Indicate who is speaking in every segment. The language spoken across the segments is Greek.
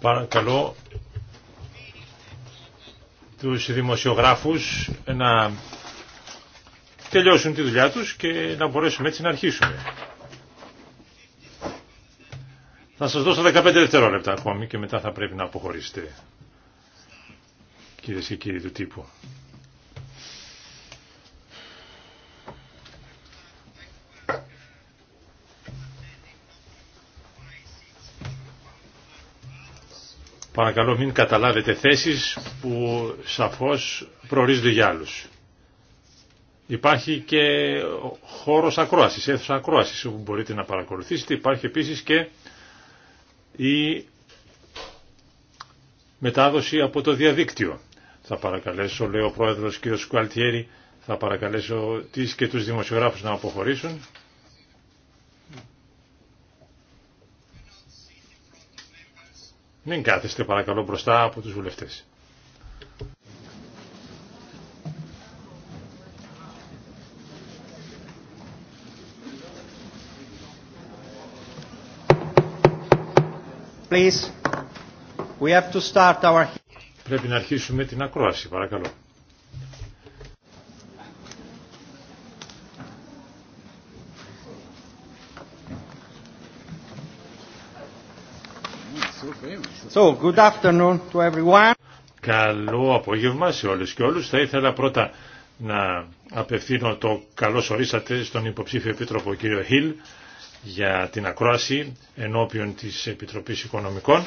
Speaker 1: Παρακαλώ
Speaker 2: τους δημοσιογράφους να τελειώσουν τη δουλειά τους και να μπορέσουμε έτσι να αρχίσουμε. Θα σας δώσω 15 δευτερόλεπτα ακόμη και μετά θα πρέπει να αποχωρήσετε, κυρίες και κύριοι του τύπου. Παρακαλώ μην καταλάβετε θέσεις που σαφώς προορίζονται για άλλους. Υπάρχει και χώρος ακρόασης, αίθουσα ακρόασης όπου μπορείτε να παρακολουθήσετε. Υπάρχει επίσης και η μετάδοση από το διαδίκτυο. Θα παρακαλέσω, λέει ο πρόεδρος κ. Σκουαλτιέρη, θα παρακαλέσω τις και τους δημοσιογράφους να αποχωρήσουν. Μην κάθεστε παρακαλώ μπροστά από τους βουλευτές. Please. We have to start our... Πρέπει να αρχίσουμε την ακρόαση, παρακαλώ.
Speaker 1: So, good afternoon to everyone.
Speaker 2: Καλό απόγευμα σε και όλους. Θα ήθελα πρώτα να απευθύνω το καλό ορίσατε στον υποψήφιο επίτροπο κύριο Χιλ για την ακρόαση ενώπιον της Επιτροπής Οικονομικών.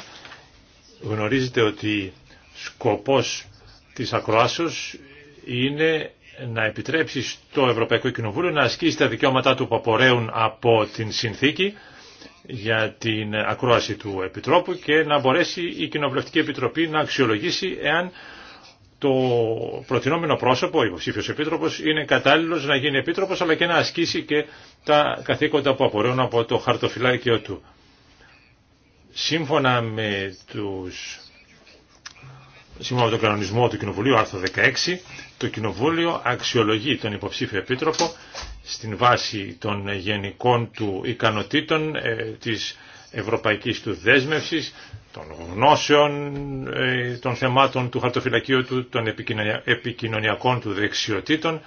Speaker 2: Γνωρίζετε ότι σκοπός της ακρόασης είναι να επιτρέψει στο Ευρωπαϊκό Κοινοβούλιο να ασκήσει τα δικαιώματά του που απορρέουν από την συνθήκη για την ακρόαση του Επιτρόπου και να μπορέσει η Κοινοβουλευτική Επιτροπή να αξιολογήσει εάν το προτινόμενο πρόσωπο, ο υποψήφιος Επίτροπος, είναι κατάλληλος να γίνει Επίτροπος αλλά και να ασκήσει και τα καθήκοντα που απορρέουν από το χαρτοφυλάκιο του. Σύμφωνα με τους σύμφωνα με τον κανονισμό του Κοινοβουλίου, άρθρο 16, το Κοινοβούλιο αξιολογεί τον υποψήφιο επίτροπο στην βάση των γενικών του ικανοτήτων, ε, της ευρωπαϊκής του δέσμευσης, των γνώσεων, ε, των θεμάτων του χαρτοφυλακίου του, των επικοινωνιακών του δεξιοτήτων,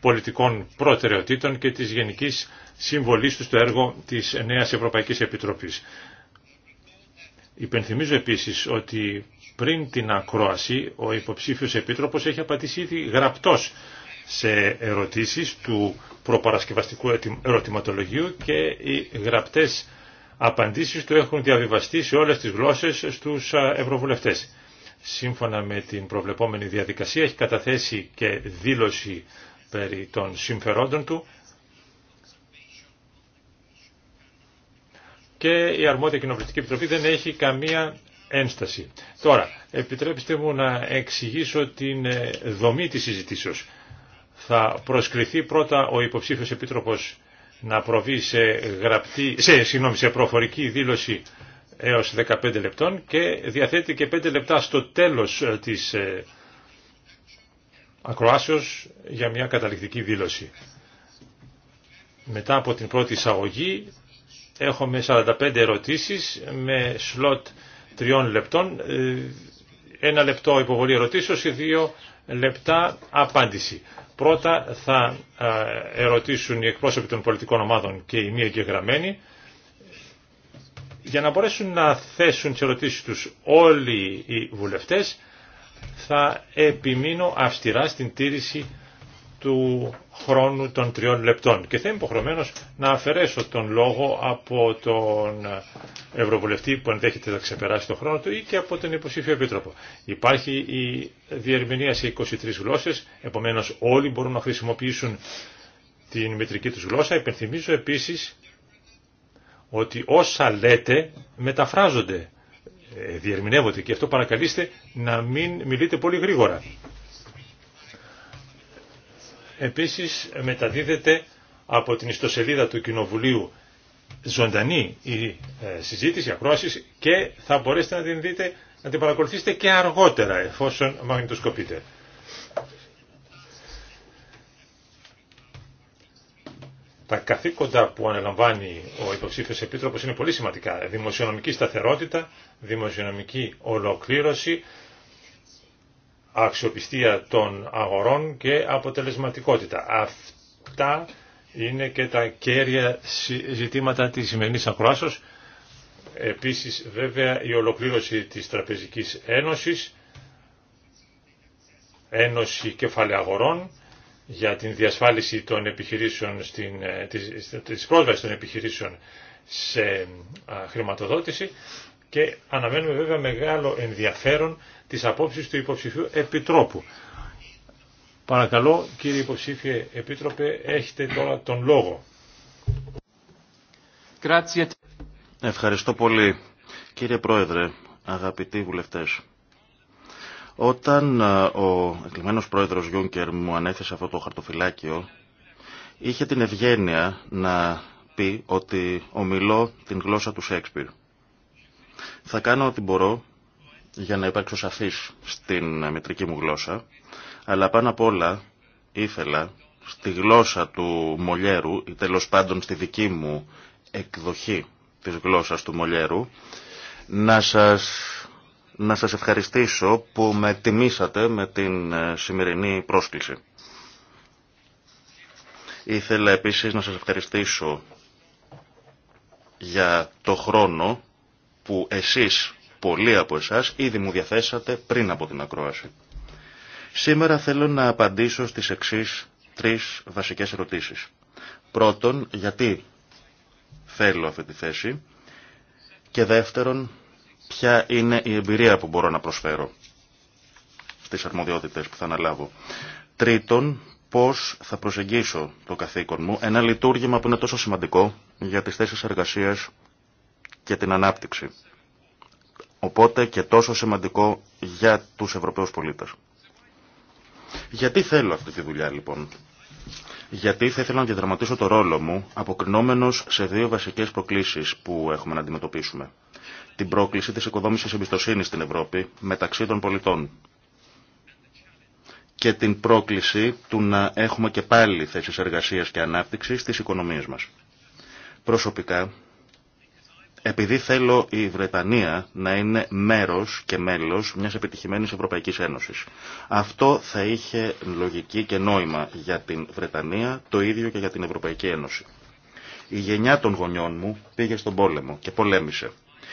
Speaker 2: πολιτικών προτεραιοτήτων και της γενικής συμβολής του στο έργο της νέας Ευρωπαϊκής Επιτροπής. Υπενθυμίζω επίσης ότι πριν την ακρόαση ο υποψήφιος επίτροπος έχει απαντήσει ήδη γραπτός σε ερωτήσεις του προπαρασκευαστικού ερωτηματολογίου και οι γραπτές απαντήσεις του έχουν διαβιβαστεί σε όλες τις γλώσσες στους ευρωβουλευτές. Σύμφωνα με την προβλεπόμενη διαδικασία έχει καταθέσει και δήλωση περί των συμφερόντων του και η αρμόδια κοινοβουλευτική επιτροπή δεν έχει καμία ένσταση. Τώρα, επιτρέψτε μου να εξηγήσω την ε, δομή της συζητήσεως. Θα προσκληθεί πρώτα ο υποψήφιος επίτροπος να προβεί σε, γραπτή, σε, σε προφορική δήλωση έως 15 λεπτών και διαθέτει και 5 λεπτά στο τέλος ε, της ε, ακροάσεως για μια καταληκτική δήλωση. Μετά από την πρώτη εισαγωγή έχουμε 45 ερωτήσεις με σλότ τριών λεπτών, ε, ένα λεπτό υποβολή ερωτήσεως και δύο λεπτά απάντηση. Πρώτα θα ε, ερωτήσουν οι εκπρόσωποι των πολιτικών ομάδων και οι μη εγγεγραμμένοι για να μπορέσουν να θέσουν τις ερωτήσεις τους όλοι οι βουλευτές θα επιμείνω αυστηρά στην τήρηση του χρόνου των τριών λεπτών. Και θα είμαι υποχρεωμένο να αφαιρέσω τον λόγο από τον Ευρωβουλευτή που ενδέχεται να ξεπεράσει τον χρόνο του ή και από τον υποψήφιο επίτροπο. Υπάρχει η διερμηνία σε 23 γλώσσε, επομένω όλοι μπορούν να χρησιμοποιήσουν την μητρική του γλώσσα. Υπενθυμίζω επίση ότι όσα λέτε μεταφράζονται ε, διερμηνεύονται και αυτό παρακαλείστε να μην μιλείτε πολύ γρήγορα. Επίσης μεταδίδεται από την ιστοσελίδα του Κοινοβουλίου ζωντανή η ε, συζήτηση, η ακρόαση και θα μπορέσετε να την δείτε, να την παρακολουθήσετε και αργότερα εφόσον μαγνητοσκοπείτε. Τα καθήκοντα που αναλαμβάνει ο υποψήφιο επίτροπος είναι πολύ σημαντικά. Δημοσιονομική σταθερότητα, δημοσιονομική ολοκλήρωση, αξιοπιστία των αγορών και αποτελεσματικότητα. Αυτά είναι και τα κέρια ζητήματα της σημερινής ακροάσεως. Επίσης βέβαια η ολοκλήρωση της Τραπεζικής Ένωσης, Ένωση Κεφαλαίου Αγορών για την διασφάλιση των επιχειρήσεων στην, ε, της, της πρόσβασης των επιχειρήσεων σε ε, χρηματοδότηση και αναμένουμε βέβαια μεγάλο ενδιαφέρον της απόψεις του υποψηφίου Επιτρόπου. Παρακαλώ κύριε υποψήφιε Επίτροπε, έχετε τώρα τον λόγο.
Speaker 1: Ευχαριστώ πολύ. Κύριε Πρόεδρε, αγαπητοί βουλευτές, όταν ο εκλεγμένος πρόεδρος Γιούνκερ μου ανέθεσε αυτό το χαρτοφυλάκιο, είχε την ευγένεια να πει ότι ομιλώ την γλώσσα του Σέξπιρ. Θα κάνω ό,τι μπορώ για να υπάρξω σαφής στην μητρική μου γλώσσα, αλλά πάνω απ' όλα ήθελα στη γλώσσα του Μολιέρου, ή τέλος πάντων στη δική μου εκδοχή της γλώσσας του Μολιέρου, να σας, να σας ευχαριστήσω που με τιμήσατε με την ε, σημερινή πρόσκληση. Ήθελα επίσης να σας ευχαριστήσω για το χρόνο που εσείς, πολλοί από εσάς, ήδη μου διαθέσατε πριν από την ακρόαση. Σήμερα θέλω να απαντήσω στις εξής τρεις βασικές ερωτήσεις. Πρώτον, γιατί θέλω αυτή τη θέση και δεύτερον, ποια είναι η εμπειρία που μπορώ να προσφέρω στις αρμοδιότητες που θα αναλάβω. Τρίτον, πώς θα προσεγγίσω το καθήκον μου, ένα λειτουργήμα που είναι τόσο σημαντικό για τις θέσεις εργασίας και την ανάπτυξη. Οπότε και τόσο σημαντικό για τους Ευρωπαίους πολίτες. Γιατί θέλω αυτή τη δουλειά λοιπόν. Γιατί θα ήθελα να διαδραματίσω το ρόλο μου αποκρινόμενος σε δύο βασικές προκλήσεις που έχουμε να αντιμετωπίσουμε. Την πρόκληση της οικοδόμησης εμπιστοσύνης στην Ευρώπη μεταξύ των πολιτών και την πρόκληση του να έχουμε και πάλι θέσεις εργασίας και ανάπτυξης στις οικονομίες μας. Προσωπικά επειδή θέλω η Βρετανία να είναι μέρος και μέλος μιας επιτυχημένης Ευρωπαϊκής Ένωσης. Αυτό θα είχε λογική και νόημα για την Βρετανία, το ίδιο και για την Ευρωπαϊκή Ένωση. Η γενιά των γονιών μου πήγε στον πόλεμο και πολέμησε.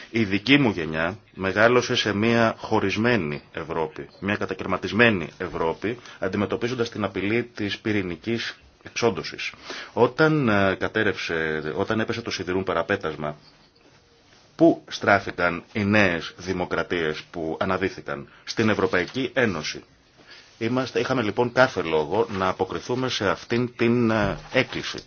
Speaker 1: Η δική μου γενιά μεγάλωσε σε μια χωρισμένη Ευρώπη, μια κατακαιρματισμένη Ευρώπη, αντιμετωπίζοντας την απειλή της πυρηνικής εξόντωσης. Όταν, ε, όταν έπεσε το σιδηρούν παραπέτασμα Πού στράφηκαν οι νέες δημοκρατίες που αναδύθηκαν στην Ευρωπαϊκή Ένωση. Είμαστε, είχαμε λοιπόν κάθε λόγο να αποκριθούμε σε αυτήν την ε, έκκληση.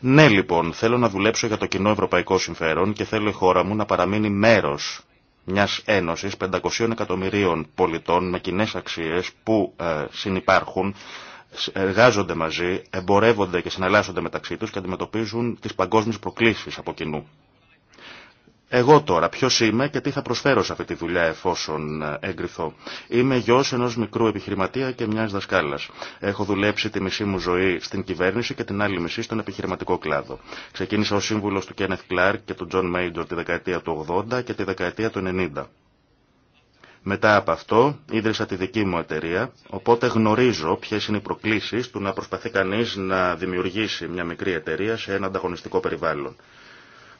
Speaker 1: Ναι λοιπόν, θέλω να δουλέψω για το κοινό ευρωπαϊκό συμφέρον και θέλω η χώρα μου να παραμείνει μέρος μιας ένωσης 500 εκατομμυρίων πολιτών με κοινέ αξίες που ε, συνυπάρχουν, εργάζονται μαζί, εμπορεύονται και συναλλάσσονται μεταξύ τους και αντιμετωπίζουν τις παγκόσμιες προκλήσει από κοινού. Εγώ τώρα ποιο είμαι και τι θα προσφέρω σε αυτή τη δουλειά εφόσον ε, εγκριθώ. Είμαι γιο ενό μικρού επιχειρηματία και μια δασκάλα. Έχω δουλέψει τη μισή μου ζωή στην κυβέρνηση και την άλλη μισή στον επιχειρηματικό κλάδο. Ξεκίνησα ω σύμβουλο του Κένεθ Κλάρκ και του Τζον Μέιντζορ τη δεκαετία του 80 και τη δεκαετία του 90. Μετά από αυτό ίδρυσα τη δική μου εταιρεία, οπότε γνωρίζω ποιε είναι οι προκλήσει του να προσπαθεί κανεί να δημιουργήσει μια μικρή εταιρεία σε ένα ανταγωνιστικό περιβάλλον.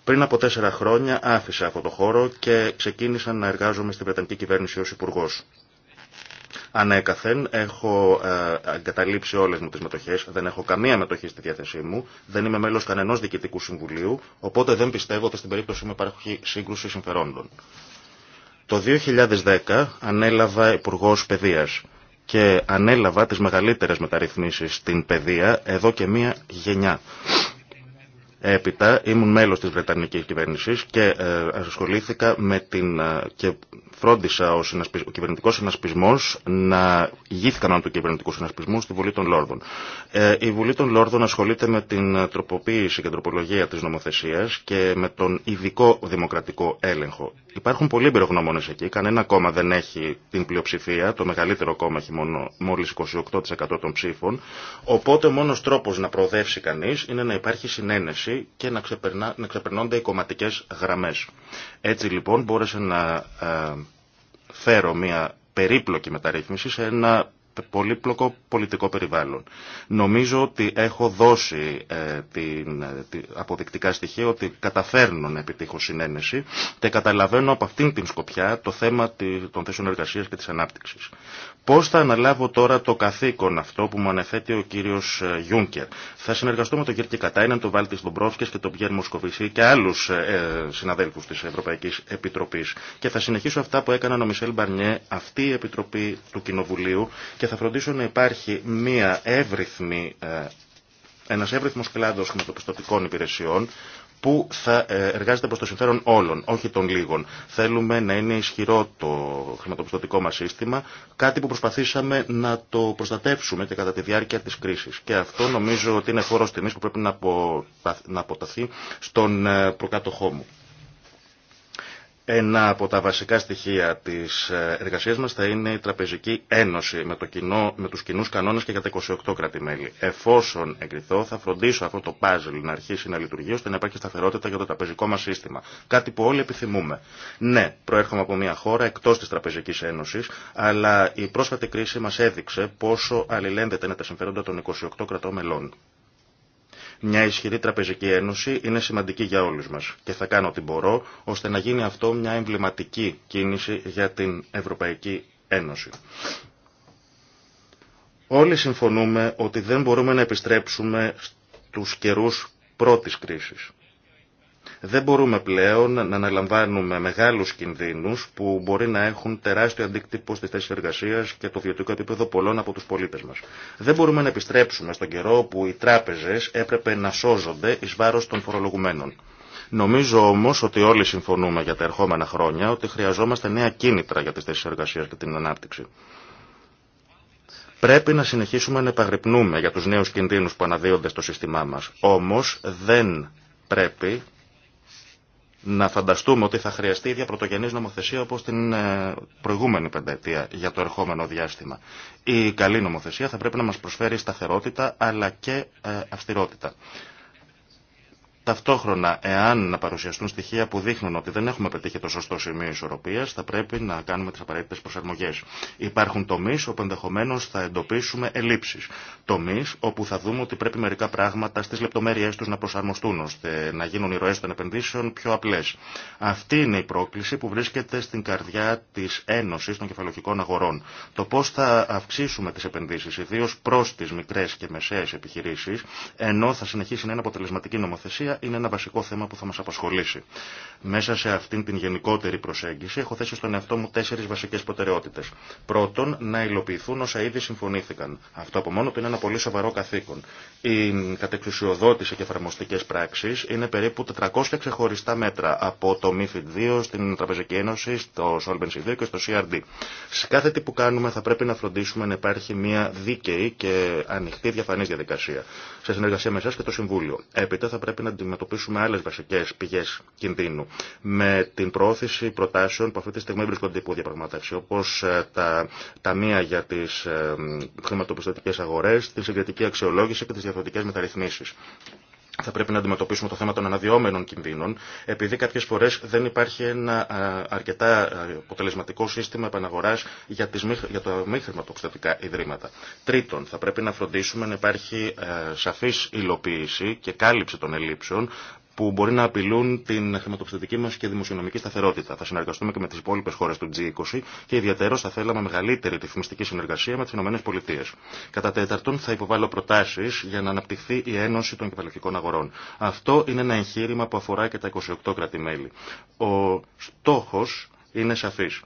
Speaker 1: Πριν από τέσσερα χρόνια άφησα αυτό το χώρο και ξεκίνησα να εργάζομαι στην Βρετανική κυβέρνηση ως υπουργό. Ανέκαθεν έχω ε, εγκαταλείψει όλες μου τις μετοχές, δεν έχω καμία μετοχή στη διάθεσή μου, δεν είμαι μέλος κανενός διοικητικού συμβουλίου, οπότε δεν πιστεύω ότι στην περίπτωση μου υπάρχει σύγκρουση συμφερόντων. Το 2010 ανέλαβα υπουργό Παιδείας και ανέλαβα τις μεγαλύτερες μεταρρυθμίσεις στην παιδεία εδώ και μία γενιά. Έπειτα ήμουν μέλος της Βρετανικής κυβέρνησης και ε, ασχολήθηκα με την... Ε, και φρόντισα ο, συνασπισ... ο κυβερνητικός συνασπισμός να ηγήθηκαν του κυβερνητικού συνασπισμού στη Βουλή των Λόρδων. Ε, η Βουλή των Λόρδων ασχολείται με την τροποποίηση και τροπολογία της νομοθεσίας και με τον ειδικό δημοκρατικό έλεγχο Υπάρχουν πολλοί εμπειρογνώμονε εκεί. Κανένα κόμμα δεν έχει την πλειοψηφία. Το μεγαλύτερο κόμμα έχει μόνο μόλι 28% των ψήφων. Οπότε ο μόνο τρόπο να προοδεύσει κανεί είναι να υπάρχει συνένεση και να, ξεπερνά, να ξεπερνώνται οι κομματικέ γραμμέ. Έτσι λοιπόν μπόρεσε να ε, φέρω μια περίπλοκη μεταρρύθμιση σε ένα πολύπλοκο πολιτικό περιβάλλον. Νομίζω ότι έχω δώσει ε, την, ε, την, αποδεικτικά στοιχεία ότι καταφέρνω να επιτύχω συνένεση και καταλαβαίνω από αυτήν την σκοπιά το θέμα των θέσεων εργασία και τη ανάπτυξη. Πώ θα αναλάβω τώρα το καθήκον αυτό που μου ανεφέτει ο κύριο ε, Γιούνκερ. Θα συνεργαστώ με τον Γιέρκη Κατάιναν, τον Βάλτη Δομπρόφσκε και τον Πιέρ Μοσκοβισή και άλλου ε, ε συναδέλφου τη Ευρωπαϊκή Επιτροπή. Και θα συνεχίσω αυτά που έκαναν ο Μισελ Μπαρνιέ, αυτή η Επιτροπή του Κοινοβουλίου και θα φροντίσω να υπάρχει μια εύρυθμη, ε, ένας εύρυθμος κλάδος χρηματοπιστωτικών υπηρεσιών που θα ε, εργάζεται προς το συμφέρον όλων, όχι των λίγων. Θέλουμε να είναι ισχυρό το χρηματοπιστωτικό μας σύστημα, κάτι που προσπαθήσαμε να το προστατεύσουμε και κατά τη διάρκεια της κρίσης. Και αυτό νομίζω ότι είναι χώρος τιμής που πρέπει να αποταθεί στον ε, προκάτοχό μου. Ένα από τα βασικά στοιχεία της ε, εργασίας μας θα είναι η Τραπεζική Ένωση με, το κοινό, με τους κοινούς κανόνες και για τα 28 κράτη-μέλη. Εφόσον εγκριθώ θα φροντίσω αυτό το πάζλ να αρχίσει να λειτουργεί ώστε να υπάρχει σταθερότητα για το τραπεζικό μας σύστημα. Κάτι που όλοι επιθυμούμε. Ναι, προέρχομαι από μια χώρα εκτός της Τραπεζικής Ένωσης, αλλά η πρόσφατη κρίση μας έδειξε πόσο αλληλένδεται είναι τα συμφέροντα των 28 κρατών μελών. Μια ισχυρή τραπεζική ένωση είναι σημαντική για όλους μας και θα κάνω ό,τι μπορώ ώστε να γίνει αυτό μια εμβληματική κίνηση για την Ευρωπαϊκή Ένωση. Όλοι συμφωνούμε ότι δεν μπορούμε να επιστρέψουμε στους καιρούς πρώτης κρίσης. Δεν μπορούμε πλέον να αναλαμβάνουμε μεγάλους κινδύνους που μπορεί να έχουν τεράστιο αντίκτυπο στις θέσεις εργασίας και το βιωτικό επίπεδο πολλών από τους πολίτες μας. Δεν μπορούμε να επιστρέψουμε στον καιρό που οι τράπεζες έπρεπε να σώζονται εις βάρος των φορολογουμένων. Νομίζω όμω ότι όλοι συμφωνούμε για τα ερχόμενα χρόνια ότι χρειαζόμαστε νέα κίνητρα για τι θέσει εργασία και την ανάπτυξη. Πρέπει να συνεχίσουμε να επαγρυπνούμε για του νέου κινδύνου που αναδύονται στο σύστημά μα. Όμω δεν πρέπει να φανταστούμε ότι θα χρειαστεί η ίδια νομοθεσία όπως την ε, προηγούμενη πενταετία για το ερχόμενο διάστημα. Η καλή νομοθεσία θα πρέπει να μας προσφέρει σταθερότητα αλλά και ε, αυστηρότητα. Ταυτόχρονα, εάν να παρουσιαστούν στοιχεία που δείχνουν ότι δεν έχουμε πετύχει το σωστό σημείο ισορροπία, θα πρέπει να κάνουμε τι απαραίτητε προσαρμογέ. Υπάρχουν τομεί όπου ενδεχομένω θα εντοπίσουμε ελλείψει. Τομεί όπου θα δούμε ότι πρέπει μερικά πράγματα στι λεπτομέρειέ του να προσαρμοστούν, ώστε να γίνουν οι ροέ των επενδύσεων πιο απλέ. Αυτή είναι η πρόκληση που βρίσκεται στην καρδιά τη Ένωση των Κεφαλαιοχικών Αγορών. Το πώ θα αυξήσουμε τι επενδύσει, ιδίω προ τι μικρέ και μεσαίε επιχειρήσει, ενώ θα συνεχίσει να αποτελεσματική νομοθεσία είναι ένα βασικό θέμα που θα μας απασχολήσει. Μέσα σε αυτήν την γενικότερη προσέγγιση έχω θέσει στον εαυτό μου τέσσερις βασικές προτεραιότητες. Πρώτον, να υλοποιηθούν όσα ήδη συμφωνήθηκαν. Αυτό από μόνο του είναι ένα πολύ σοβαρό καθήκον. Η κατεξουσιοδότηση και εφαρμοστικές πράξεις είναι περίπου 400 ξεχωριστά μέτρα από το MIFID 2 στην Τραπεζική Ένωση, στο Solvency 2 και στο CRD. Σε κάθε τι που κάνουμε θα πρέπει να φροντίσουμε να υπάρχει μια δίκαιη και ανοιχτή διαφανή διαδικασία. Σε συνεργασία με εσά και το Συμβούλιο. Έπειτα θα πρέπει να αντιμετωπίσουμε άλλε βασικέ πηγέ κινδύνου. Με την προώθηση προτάσεων που αυτή τη στιγμή βρίσκονται υπό διαπραγμάτευση, όπω ε, τα ταμεία για τι ε, χρηματοπιστωτικέ αγορέ, την συγκριτική αξιολόγηση και τι διαφορετικέ μεταρρυθμίσει θα πρέπει να αντιμετωπίσουμε το θέμα των αναδυόμενων κινδύνων, επειδή κάποιε φορέ δεν υπάρχει ένα αρκετά αποτελεσματικό σύστημα επαναγορά για, για τα μη χρηματοπιστωτικά ιδρύματα. Τρίτον, θα πρέπει να φροντίσουμε να υπάρχει σαφή υλοποίηση και κάλυψη των ελλείψεων που μπορεί να απειλούν την χρηματοπιστωτική μα και δημοσιονομική σταθερότητα. Θα συνεργαστούμε και με τι υπόλοιπε χώρε του G20 και ιδιαίτερω θα θέλαμε μεγαλύτερη ρυθμιστική συνεργασία με τι ΗΠΑ. Κατά τέταρτον, θα υποβάλω προτάσει για να αναπτυχθεί η Ένωση των Κεφαλαιοχικών Αγορών. Αυτό είναι ένα εγχείρημα που αφορά και τα 28 κράτη-μέλη. Ο στόχο είναι σαφής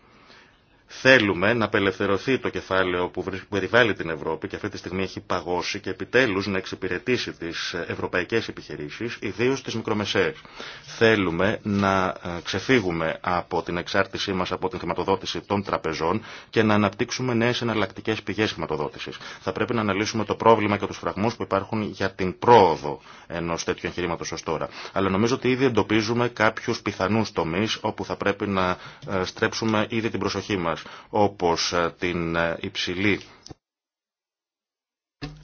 Speaker 1: Θέλουμε να απελευθερωθεί το κεφάλαιο που περιβάλλει την Ευρώπη και αυτή τη στιγμή έχει παγώσει και επιτέλους να εξυπηρετήσει τις ευρωπαϊκές επιχειρήσεις, ιδίως τις μικρομεσαίες. Θέλουμε να ε, ξεφύγουμε από την εξάρτησή μας από την χρηματοδότηση των τραπεζών και να αναπτύξουμε νέες εναλλακτικέ πηγές χρηματοδότησης. Θα πρέπει να αναλύσουμε το πρόβλημα και τους φραγμούς που υπάρχουν για την πρόοδο ενός τέτοιου εγχειρήματο ως τώρα. Αλλά νομίζω ότι ήδη εντοπίζουμε κάποιους πιθανούς τομείς όπου θα πρέπει να ε, στρέψουμε ήδη την προσοχή μας όπως ε, την ε, υψηλή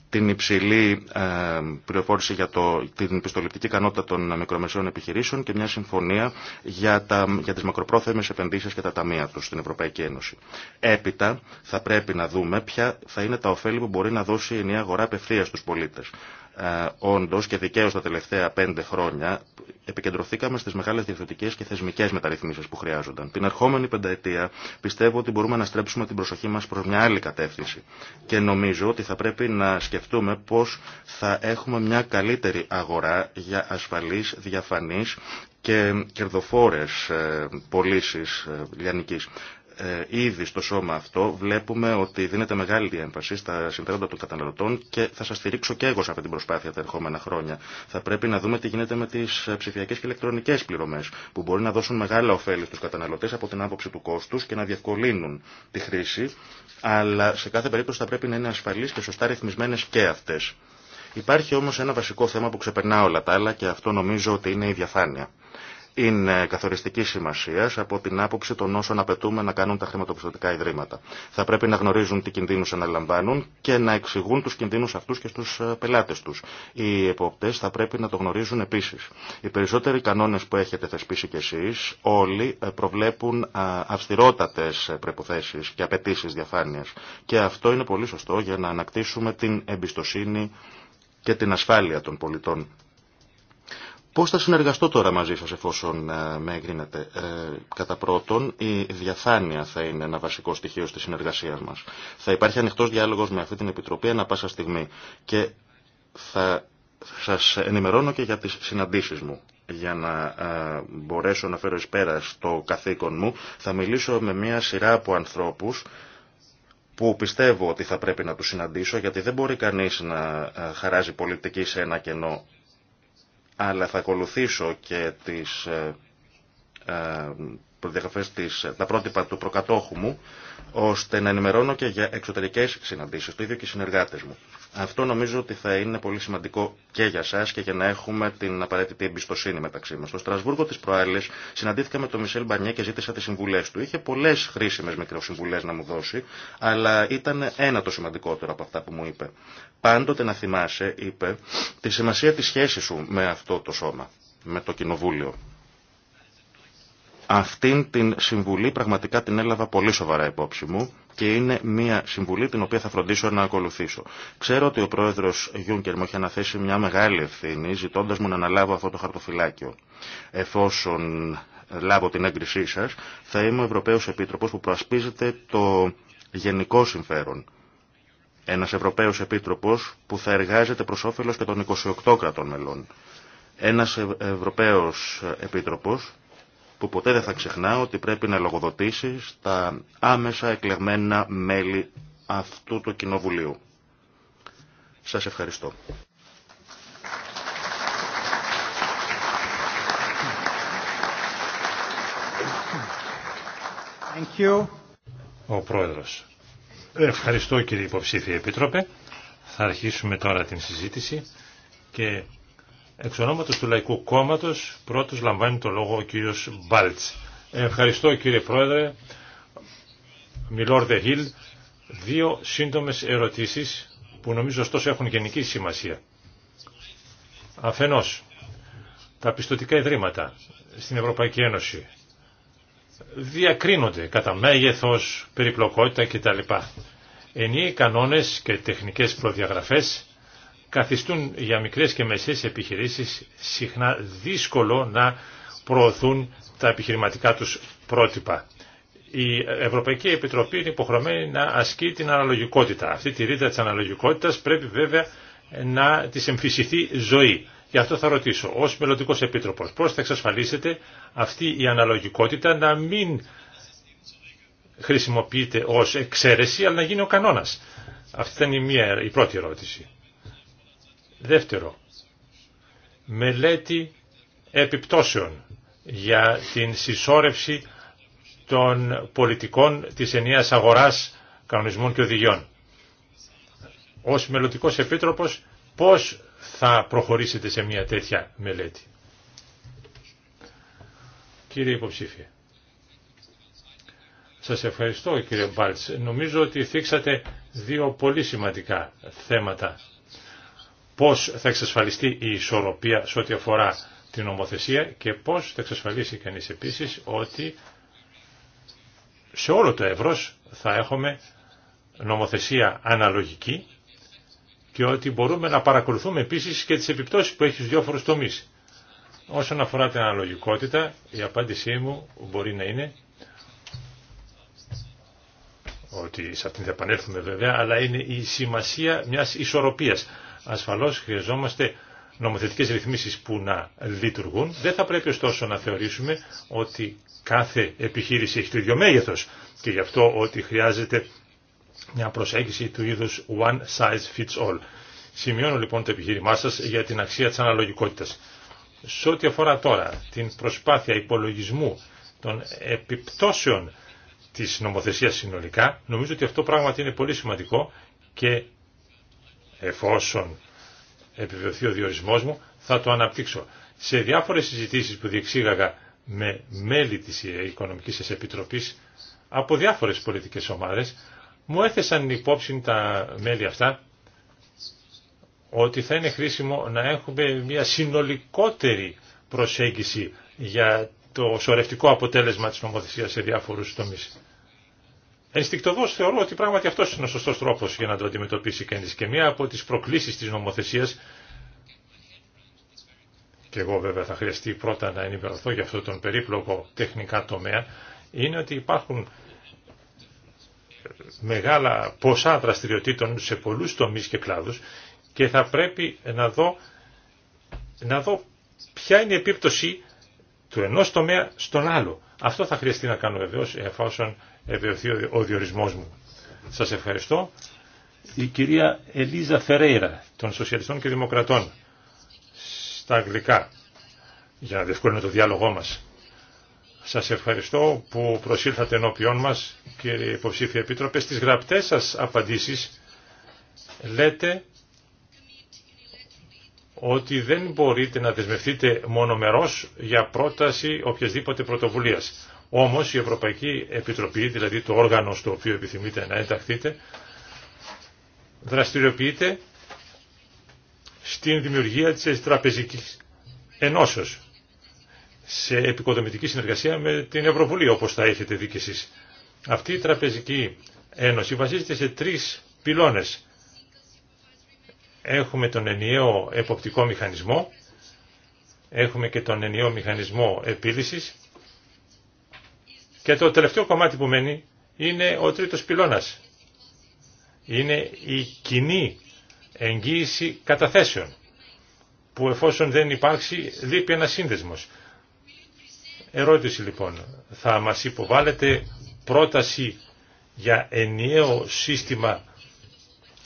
Speaker 1: την υψηλή ε, πληροφόρηση για το, την πιστοληπτική ικανότητα των μικρομεσαίων επιχειρήσεων και μια συμφωνία για, τα, για τις μακροπρόθεσμες επενδύσεις και τα ταμεία τους στην Ευρωπαϊκή Ένωση. Έπειτα θα πρέπει να δούμε ποια θα είναι τα ωφέλη που μπορεί να δώσει η νέα αγορά απευθεία στους πολίτες. Ε, όντως και δικαίως τα τελευταία πέντε χρόνια επικεντρωθήκαμε στις μεγάλες διευθυντικές και θεσμικές μεταρρυθμίσεις που χρειάζονταν. Την ερχόμενη πενταετία πιστεύω ότι μπορούμε να στρέψουμε την προσοχή μας προς μια άλλη κατεύθυνση και νομίζω ότι θα πρέπει να σκεφτούμε πώς θα έχουμε μια καλύτερη αγορά για ασφαλείς, διαφανείς και κερδοφόρες ε, πωλήσει ε, λιανικής. Ε, ήδη στο σώμα αυτό βλέπουμε ότι δίνεται μεγάλη έμφαση στα συμφέροντα των καταναλωτών και θα σα στηρίξω και εγώ σε αυτή την προσπάθεια τα ερχόμενα χρόνια. Θα πρέπει να δούμε τι γίνεται με τι ε, ψηφιακέ και ηλεκτρονικέ πληρωμέ που μπορεί να δώσουν μεγάλα ωφέλη στου καταναλωτέ από την άποψη του κόστου και να διευκολύνουν τη χρήση, αλλά σε κάθε περίπτωση θα πρέπει να είναι ασφαλεί και σωστά ρυθμισμένε και αυτέ. Υπάρχει όμω ένα βασικό θέμα που ξεπερνά όλα τα άλλα και αυτό νομίζω ότι είναι η διαφάνεια είναι καθοριστική σημασία από την άποψη των όσων απαιτούμε να κάνουν τα χρηματοπιστωτικά ιδρύματα. Θα πρέπει να γνωρίζουν τι κινδύνου αναλαμβάνουν και να εξηγούν του κινδύνου αυτού και στου ε, πελάτε του. Οι εποπτέ θα πρέπει να το γνωρίζουν επίση. Οι περισσότεροι κανόνε που έχετε θεσπίσει κι εσεί, όλοι ε, προβλέπουν αυστηρότατε ε, προποθέσει και απαιτήσει διαφάνεια. Και αυτό είναι πολύ σωστό για να ανακτήσουμε την εμπιστοσύνη και την ασφάλεια των πολιτών Πώς θα συνεργαστώ τώρα μαζί σας εφόσον ε, με εγκρίνετε. Ε, κατά πρώτον, η διαφάνεια θα είναι ένα βασικό στοιχείο στη συνεργασία μας. Θα υπάρχει ανοιχτός διάλογος με αυτή την Επιτροπή ανα πάσα στιγμή και θα σας ενημερώνω και για τις συναντήσεις μου για να ε, μπορέσω να φέρω εις πέρα στο καθήκον μου. Θα μιλήσω με μια σειρά από ανθρώπους που πιστεύω ότι θα πρέπει να του συναντήσω, γιατί δεν μπορεί κανείς να χαράζει πολιτική σε ένα κενό αλλά θα ακολουθήσω και τις ε, ε, προδιαγραφές της, τα πρότυπα του προκατόχου μου, ώστε να ενημερώνω και για εξωτερικές συναντήσεις, το ίδιο και οι συνεργάτες μου. Αυτό νομίζω ότι θα είναι πολύ σημαντικό και για εσά και για να έχουμε την απαραίτητη εμπιστοσύνη μεταξύ μα. Στο Στρασβούργο τη προάλλη συναντήθηκα με τον Μισελ Μπανιέ και ζήτησα τι συμβουλέ του. Είχε πολλέ χρήσιμε μικροσυμβουλέ να μου δώσει, αλλά ήταν ένα το σημαντικότερο από αυτά που μου είπε. Πάντοτε να θυμάσαι, είπε, τη σημασία τη σχέση σου με αυτό το σώμα, με το κοινοβούλιο. Αυτήν την συμβουλή πραγματικά την έλαβα πολύ σοβαρά υπόψη μου και είναι μια συμβουλή την οποία θα φροντίσω να ακολουθήσω. Ξέρω ότι ο πρόεδρο Γιούνκερ μου έχει αναθέσει μια μεγάλη ευθύνη ζητώντα μου να αναλάβω αυτό το χαρτοφυλάκιο. Εφόσον λάβω την έγκρισή σα, θα είμαι ο Ευρωπαίο Επίτροπο που προασπίζεται το γενικό συμφέρον. Ένα Ευρωπαίο Επίτροπο που θα εργάζεται προ όφελο και των 28 κρατών μελών. Ένα Ευρωπαίο Επίτροπο που ποτέ δεν θα ξεχνά ότι πρέπει να λογοδοτήσει τα άμεσα εκλεγμένα μέλη αυτού του Κοινοβουλίου. Σας ευχαριστώ. Thank
Speaker 2: Ο Πρόεδρος. Ευχαριστώ κύριε Υποψήφιε Επίτροπε. Θα αρχίσουμε τώρα την συζήτηση και Εξ ονόματος του Λαϊκού Κόμματος πρώτος λαμβάνει το λόγο ο κύριος Μπάλτς. Ευχαριστώ κύριε Πρόεδρε. Μιλόρδε Χίλ, δύο σύντομες ερωτήσεις που νομίζω ωστόσο έχουν γενική σημασία. Αφενός, τα πιστοτικά ιδρύματα στην Ευρωπαϊκή Ένωση διακρίνονται κατά μέγεθος, περιπλοκότητα κτλ. Ενίοι κανόνες και τεχνικές προδιαγραφές καθιστούν για μικρές και μεσαίες επιχειρήσεις συχνά δύσκολο να προωθούν τα επιχειρηματικά τους πρότυπα. Η Ευρωπαϊκή Επιτροπή είναι υποχρεωμένη να ασκεί την αναλογικότητα. Αυτή τη ρήτρα της αναλογικότητας πρέπει βέβαια να της εμφυσιθεί ζωή. Γι' αυτό θα ρωτήσω, ως μελλοντικό επίτροπος, πώς θα εξασφαλίσετε αυτή η αναλογικότητα να μην χρησιμοποιείται ως εξαίρεση, αλλά να γίνει ο κανόνας. Αυτή ήταν η, μία, η πρώτη ερώτηση. Δεύτερο, μελέτη επιπτώσεων για την συσσόρευση των πολιτικών της ενιαίας αγοράς κανονισμών και οδηγιών. Ως μελλοντικός επίτροπος πώς θα προχωρήσετε σε μια τέτοια μελέτη. Κύριε υποψήφιε. Σας ευχαριστώ κύριε Μπάλτς. Νομίζω ότι θίξατε δύο πολύ σημαντικά θέματα πώς θα εξασφαλιστεί η ισορροπία σε ό,τι αφορά την νομοθεσία και πώς θα εξασφαλίσει κανείς επίσης ότι σε όλο το ευρώς θα έχουμε νομοθεσία αναλογική και ότι μπορούμε να παρακολουθούμε επίσης και τις επιπτώσεις που έχει στους διόφορους τομείς. Όσον αφορά την αναλογικότητα, η απάντησή μου μπορεί να είναι ότι σε αυτήν θα επανέλθουμε βέβαια, αλλά είναι η σημασία μιας ισορροπίας. Ασφαλώς χρειαζόμαστε νομοθετικές ρυθμίσεις που να λειτουργούν. Δεν θα πρέπει ωστόσο να θεωρήσουμε ότι κάθε επιχείρηση έχει το ίδιο μέγεθος και γι' αυτό ότι χρειάζεται μια προσέγγιση του είδους one size fits all. Σημειώνω λοιπόν το επιχείρημά σας για την αξία της αναλογικότητας. Σε ό,τι αφορά τώρα την προσπάθεια υπολογισμού των επιπτώσεων της νομοθεσίας συνολικά, νομίζω ότι αυτό πράγματι είναι πολύ σημαντικό και εφόσον επιβεβαιωθεί ο διορισμός μου, θα το αναπτύξω. Σε διάφορες συζητήσεις που διεξήγαγα με μέλη της Οικονομικής Επιτροπής από διάφορες πολιτικές ομάδες, μου έθεσαν υπόψη τα μέλη αυτά ότι θα είναι χρήσιμο να έχουμε μια συνολικότερη προσέγγιση για το σωρευτικό αποτέλεσμα της νομοθεσίας σε διάφορους τομείς. Ενστικτοδό θεωρώ ότι πράγματι αυτός είναι ο σωστό τρόπο για να το αντιμετωπίσει κανεί. και μία από τις προκλήσεις τη νομοθεσία, και εγώ βέβαια θα χρειαστεί πρώτα να ενημερωθώ για αυτό τον περίπλοκο τεχνικά τομέα είναι ότι υπάρχουν μεγάλα ποσά δραστηριοτήτων σε πολλούς τομείς και κλάδους και θα πρέπει να δω, να δω ποια είναι η επίπτωση του ενός τομέα στον άλλο. Αυτό θα χρειαστεί να κάνω βεβαίως εφόσον ευρεωθεί ο διορισμός μου. Σας ευχαριστώ. Η κυρία Ελίζα Φερέιρα των Σοσιαλιστών και Δημοκρατών στα αγγλικά για να διευκολύνω το διάλογό μας. Σας ευχαριστώ που προσήλθατε ενώπιόν μας κύριε υποψήφια επίτροπε. Στις γραπτές σας απαντήσεις λέτε ότι δεν μπορείτε να δεσμευτείτε μονομερός για πρόταση οποιασδήποτε πρωτοβουλίας. Όμως η Ευρωπαϊκή Επιτροπή, δηλαδή το όργανο στο οποίο επιθυμείτε να ενταχθείτε, δραστηριοποιείται στην δημιουργία της τραπεζικής ενώσεως σε επικοδομητική συνεργασία με την Ευρωβουλή, όπως θα έχετε δει και Αυτή η τραπεζική ένωση βασίζεται σε τρεις πυλώνες. Έχουμε τον ενιαίο εποπτικό μηχανισμό, έχουμε και τον ενιαίο μηχανισμό επίλυσης και το τελευταίο κομμάτι που μένει είναι ο τρίτος πυλώνας. Είναι η κοινή εγγύηση καταθέσεων που εφόσον δεν υπάρξει λείπει ένα σύνδεσμος. Ερώτηση λοιπόν, θα μας υποβάλλετε πρόταση για ενιαίο σύστημα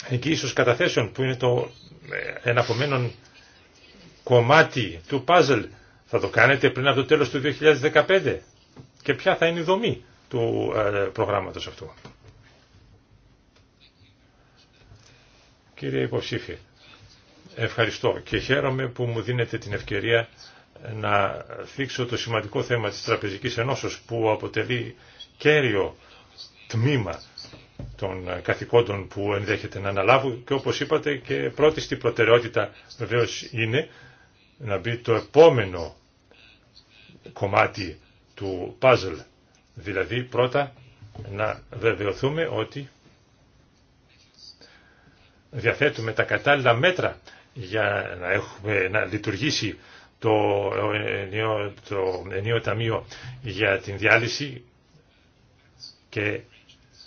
Speaker 2: εγγύησης καταθέσεων που είναι το εναπομένων κομμάτι του παζλ. Θα το κάνετε πριν από το τέλος του 2015 και ποια θα είναι η δομή του ε, προγράμματος αυτού. Κύριε υποψήφιε, ευχαριστώ και χαίρομαι που μου δίνετε την ευκαιρία να θίξω το σημαντικό θέμα της Τραπεζικής Ενώσεως που αποτελεί κέριο τμήμα των καθηκόντων που ενδέχεται να αναλάβουν και όπως είπατε και πρώτη στην προτεραιότητα βεβαίω είναι να μπει το επόμενο κομμάτι του παζλ Δηλαδή πρώτα να βεβαιωθούμε ότι
Speaker 3: διαθέτουμε
Speaker 2: τα κατάλληλα μέτρα για να, έχουμε, να λειτουργήσει το ενίο, το ταμείο για την διάλυση και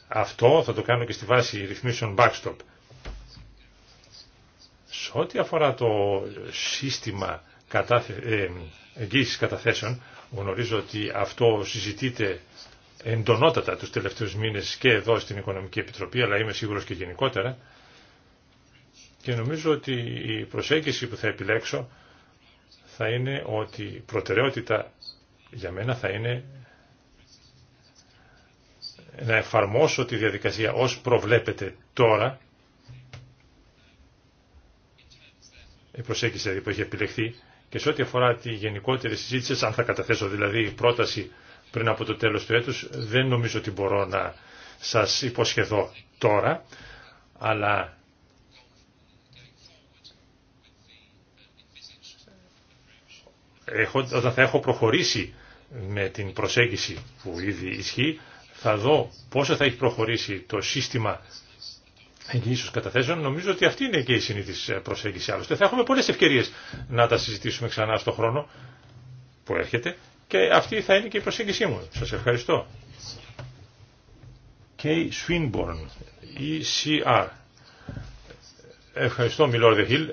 Speaker 2: αυτό θα το κάνω και στη βάση ρυθμίσεων backstop. Σε ό,τι αφορά το σύστημα ε, εγγύησης καταθέσεων, Γνωρίζω ότι αυτό συζητείται εντονότατα τους τελευταίους μήνες και εδώ στην Οικονομική Επιτροπή, αλλά είμαι σίγουρος και γενικότερα. Και νομίζω ότι η προσέγγιση που θα επιλέξω θα είναι ότι η προτεραιότητα για μένα θα είναι να εφαρμόσω τη διαδικασία ως προβλέπεται τώρα η προσέγγιση δηλαδή που έχει επιλεχθεί και σε ό,τι αφορά τη γενικότερη συζήτηση, αν θα καταθέσω δηλαδή πρόταση πριν από το τέλος του έτους, δεν νομίζω ότι μπορώ να σας υποσχεθώ τώρα, αλλά όταν θα έχω προχωρήσει με την προσέγγιση που ήδη ισχύει, θα δω πόσο θα έχει προχωρήσει το σύστημα εγγυήσεω καταθέσεων, νομίζω ότι αυτή είναι και η συνήθι προσέγγιση. Άλλωστε θα έχουμε πολλές ευκαιρίες να τα συζητήσουμε ξανά στο χρόνο που έρχεται και αυτή θα είναι και η προσέγγιση μου. Σας ευχαριστώ. ECR. Ευχαριστώ, Μιλόρδε Χιλ.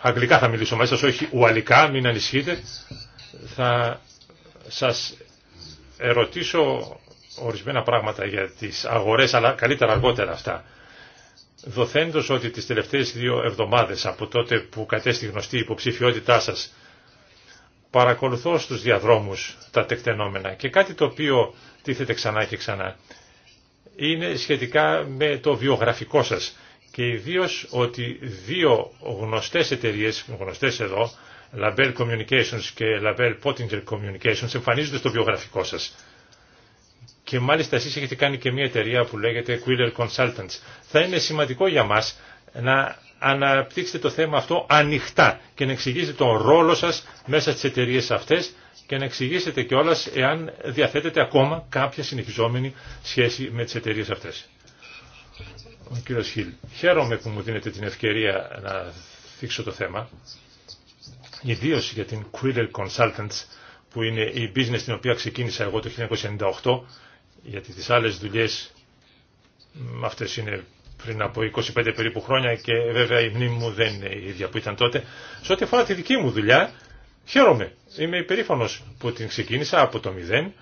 Speaker 2: Αγγλικά θα μιλήσω μαζί σας, όχι ουαλικά, μην ανησυχείτε. Θα σα ερωτήσω ορισμένα πράγματα για τις αγορές, αλλά καλύτερα αργότερα αυτά δοθέντος ότι τις τελευταίες δύο εβδομάδες από τότε που κατέστη γνωστή η υποψηφιότητά σας παρακολουθώ στους διαδρόμους τα τεκτενόμενα και κάτι το οποίο τίθεται ξανά και ξανά είναι σχετικά με το βιογραφικό σας και ιδίω ότι δύο γνωστές εταιρείες, γνωστές εδώ, Label Communications και Label Pottinger Communications εμφανίζονται στο βιογραφικό σας και μάλιστα εσείς έχετε κάνει και μια εταιρεία που λέγεται Quiller Consultants. Θα είναι σημαντικό για μας να αναπτύξετε το θέμα αυτό ανοιχτά και να εξηγήσετε τον ρόλο σας μέσα στις εταιρείε αυτές και να εξηγήσετε κιόλας εάν διαθέτετε ακόμα κάποια συνεχιζόμενη σχέση με τις εταιρείε αυτές. Ο κύριος Χίλ, χαίρομαι που μου δίνετε την ευκαιρία να θίξω το θέμα, ιδίω για την Quiller Consultants, που είναι η business την οποία ξεκίνησα εγώ το 1998 γιατί τις άλλες δουλειές αυτές είναι πριν από 25 περίπου χρόνια και βέβαια η μνήμη μου δεν είναι η ίδια που ήταν τότε. Σε ό,τι αφορά τη δική μου δουλειά, χαίρομαι. Είμαι υπερήφανο που την ξεκίνησα από το μηδέν.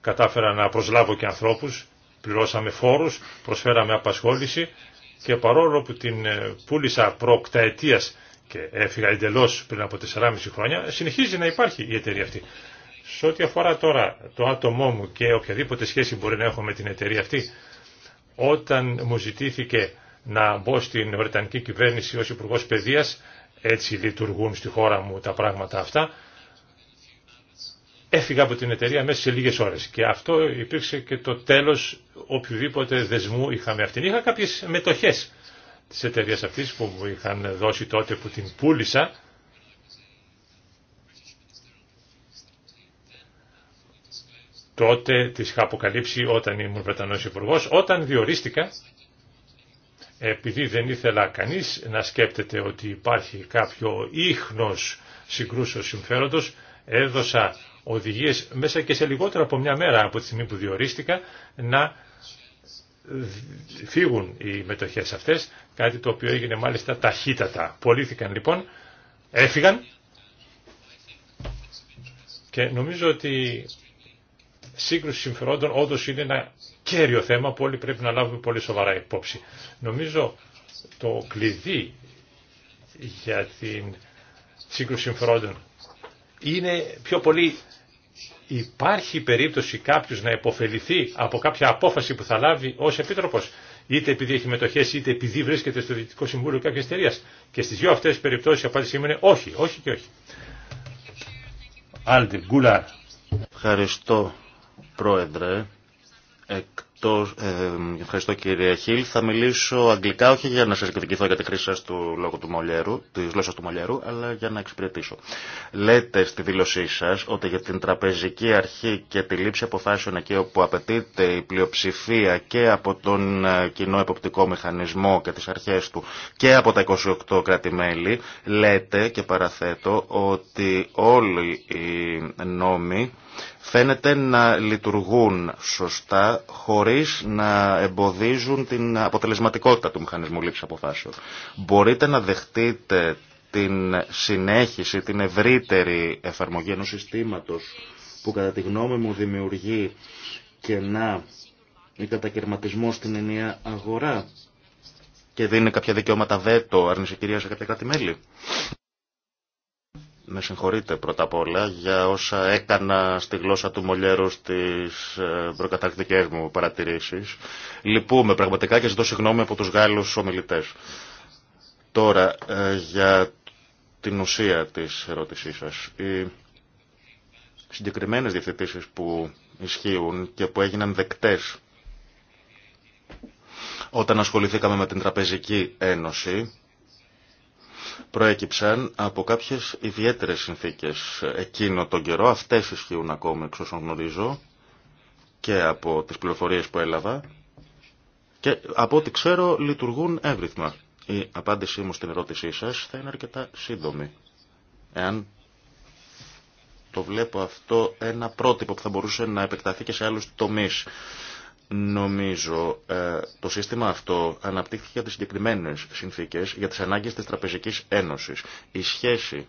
Speaker 2: Κατάφερα να προσλάβω και ανθρώπου, πληρώσαμε φόρου, προσφέραμε απασχόληση και παρόλο που την ε, πούλησα προκταετίας και έφυγα εντελώ πριν από 4,5 χρόνια, συνεχίζει να υπάρχει η εταιρεία αυτή. Σε ό,τι αφορά τώρα το άτομό μου και οποιαδήποτε σχέση μπορεί να έχω με την εταιρεία αυτή, όταν μου ζητήθηκε να μπω στην Βρετανική κυβέρνηση ως υπουργό Παιδείας, έτσι λειτουργούν στη χώρα μου τα πράγματα αυτά, έφυγα από την εταιρεία μέσα σε λίγες ώρες. Και αυτό υπήρξε και το τέλος οποιοδήποτε δεσμού είχαμε αυτήν. Είχα κάποιες μετοχές της εταιρείας αυτής που μου είχαν δώσει τότε που την πούλησα τότε τι είχα αποκαλύψει όταν ήμουν Βρετανός υπουργό, όταν διορίστηκα, επειδή δεν ήθελα κανείς να σκέπτεται ότι υπάρχει κάποιο ίχνος συγκρούσεως συμφέροντος, έδωσα οδηγίες μέσα και σε λιγότερο από μια μέρα από τη στιγμή που διορίστηκα να φύγουν οι μετοχές αυτές, κάτι το οποίο έγινε μάλιστα ταχύτατα. Πολύθηκαν λοιπόν, έφυγαν και νομίζω ότι σύγκρουση συμφερόντων όντω είναι ένα κέριο θέμα που όλοι πρέπει να λάβουμε πολύ σοβαρά υπόψη. Νομίζω το κλειδί για την σύγκρουση συμφερόντων είναι πιο πολύ υπάρχει περίπτωση κάποιος να υποφεληθεί από κάποια απόφαση που θα λάβει ως επίτροπος είτε επειδή έχει μετοχέ, είτε επειδή βρίσκεται στο Διοικητικό Συμβούλιο κάποια εταιρεία. Και στις δύο αυτές περιπτώσεις η απάντησή είναι όχι, όχι και
Speaker 1: όχι. Ευχαριστώ Πρόεδρε, εκτός, ε, ευχαριστώ κύριε Χίλ. Θα μιλήσω αγγλικά όχι για να σας εκδικηθώ για τη χρήση σας του λόγου του Μολιέρου, της γλώσσας του Μολιέρου, αλλά για να εξυπηρετήσω. Λέτε στη δήλωσή σας ότι για την τραπεζική αρχή και τη λήψη αποφάσεων εκεί όπου απαιτείται η πλειοψηφία και από τον ε, κοινό εποπτικό μηχανισμό και τις αρχές του και από τα 28 κρατη λέτε και παραθέτω ότι όλοι οι νόμοι φαίνεται να λειτουργούν σωστά χωρίς να εμποδίζουν την αποτελεσματικότητα του μηχανισμού λήψη αποφάσεων. Μπορείτε να δεχτείτε την συνέχιση, την ευρύτερη εφαρμογή ενός συστήματος που κατά τη γνώμη μου δημιουργεί κενά ή κατακαιρματισμό στην ενιαία αγορά και δίνει κάποια δικαιώματα βέτο αρνησικυρία σε κάποια κράτη-μέλη. Με συγχωρείτε πρώτα απ' όλα για όσα έκανα στη γλώσσα του Μολιέρου στις ε, προκαταρκτικές μου παρατηρήσεις. Λυπούμε πραγματικά και ζητώ συγγνώμη από τους Γάλλους ομιλητές. Τώρα, ε, για την ουσία της ερώτησής σας. Οι συγκεκριμένες διευθετήσεις που ισχύουν και που έγιναν δεκτές όταν ασχοληθήκαμε με την Τραπεζική Ένωση προέκυψαν από κάποιες ιδιαίτερες συνθήκες εκείνο τον καιρό. Αυτές ισχύουν ακόμα, εξ όσων γνωρίζω και από τις πληροφορίες που έλαβα και από ό,τι ξέρω λειτουργούν εύρυθμα. Η απάντησή μου στην ερώτησή σας θα είναι αρκετά σύντομη. Εάν το βλέπω αυτό ένα πρότυπο που θα μπορούσε να επεκταθεί και σε άλλου τομείς. Νομίζω ε, το σύστημα αυτό αναπτύχθηκε για τις συγκεκριμένες συνθήκες, για τις ανάγκες της Τραπεζικής Ένωσης. Η σχέση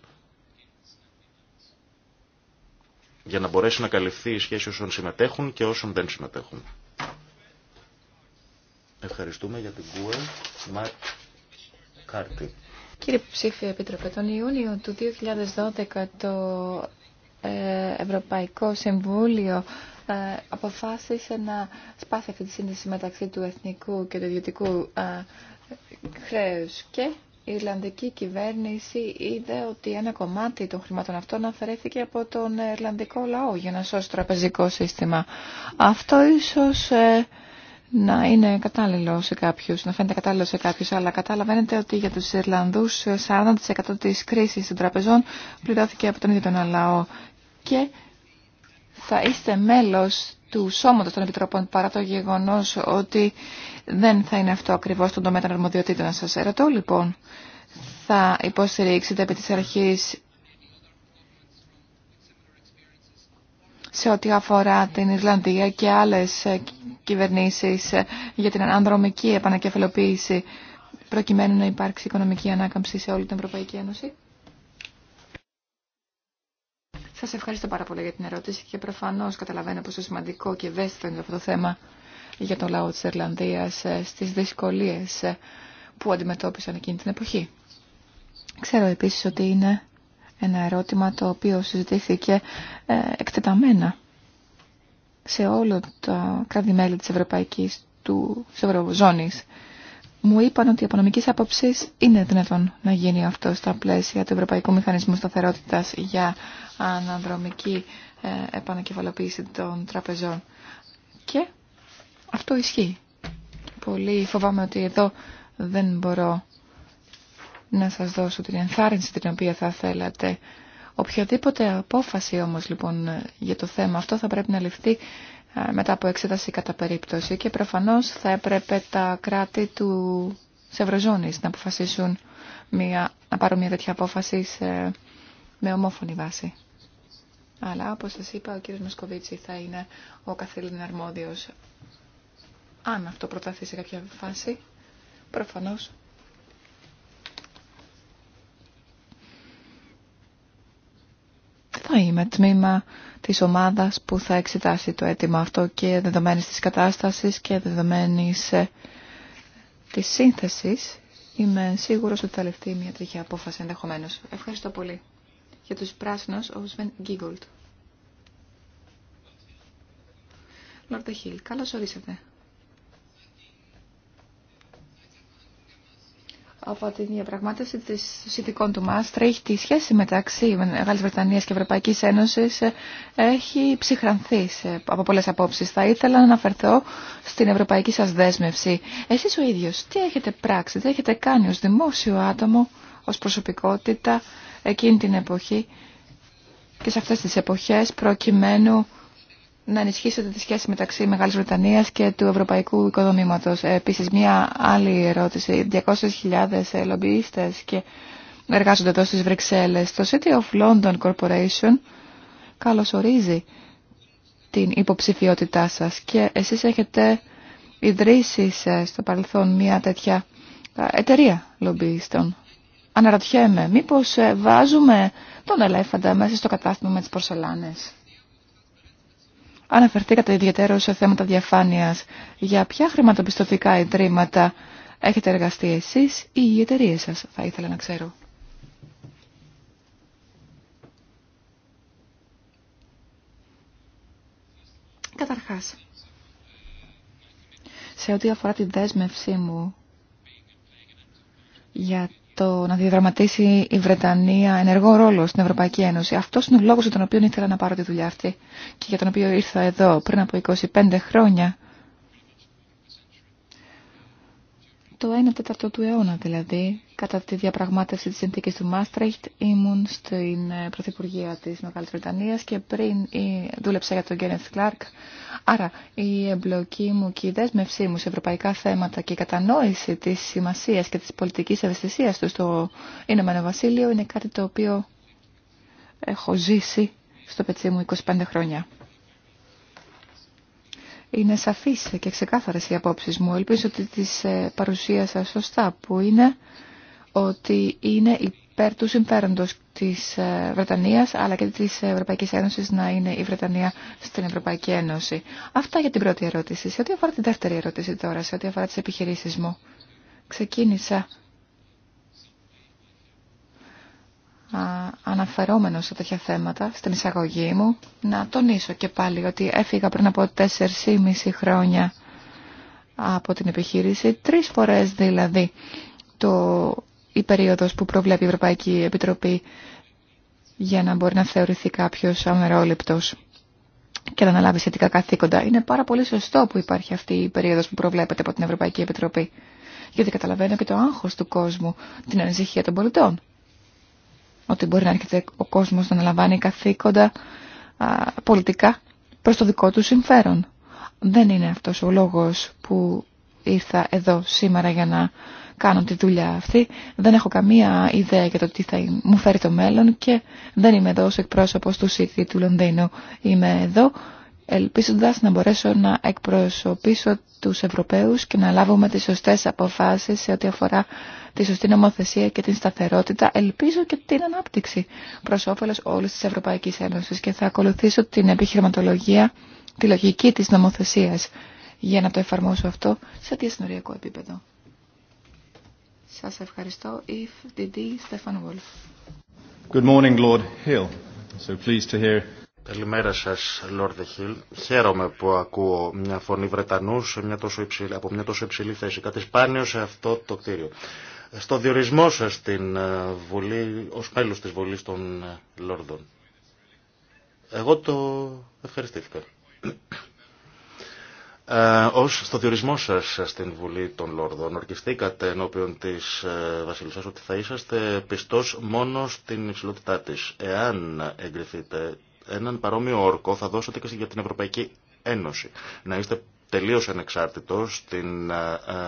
Speaker 1: για να μπορέσει να καλυφθεί η σχέση όσων συμμετέχουν και όσων δεν συμμετέχουν. Ευχαριστούμε για την Google, Smart Κάρτη.
Speaker 3: Κύριε Ψήφια Επίτροπε, τον Ιούνιο του 2012 το ε, Ευρωπαϊκό Συμβούλιο ε, αποφάσισε να σπάσει αυτή τη σύνδεση μεταξύ του εθνικού και του ιδιωτικού ε, χρέους και η Ιρλανδική κυβέρνηση είδε ότι ένα κομμάτι των χρημάτων αυτών αφαιρέθηκε από τον Ιρλανδικό λαό για να σώσει το τραπεζικό σύστημα. Αυτό ίσως ε, να είναι κατάλληλο σε κάποιους, να φαίνεται κατάλληλο σε κάποιους, αλλά καταλαβαίνετε ότι για τους Ιρλανδούς 40% της κρίσης των τραπεζών πληρώθηκε από τον ίδιο τον λαό και θα είστε μέλος του Σώματος των Επιτροπών παρά το γεγονός ότι δεν θα είναι αυτό ακριβώς τον τομέα των αρμοδιοτήτων. Σας ερωτώ λοιπόν, θα υποστηρίξετε επί της αρχής σε ό,τι αφορά την Ιρλανδία και άλλες ε, κυβερνήσεις ε, για την ανδρομική επανακεφαλοποίηση προκειμένου να υπάρξει οικονομική ανάκαμψη σε όλη την Ευρωπαϊκή Ένωση. Σας ευχαριστώ πάρα πολύ για την ερώτηση και προφανώς καταλαβαίνω πόσο σημαντικό και ευαίσθητο είναι αυτό το θέμα για τον λαό της Ιρλανδίας ε, στις δυσκολίες ε, που αντιμετώπισαν εκείνη την εποχή. Ξέρω επίσης ότι είναι ένα ερώτημα το οποίο συζητήθηκε ε, εκτεταμένα σε όλο τα κράτη-μέλη της Ευρωπαϊκής του Ευρωζώνης μου είπαν ότι από νομική άποψη είναι δυνατόν να γίνει αυτό στα πλαίσια του Ευρωπαϊκού Μηχανισμού Σταθερότητα για αναδρομική ε, επανακεφαλοποίηση των τραπεζών. Και αυτό ισχύει. Πολύ φοβάμαι ότι εδώ δεν μπορώ να σας δώσω την ενθάρρυνση την οποία θα θέλατε. Οποιαδήποτε απόφαση όμως λοιπόν για το θέμα αυτό θα πρέπει να ληφθεί ε, μετά από εξέταση κατά περίπτωση και προφανώς θα έπρεπε τα κράτη του της να αποφασίσουν μια, να πάρουν μια τέτοια απόφαση με ομόφωνη βάση. Αλλά όπως σας είπα ο κύριος Μασκοβίτσι θα είναι ο καθήλυνα αρμόδιος αν αυτό προταθεί σε κάποια φάση προφανώς θα είμαι τμήμα της ομάδας που θα εξετάσει το αίτημα αυτό και δεδομένης της κατάστασης και δεδομένης ε, της σύνθεσης. Είμαι σίγουρος ότι θα λεφτεί μια τέτοια απόφαση ενδεχομένως. Ευχαριστώ πολύ. Για τους πράσινους, ο Σβεν Γκίγκολτ. Λόρτε Χίλ, καλώς ορίσατε. από την διαπραγμάτευση της συνθηκών του Μάστρεχτ, η σχέση μεταξύ Μεγάλης Βρετανίας και Ευρωπαϊκής Ένωσης ε, έχει ψυχρανθεί από πολλές απόψεις. Θα ήθελα να αναφερθώ στην ευρωπαϊκή σας δέσμευση. Εσείς ο ίδιος, τι έχετε πράξει, τι έχετε κάνει ως δημόσιο άτομο, ως προσωπικότητα εκείνη την εποχή και σε αυτές τις εποχές προκειμένου να ενισχύσετε τη σχέση μεταξύ Μεγάλης Βρετανίας και του Ευρωπαϊκού Οικοδομήματος. Ε, επίσης, μια άλλη ερώτηση. 200.000 ε, λομπιίστες και εργάζονται εδώ στις Βρυξέλλες. Το City of London Corporation καλωσορίζει την υποψηφιότητά σας και εσείς έχετε ιδρύσει ε, στο παρελθόν μια τέτοια εταιρεία λομπιίστων. Αναρωτιέμαι, μήπως βάζουμε τον ελέφαντα μέσα στο κατάστημα με τις πορσελάνες. Αναφερθήκατε ιδιαίτερο σε θέματα διαφάνειας. Για ποια χρηματοπιστωτικά ιδρύματα έχετε εργαστεί εσείς ή οι εταιρείε σας, θα ήθελα να ξέρω. Καταρχάς, σε ό,τι αφορά τη δέσμευσή μου για το να διαδραματίσει η Βρετανία ενεργό ρόλο στην Ευρωπαϊκή Ένωση. Αυτό είναι ο λόγο για τον οποίο ήθελα να πάρω τη δουλειά αυτή και για τον οποίο ήρθα εδώ πριν από 25 χρόνια. το 1 τέταρτο του αιώνα δηλαδή, κατά τη διαπραγμάτευση της συνθήκης του Μάστρεχτ, ήμουν στην ε, Πρωθυπουργία της Μεγάλης Βρετανίας και πριν δούλεψα για τον Γκένεθ Κλάρκ. Άρα η εμπλοκή μου και η δέσμευσή μου σε ευρωπαϊκά θέματα και η κατανόηση της σημασίας και της πολιτικής ευαισθησίας του στο Ηνωμένο Βασίλειο είναι κάτι το οποίο έχω ζήσει στο πετσί μου 25 χρόνια. Είναι σαφείς και ξεκάθαρες οι απόψεις μου. Ελπίζω ότι τις ε, παρουσίασα σωστά που είναι ότι είναι υπέρ του συμφέροντος της ε, Βρετανίας αλλά και της Ευρωπαϊκής Ένωσης να είναι η Βρετανία στην Ευρωπαϊκή Ένωση. Αυτά για την πρώτη ερώτηση. Σε ό,τι αφορά την δεύτερη ερώτηση τώρα, σε ό,τι αφορά τις επιχειρήσεις μου. Ξεκίνησα Αναφερόμενο σε τέτοια θέματα στην εισαγωγή μου να τονίσω και πάλι ότι έφυγα πριν από 4,5 χρόνια από την επιχείρηση, τρεις φορές δηλαδή το, η περίοδος που προβλέπει η Ευρωπαϊκή Επιτροπή για να μπορεί να θεωρηθεί κάποιος αμερόληπτος και να αναλάβει σχετικά καθήκοντα. Είναι πάρα πολύ σωστό που υπάρχει αυτή η περίοδος που προβλέπεται από την Ευρωπαϊκή Επιτροπή. Γιατί καταλαβαίνω και το άγχος του κόσμου, την ανησυχία των πολιτών ότι μπορεί να έρχεται ο κόσμος να αναλαμβάνει καθήκοντα α, πολιτικά προς το δικό του συμφέρον. Δεν είναι αυτός ο λόγος που ήρθα εδώ σήμερα για να κάνω τη δουλειά αυτή. Δεν έχω καμία ιδέα για το τι θα μου φέρει το μέλλον και δεν είμαι εδώ ως εκπρόσωπος του City του Λονδίνου. Είμαι εδώ ελπίζοντας να μπορέσω να εκπροσωπήσω τους Ευρωπαίους και να λάβουμε τις σωστές αποφάσεις σε ό,τι αφορά τη σωστή νομοθεσία και την σταθερότητα, ελπίζω και την ανάπτυξη προς όφελος όλης της Ευρωπαϊκής Ένωσης και θα ακολουθήσω την επιχειρηματολογία, τη λογική της νομοθεσίας για να το εφαρμόσω αυτό σε διασυνοριακό επίπεδο. Σας ευχαριστώ.
Speaker 1: Καλημέρα σας, Λόρδε Χιλ. Χαίρομαι που ακούω μια φωνή Βρετανού σε μια τόσο υψηλή, από μια τόσο υψηλή θέση. Κάτι σπάνιο σε αυτό το κτίριο. Στο διορισμό σας στην ε, Βουλή, ως μέλος της Βουλή των ε, Λόρδων. Εγώ το ευχαριστήθηκα. Ε, ως στο διορισμό σας στην Βουλή των Λόρδων ορκιστήκατε ενώπιον της ε, Βασιλισσάς ότι θα είσαστε πιστός μόνο στην υψηλότητά της. Εάν εγκριθείτε έναν παρόμοιο όρκο θα δώσετε και για την Ευρωπαϊκή Ένωση. Να είστε τελείω ανεξάρτητο στην ε,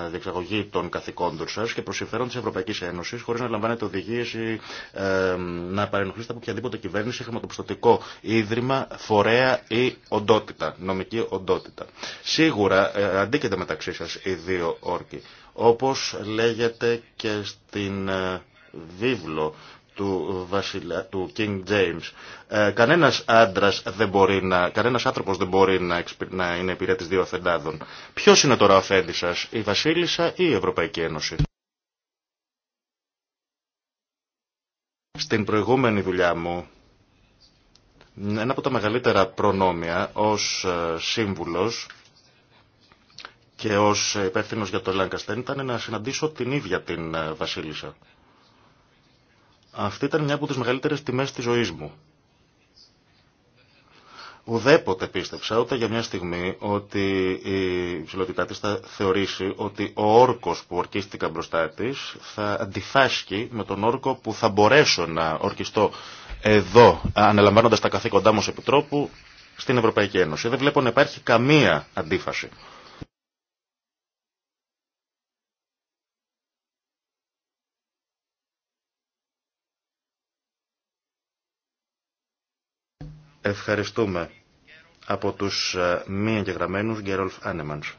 Speaker 1: ε, διεξαγωγή των καθηκόντων σα και προ συμφέρον τη Ευρωπαϊκή Ένωση, χωρί να λαμβάνετε οδηγίε ή ε, να παρενοχλήσετε από οποιαδήποτε κυβέρνηση, χρηματοπιστωτικό ίδρυμα, φορέα ή οντότητα, νομική οντότητα. Σίγουρα ε, μεταξύ σα οι δύο όρκοι. Όπω λέγεται και στην βίβλο του, βασιλα, του King James. Ε, κανένας, άντρας δεν μπορεί να, κανένας άνθρωπος δεν μπορεί να, να είναι υπηρέτης δύο αφεντάδων. Ποιος είναι τώρα ο αφέντης σας, η Βασίλισσα ή η Ευρωπαϊκή Ένωση. Στην προηγούμενη δουλειά μου, ένα από τα μεγαλύτερα προνόμια ως ε, σύμβουλος και ως υπεύθυνο για το Λάγκαστεν ήταν να συναντήσω την ίδια την ε, Βασίλισσα. Αυτή ήταν μια από τις μεγαλύτερες τιμές της ζωής μου. Ουδέποτε πίστεψα, ούτε για μια στιγμή, ότι η ψηλότητά της θα θεωρήσει ότι ο όρκος που ορκίστηκα μπροστά της θα αντιφάσκει με τον όρκο που θα μπορέσω να ορκιστώ εδώ, αναλαμβάνοντας τα καθήκοντά μου ως Επιτρόπου, στην Ευρωπαϊκή Ένωση. Δεν βλέπω να υπάρχει καμία αντίφαση. Ευχαριστούμε από τους ε, μη εγγεγραμμένους Γκέρολφ Άνεμανς.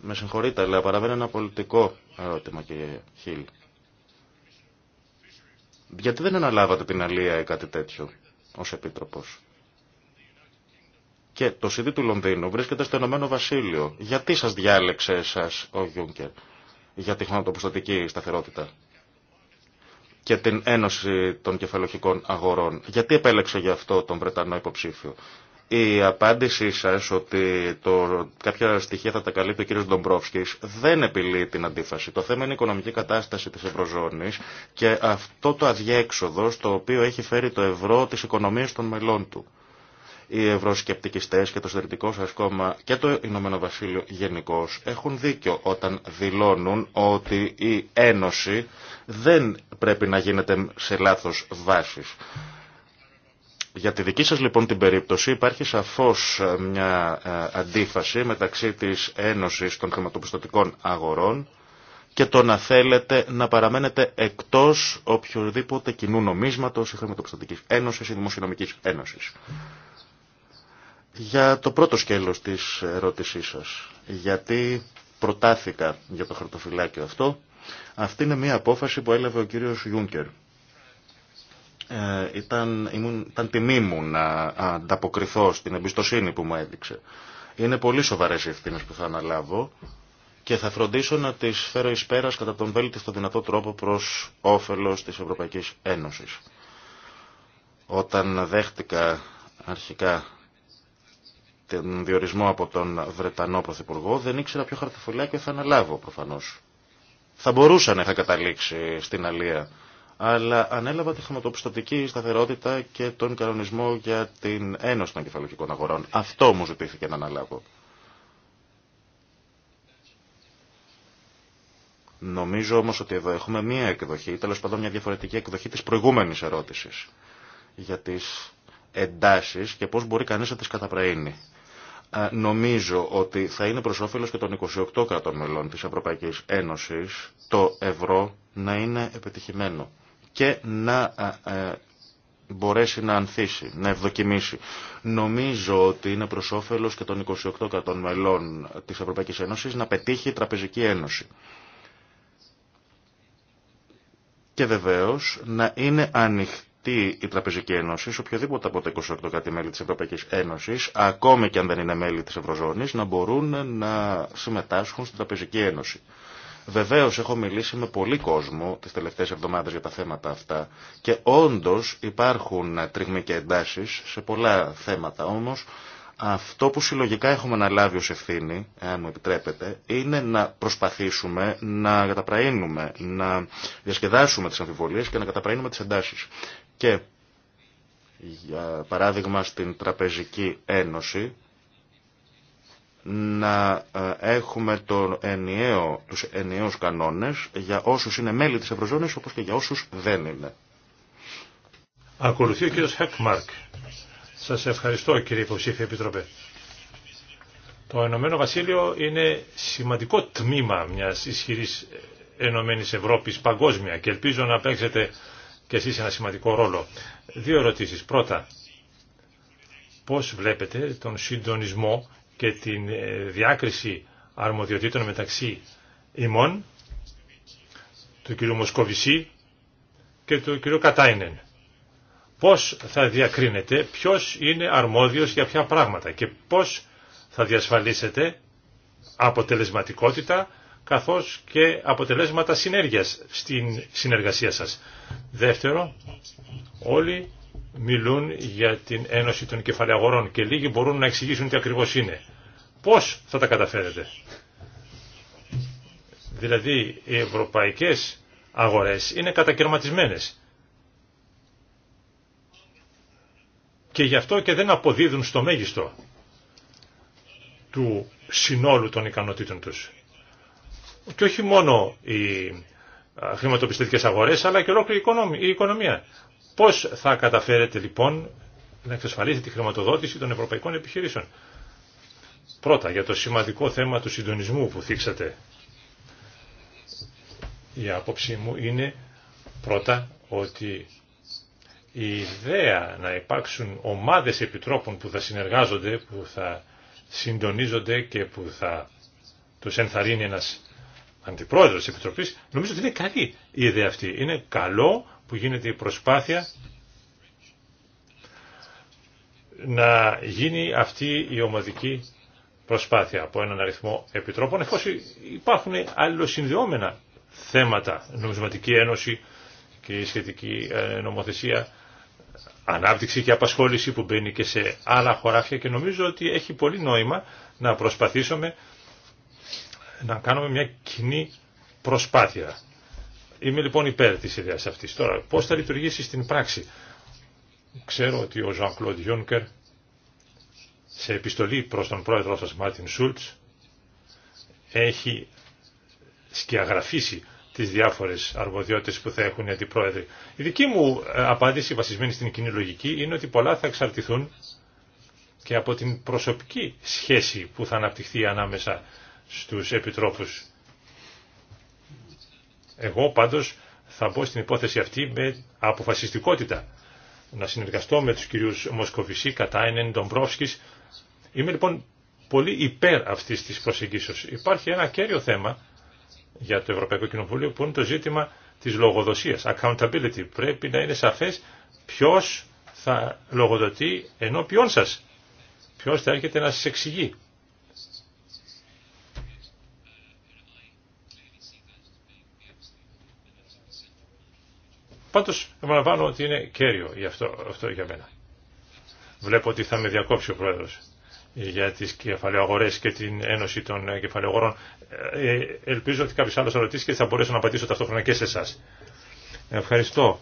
Speaker 1: Με συγχωρείτε, αλλά παραμένει ένα πολιτικό ερώτημα, κύριε Χίλ. Γιατί δεν αναλάβατε την αλία ή κάτι τέτοιο ως επίτροπος. Και το ΣΥΔΙ του Λονδίνου βρίσκεται στο Ηνωμένο Βασίλειο. Γιατί σας διάλεξε εσάς ο Γιούνκερ για τη χρονοτοποστατική σταθερότητα και την Ένωση των κεφαλοχικών Αγορών. Γιατί επέλεξε γι' αυτό τον Βρετανό υποψήφιο. Η απάντησή σας ότι το, κάποια στοιχεία θα τα καλύπτει ο κύριος Ντομπρόφσκης δεν επιλύει την αντίφαση. Το θέμα είναι η οικονομική κατάσταση της Ευρωζώνης και αυτό το αδιέξοδο το οποίο έχει φέρει το ευρώ τις οικονομίες των μελών του οι ευρωσκεπτικιστές και το συντηρητικό σα κόμμα και το Ηνωμένο Βασίλειο γενικώ έχουν δίκιο όταν δηλώνουν ότι η Ένωση δεν πρέπει να γίνεται σε λάθο βάση. Για τη δική σας λοιπόν την περίπτωση υπάρχει σαφώς ε, μια ε, αντίφαση μεταξύ της Ένωσης των Χρηματοπιστωτικών Αγορών και το να θέλετε να παραμένετε εκτός οποιοδήποτε κοινού νομίσματος ή Χρηματοπιστωτικής Ένωσης ή Δημοσιονομικής Ένωσης. Για το πρώτο σκέλος της ερώτησής σας, γιατί προτάθηκα για το χαρτοφυλάκιο αυτό, αυτή είναι μια απόφαση που έλαβε ο κύριος Γιούνκερ. Ε, ήταν, ήμουν, ήταν τιμή μου να ανταποκριθώ στην εμπιστοσύνη που μου έδειξε. Είναι πολύ σοβαρές οι ευθύνες που θα αναλάβω και θα φροντίσω να τις φέρω εις πέρας κατά τον βέλτιστο δυνατό τρόπο προς όφελος της Ευρωπαϊκής Ένωσης. Όταν δέχτηκα αρχικά τον διορισμό από τον Βρετανό Πρωθυπουργό δεν ήξερα ποιο χαρτοφυλάκιο θα αναλάβω προφανώς. Θα μπορούσα να είχα καταλήξει στην Αλία, αλλά ανέλαβα τη χρηματοπιστωτική σταθερότητα και τον κανονισμό για την Ένωση των Κεφαλογικών Αγορών. Αυτό μου ζητήθηκε να αναλάβω. Νομίζω όμως ότι εδώ έχουμε μία εκδοχή, τέλος πάντων μια διαφορετική εκδοχή της προηγούμενης ερώτησης για τις εντάσεις και πώς μπορεί κανείς να τις καταπραίνει νομίζω ότι θα είναι προς όφελος και των 28 κρατών μελών της Ευρωπαϊκής Ένωσης το ευρώ να είναι επιτυχημένο και να μπορέσει να ανθίσει, να ευδοκιμήσει. Νομίζω ότι είναι προς όφελος και των 28 κρατών μελών της Ευρωπαϊκής Ένωσης να πετύχει η Τραπεζική Ένωση. Και βεβαίως να είναι ανοιχτή αυτή η Τραπεζική Ένωση, οποιοδήποτε από τα 28 κάτι μέλη της Ευρωπαϊκής Ένωσης, ακόμη και αν δεν είναι μέλη της Ευρωζώνης, να μπορούν να συμμετάσχουν στην Τραπεζική Ένωση. Βεβαίως έχω μιλήσει με πολύ κόσμο τις τελευταίες εβδομάδες για τα θέματα αυτά και όντως υπάρχουν τριγμοί εντάσεις σε πολλά θέματα όμως αυτό που συλλογικά έχουμε αναλάβει ως ευθύνη, αν μου επιτρέπετε, είναι να προσπαθήσουμε να καταπραίνουμε, να διασκεδάσουμε τις αμφιβολίες και να καταπραίνουμε τις εντάσεις και για παράδειγμα στην Τραπεζική Ένωση να ε, έχουμε τον ενιαίο, τους ενιαίους κανόνες για όσους είναι μέλη της Ευρωζώνης όπως και για όσους δεν είναι.
Speaker 2: Ακολουθεί ο κύριος Χεκμαρκ. Σας ευχαριστώ κύριε υποψήφια επιτροπέ. Το Ενωμένο Βασίλειο είναι σημαντικό τμήμα μιας ισχυρής ε, Ενωμένης Ευρώπης παγκόσμια και ελπίζω να παίξετε και εσείς ένα σημαντικό ρόλο. Δύο ερωτήσεις. Πρώτα, πώς βλέπετε τον συντονισμό και την ε, διάκριση αρμοδιοτήτων μεταξύ ημών, του κ. Μοσκοβισή και του κ. Κατάινεν. Πώς θα διακρίνετε ποιος είναι αρμόδιος για ποια πράγματα και πώς θα διασφαλίσετε αποτελεσματικότητα καθώς και αποτελέσματα συνέργειας στην συνεργασία σας. Δεύτερο, όλοι μιλούν για την Ένωση των Κεφαλαιαγορών και λίγοι μπορούν να εξηγήσουν τι ακριβώς είναι. Πώς θα τα καταφέρετε. Δηλαδή, οι ευρωπαϊκές αγορές είναι κατακαιρματισμένες. Και γι' αυτό και δεν αποδίδουν στο μέγιστο του συνόλου των ικανοτήτων τους και όχι μόνο οι χρηματοπιστωτικές αγορές αλλά και ολόκληρη η οικονομία. Πώς θα καταφέρετε λοιπόν να εξασφαλίσετε τη χρηματοδότηση των ευρωπαϊκών επιχειρήσεων. Πρώτα για το σημαντικό θέμα του συντονισμού που θίξατε. Η άποψή μου είναι πρώτα ότι η ιδέα να υπάρξουν ομάδες επιτρόπων που θα συνεργάζονται, που θα συντονίζονται και που θα τους ενθαρρύνει ένας Αντιπρόεδρο τη Επιτροπής, νομίζω ότι είναι καλή η ιδέα αυτή. Είναι καλό που γίνεται η προσπάθεια να γίνει αυτή η ομαδική προσπάθεια από έναν αριθμό επιτρόπων, εφόσον υπάρχουν αλληλοσυνδεόμενα θέματα, νομισματική ένωση και σχετική ε, νομοθεσία, ανάπτυξη και απασχόληση που μπαίνει και σε άλλα χωράφια και νομίζω ότι έχει πολύ νόημα να προσπαθήσουμε να κάνουμε μια κοινή προσπάθεια. Είμαι λοιπόν υπέρ της ιδέας αυτή. Τώρα, πώς θα λειτουργήσει στην πράξη. Ξέρω ότι ο jean Κλοντ σε επιστολή προς τον πρόεδρό σας Μάρτιν Σούλτς έχει σκιαγραφίσει τις διάφορες αρμοδιότητες που θα έχουν οι αντιπρόεδροι. Η δική μου ε, απάντηση βασισμένη στην κοινή λογική είναι ότι πολλά θα εξαρτηθούν και από την προσωπική σχέση που θα αναπτυχθεί ανάμεσα στους επιτρόπους. Εγώ πάντως θα μπω στην υπόθεση αυτή με αποφασιστικότητα. Να συνεργαστώ με τους κυρίους Μοσκοβισή, Κατάινεν, Ντομπρόφσκης. Είμαι λοιπόν πολύ υπέρ αυτής της προσεγγίσεως. Υπάρχει ένα κέριο θέμα για το Ευρωπαϊκό Κοινοβούλιο που είναι το ζήτημα της λογοδοσίας, accountability. Πρέπει να είναι σαφές ποιος θα λογοδοτεί ενώ ποιον σας. Ποιος θα έρχεται να σας εξηγεί. Πάντω, επαναλαμβάνω ότι είναι κέριο γι αυτό, αυτό για μένα. Βλέπω ότι θα με διακόψει ο πρόεδρο για τι κεφαλαιογορές και την Ένωση των Κεφαλαιογορών. Ε, ε, ελπίζω ότι κάποιο άλλο θα ρωτήσει και θα μπορέσω να απαντήσω ταυτόχρονα και σε εσά. Ευχαριστώ.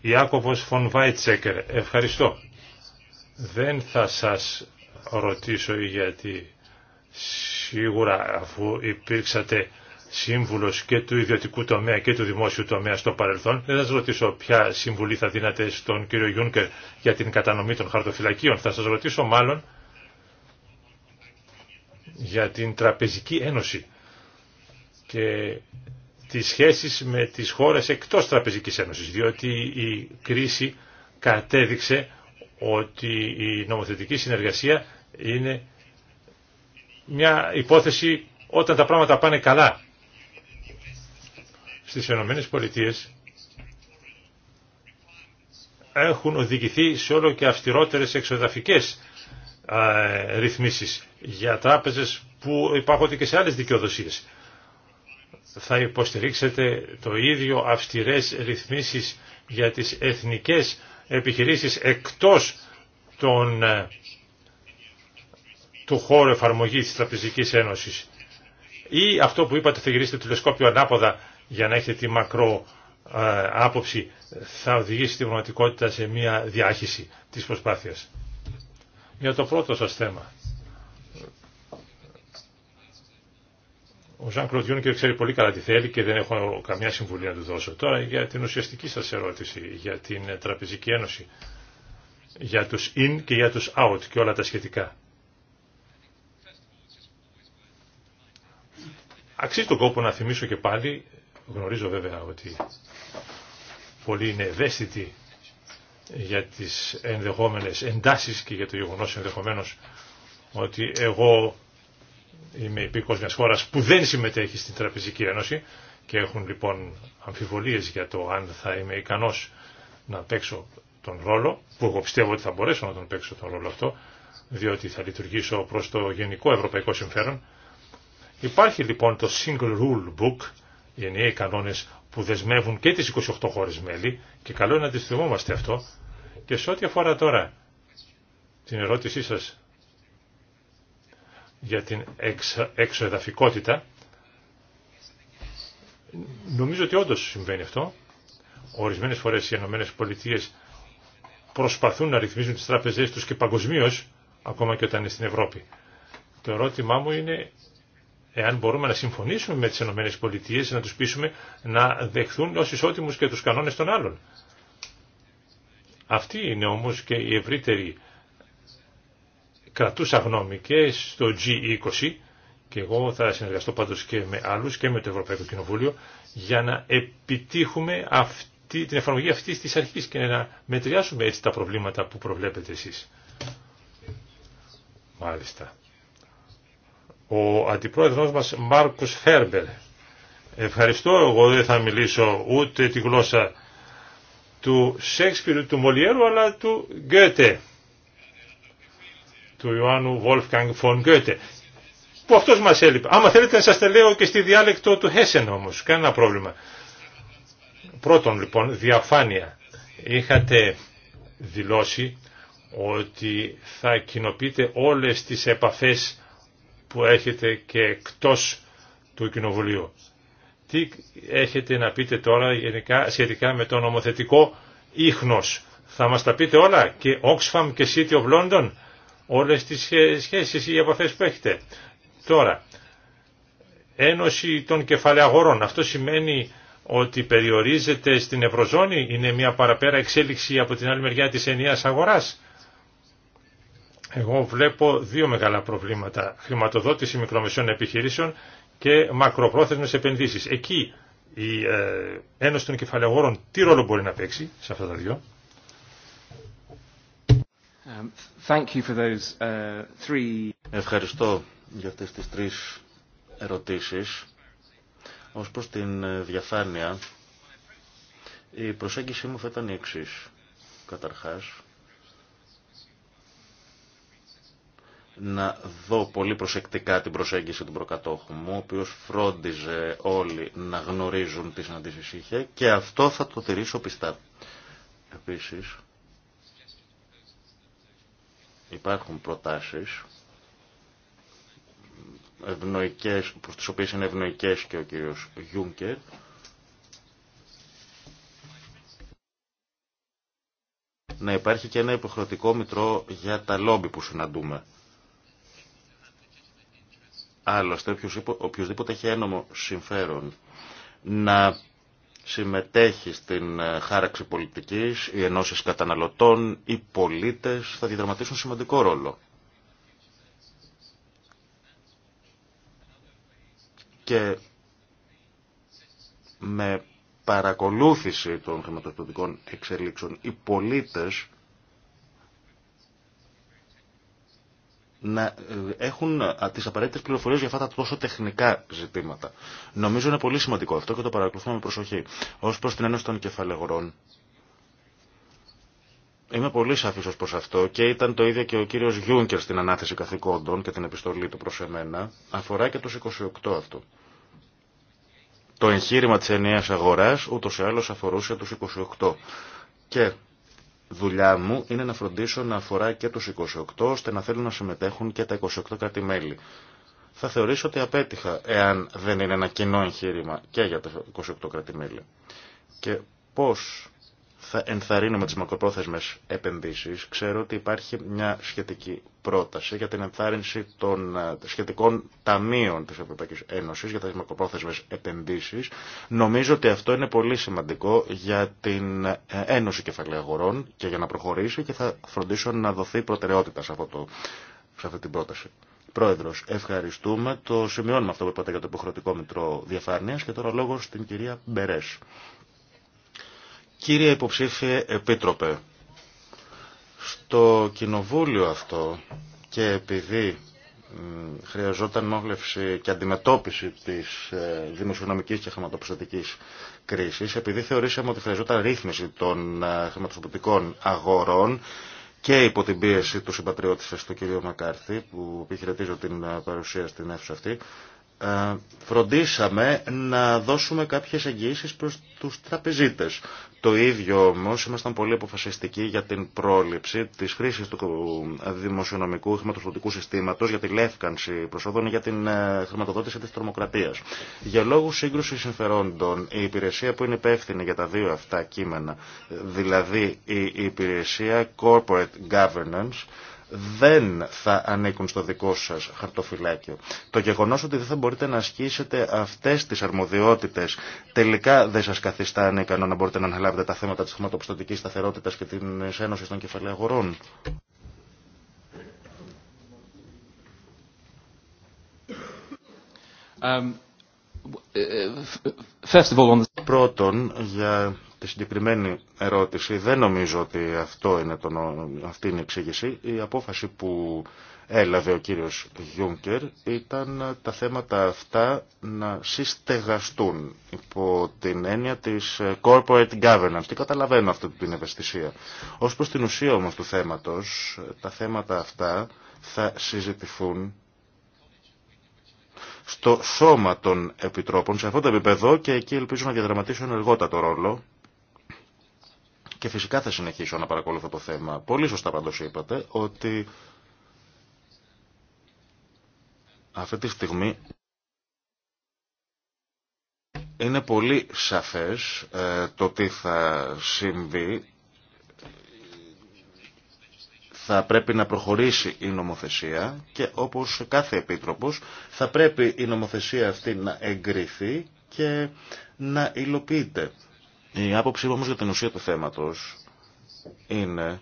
Speaker 2: Ιάκωβος Φον Βάιτσέκερ. Ευχαριστώ. Δεν θα σας ρωτήσω γιατί σίγουρα αφού υπήρξατε Σύμβουλο και του ιδιωτικού τομέα και του δημόσιου τομέα στο παρελθόν. Δεν θα σα ρωτήσω ποια συμβουλή θα δίνατε στον κύριο Γιούνκερ για την κατανομή των χαρτοφυλακίων. Θα σας ρωτήσω μάλλον για την Τραπεζική Ένωση και τις σχέσεις με τις χώρες εκτός Τραπεζικής Ένωσης, διότι η κρίση κατέδειξε ότι η νομοθετική συνεργασία είναι μια υπόθεση όταν τα πράγματα πάνε καλά στις Ηνωμένες Πολιτείες έχουν οδηγηθεί σε όλο και αυστηρότερες εξοδαφικές ρυθμίσεις για τράπεζες που υπάρχουν και σε άλλες δικαιοδοσίες. Θα υποστηρίξετε το ίδιο αυστηρές ρυθμίσεις για τις εθνικές επιχειρήσεις εκτός των, ε, του χώρου εφαρμογής της Τραπεζικής Ένωσης. Ή αυτό που είπατε θα γυρίσετε τηλεσκόπιο ανάποδα για να έχετε τη μακρό ε, άποψη θα οδηγήσει την πραγματικότητα σε μια διάχυση της προσπάθειας. Για το πρώτο σας θέμα. Ο Ζαν και ξέρει πολύ καλά τι θέλει και δεν έχω καμιά συμβουλή να του δώσω. Τώρα για την ουσιαστική σας ερώτηση, για την Τραπεζική Ένωση, για τους in και για τους out και όλα τα σχετικά. Αξίζει τον κόπο να θυμίσω και πάλι Γνωρίζω βέβαια ότι πολλοί είναι ευαίσθητοι για τις ενδεχόμενες εντάσεις και για το γεγονός ενδεχομένως ότι εγώ είμαι υπήκος μιας χώρας που δεν συμμετέχει στην Τραπεζική Ένωση και έχουν λοιπόν αμφιβολίες για το αν θα είμαι ικανός να παίξω τον ρόλο, που εγώ πιστεύω ότι θα μπορέσω να τον παίξω τον ρόλο αυτό, διότι θα λειτουργήσω προς το γενικό ευρωπαϊκό συμφέρον. Υπάρχει λοιπόν το Single Rule Book, οι ενιαίοι κανόνε που δεσμεύουν και τι 28 χώρε μέλη και καλό είναι να τις θυμόμαστε αυτό και σε ό,τι αφορά τώρα την ερώτησή σας για την εξοεδαφικότητα νομίζω ότι όντω συμβαίνει αυτό ορισμένες φορές οι ΗΠΑ προσπαθούν να ρυθμίζουν τις τραπεζέ τους και παγκοσμίω ακόμα και όταν είναι στην Ευρώπη το ερώτημά μου είναι εάν μπορούμε να συμφωνήσουμε με τις ΗΠΑ να τους πείσουμε να δεχθούν ως ισότιμους και τους κανόνες των άλλων. Αυτή είναι όμως και η ευρύτερη κρατούσα γνώμη και στο G20 και εγώ θα συνεργαστώ πάντως και με άλλους και με το Ευρωπαϊκό Κοινοβούλιο για να επιτύχουμε αυτή, την εφαρμογή αυτή της αρχής και να μετριάσουμε έτσι τα προβλήματα που προβλέπετε εσείς. Μάλιστα ο αντιπρόεδρος μας Μάρκος Φέρμπερ. Ευχαριστώ, εγώ δεν θα μιλήσω ούτε τη γλώσσα του Σέξπιρου, του Μολιέρου, αλλά του Γκέτε, του Ιωάννου Βόλφκανγκ Φον Γκέτε, που αυτός μας έλειπε. Άμα θέλετε να σας τα λέω και στη διάλεκτο του Χέσεν όμως, κανένα πρόβλημα. Πρώτον λοιπόν, διαφάνεια. Είχατε δηλώσει ότι θα κοινοποιείτε όλες τις επαφές που έχετε και εκτός του Κοινοβουλίου. Τι έχετε να πείτε τώρα γενικά, σχετικά με το νομοθετικό ίχνος. Θα μας τα πείτε όλα και Oxfam και City of London, όλες τις σχέσεις ή επαφές που έχετε. Τώρα, ένωση των κεφαλαίων Αυτό σημαίνει ότι περιορίζεται στην Ευρωζώνη, είναι μια παραπέρα εξέλιξη από την άλλη μεριά της ενιαίας αγοράς. Εγώ βλέπω δύο μεγάλα προβλήματα. Χρηματοδότηση μικρομεσαίων επιχειρήσεων και μακροπρόθεσμες επενδύσεις. Εκεί η ε, Ένωση των Κεφαλαιογόρων τι ρόλο μπορεί να παίξει σε αυτά τα δύο.
Speaker 1: Um, thank you for those, uh, three... Ευχαριστώ για αυτές τις τρεις ερωτήσεις. Ως προς την ε, διαφάνεια, η προσέγγιση μου θα ήταν η εξής. Καταρχάς, να δω πολύ προσεκτικά την προσέγγιση του προκατόχου μου, ο οποίος φρόντιζε όλοι να γνωρίζουν τι συναντήσει είχε και αυτό θα το τηρήσω πιστά. Επίση, υπάρχουν προτάσει ευνοϊκές, προς τις οποίες είναι ευνοϊκές και ο κύριος Γιούνκερ, να υπάρχει και ένα υποχρεωτικό μητρό για τα λόμπι που συναντούμε. Άλλωστε, οποιοδήποτε έχει ένομο συμφέρον να συμμετέχει στην ε, χάραξη πολιτικής, οι ενώσεις καταναλωτών, οι πολίτες θα διαδραματίσουν σημαντικό ρόλο. Και με παρακολούθηση των χρηματοδοτικών εξελίξεων, οι πολίτες να ε, έχουν τι απαραίτητε πληροφορίε για αυτά τα τόσο τεχνικά ζητήματα. Νομίζω είναι πολύ σημαντικό αυτό και το παρακολουθούμε με προσοχή. Ω προ την Ένωση των Κεφαλαιγορών, Είμαι πολύ σαφή ω προ αυτό και ήταν το ίδιο και ο κύριο Γιούνκερ στην ανάθεση καθηκόντων και την επιστολή του προ εμένα. Αφορά και του 28 αυτό. Το εγχείρημα τη ενιαία αγορά ούτω ή άλλω αφορούσε του 28. Και δουλειά μου είναι να φροντίσω να αφορά και τους 28, ώστε να θέλουν να συμμετέχουν και τα 28 κράτη-μέλη. Θα θεωρήσω ότι απέτυχα, εάν δεν είναι ένα κοινό εγχείρημα και για τα 28 κράτη-μέλη. Και πώς θα ενθαρρύνουμε τις μακροπρόθεσμες επενδύσεις. Ξέρω ότι υπάρχει μια σχετική πρόταση για την ενθάρρυνση των ε, σχετικών ταμείων της Ευρωπαϊκής Ένωσης για τις μακροπρόθεσμες επενδύσεις. Νομίζω ότι αυτό είναι πολύ σημαντικό για την ε, Ένωση Κεφαλαίου Αγορών και για να προχωρήσει και θα φροντίσω να δοθεί προτεραιότητα σε, αυτό σε αυτή την πρόταση. Πρόεδρος, ευχαριστούμε. Το σημειώνουμε αυτό που είπατε για το υποχρεωτικό μητρό διαφάνειας και τώρα λόγο στην κυρία Μπερές. Κύριε Υποψήφιε Επίτροπε, στο κοινοβούλιο αυτό και επειδή χρειαζόταν μόγλευση και αντιμετώπιση της ε, δημοσιονομικής και χρηματοπιστωτικής κρίσης, επειδή θεωρήσαμε ότι χρειαζόταν ρύθμιση των ε, χρηματοπιστωτικών αγορών και υπό την πίεση του συμπατριώτη σας, του κ. Μακάρθη, που επιχειρετίζω την ε, παρουσία στην αίθουσα αυτή, ε, φροντίσαμε να δώσουμε κάποιες εγγυήσεις προς τους τραπεζίτες. Το ίδιο όμως ήμασταν πολύ αποφασιστικοί για την πρόληψη της χρήσης του δημοσιονομικού χρηματοδοτικού συστήματος για τη λεύκανση προσόδων για την ε, χρηματοδότηση της τρομοκρατίας. Για λόγους σύγκρουσης συμφερόντων η υπηρεσία που είναι υπεύθυνη για τα δύο αυτά κείμενα, δηλαδή η υπηρεσία Corporate Governance, δεν θα ανήκουν στο δικό σας χαρτοφυλάκιο. Το γεγονός ότι δεν θα μπορείτε να ασκήσετε αυτές τις αρμοδιότητες τελικά δεν σας καθιστά ανίκανο να μπορείτε να αναλάβετε τα θέματα της χρηματοπιστωτικής σταθερότητας και της Ένωση των Κεφαλαίων Πρώτον, για τη συγκεκριμένη ερώτηση, δεν νομίζω ότι αυτό είναι το, αυτή είναι η εξήγηση. Η απόφαση που έλαβε ο κύριος Γιούνκερ ήταν τα θέματα αυτά να συστεγαστούν υπό την έννοια της ε, corporate governance και καταλαβαίνω αυτή την ευαισθησία. Ως προς την ουσία όμως του θέματος, τα θέματα αυτά θα συζητηθούν στο σώμα των επιτρόπων, σε αυτό το επίπεδο και εκεί ελπίζω να διαδραματίσω ενεργότατο ρόλο και φυσικά θα συνεχίσω να παρακολουθώ το θέμα. Πολύ σωστά πάντως είπατε ότι αυτή τη στιγμή είναι πολύ σαφές ε, το τι θα συμβεί. Θα πρέπει να προχωρήσει η νομοθεσία και όπως κάθε επίτροπος θα πρέπει η νομοθεσία αυτή να εγκριθεί και να υλοποιείται. Η άποψή όμως για την ουσία του θέματος είναι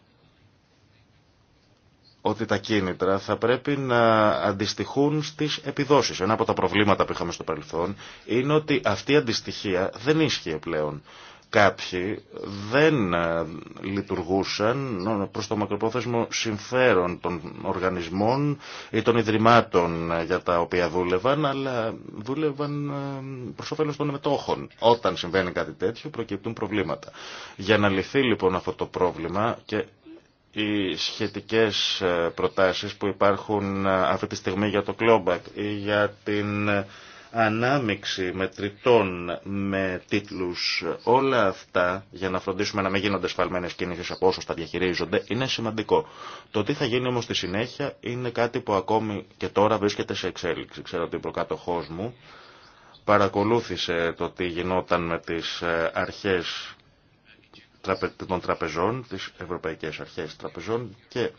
Speaker 1: ότι τα κίνητρα θα πρέπει να αντιστοιχούν στις επιδόσεις. Ένα από τα προβλήματα που είχαμε στο παρελθόν είναι ότι αυτή η αντιστοιχία δεν ίσχυε πλέον κάποιοι δεν ε, λειτουργούσαν προς το μακροπρόθεσμο συμφέρον των οργανισμών ή των ιδρυμάτων ε, για τα οποία δούλευαν, αλλά δούλευαν ε, προς όφελος των μετόχων. Όταν συμβαίνει κάτι τέτοιο προκυπτούν προβλήματα. Για να λυθεί λοιπόν αυτό το πρόβλημα και οι σχετικές προτάσεις που υπάρχουν αυτή τη στιγμή για το κλόμπακ ή για την ανάμειξη μετρητών με τίτλους, όλα αυτά για να φροντίσουμε να μην γίνονται σφαλμένες κινήσεις από όσους τα διαχειρίζονται είναι σημαντικό. Το τι θα γίνει όμως στη συνέχεια είναι κάτι που ακόμη και τώρα βρίσκεται σε εξέλιξη. Ξέρω ότι ο προκάτοχός μου παρακολούθησε το τι γινόταν με τις ε, αρχές των τραπεζών, τις ευρωπαϊκές αρχές τραπεζών και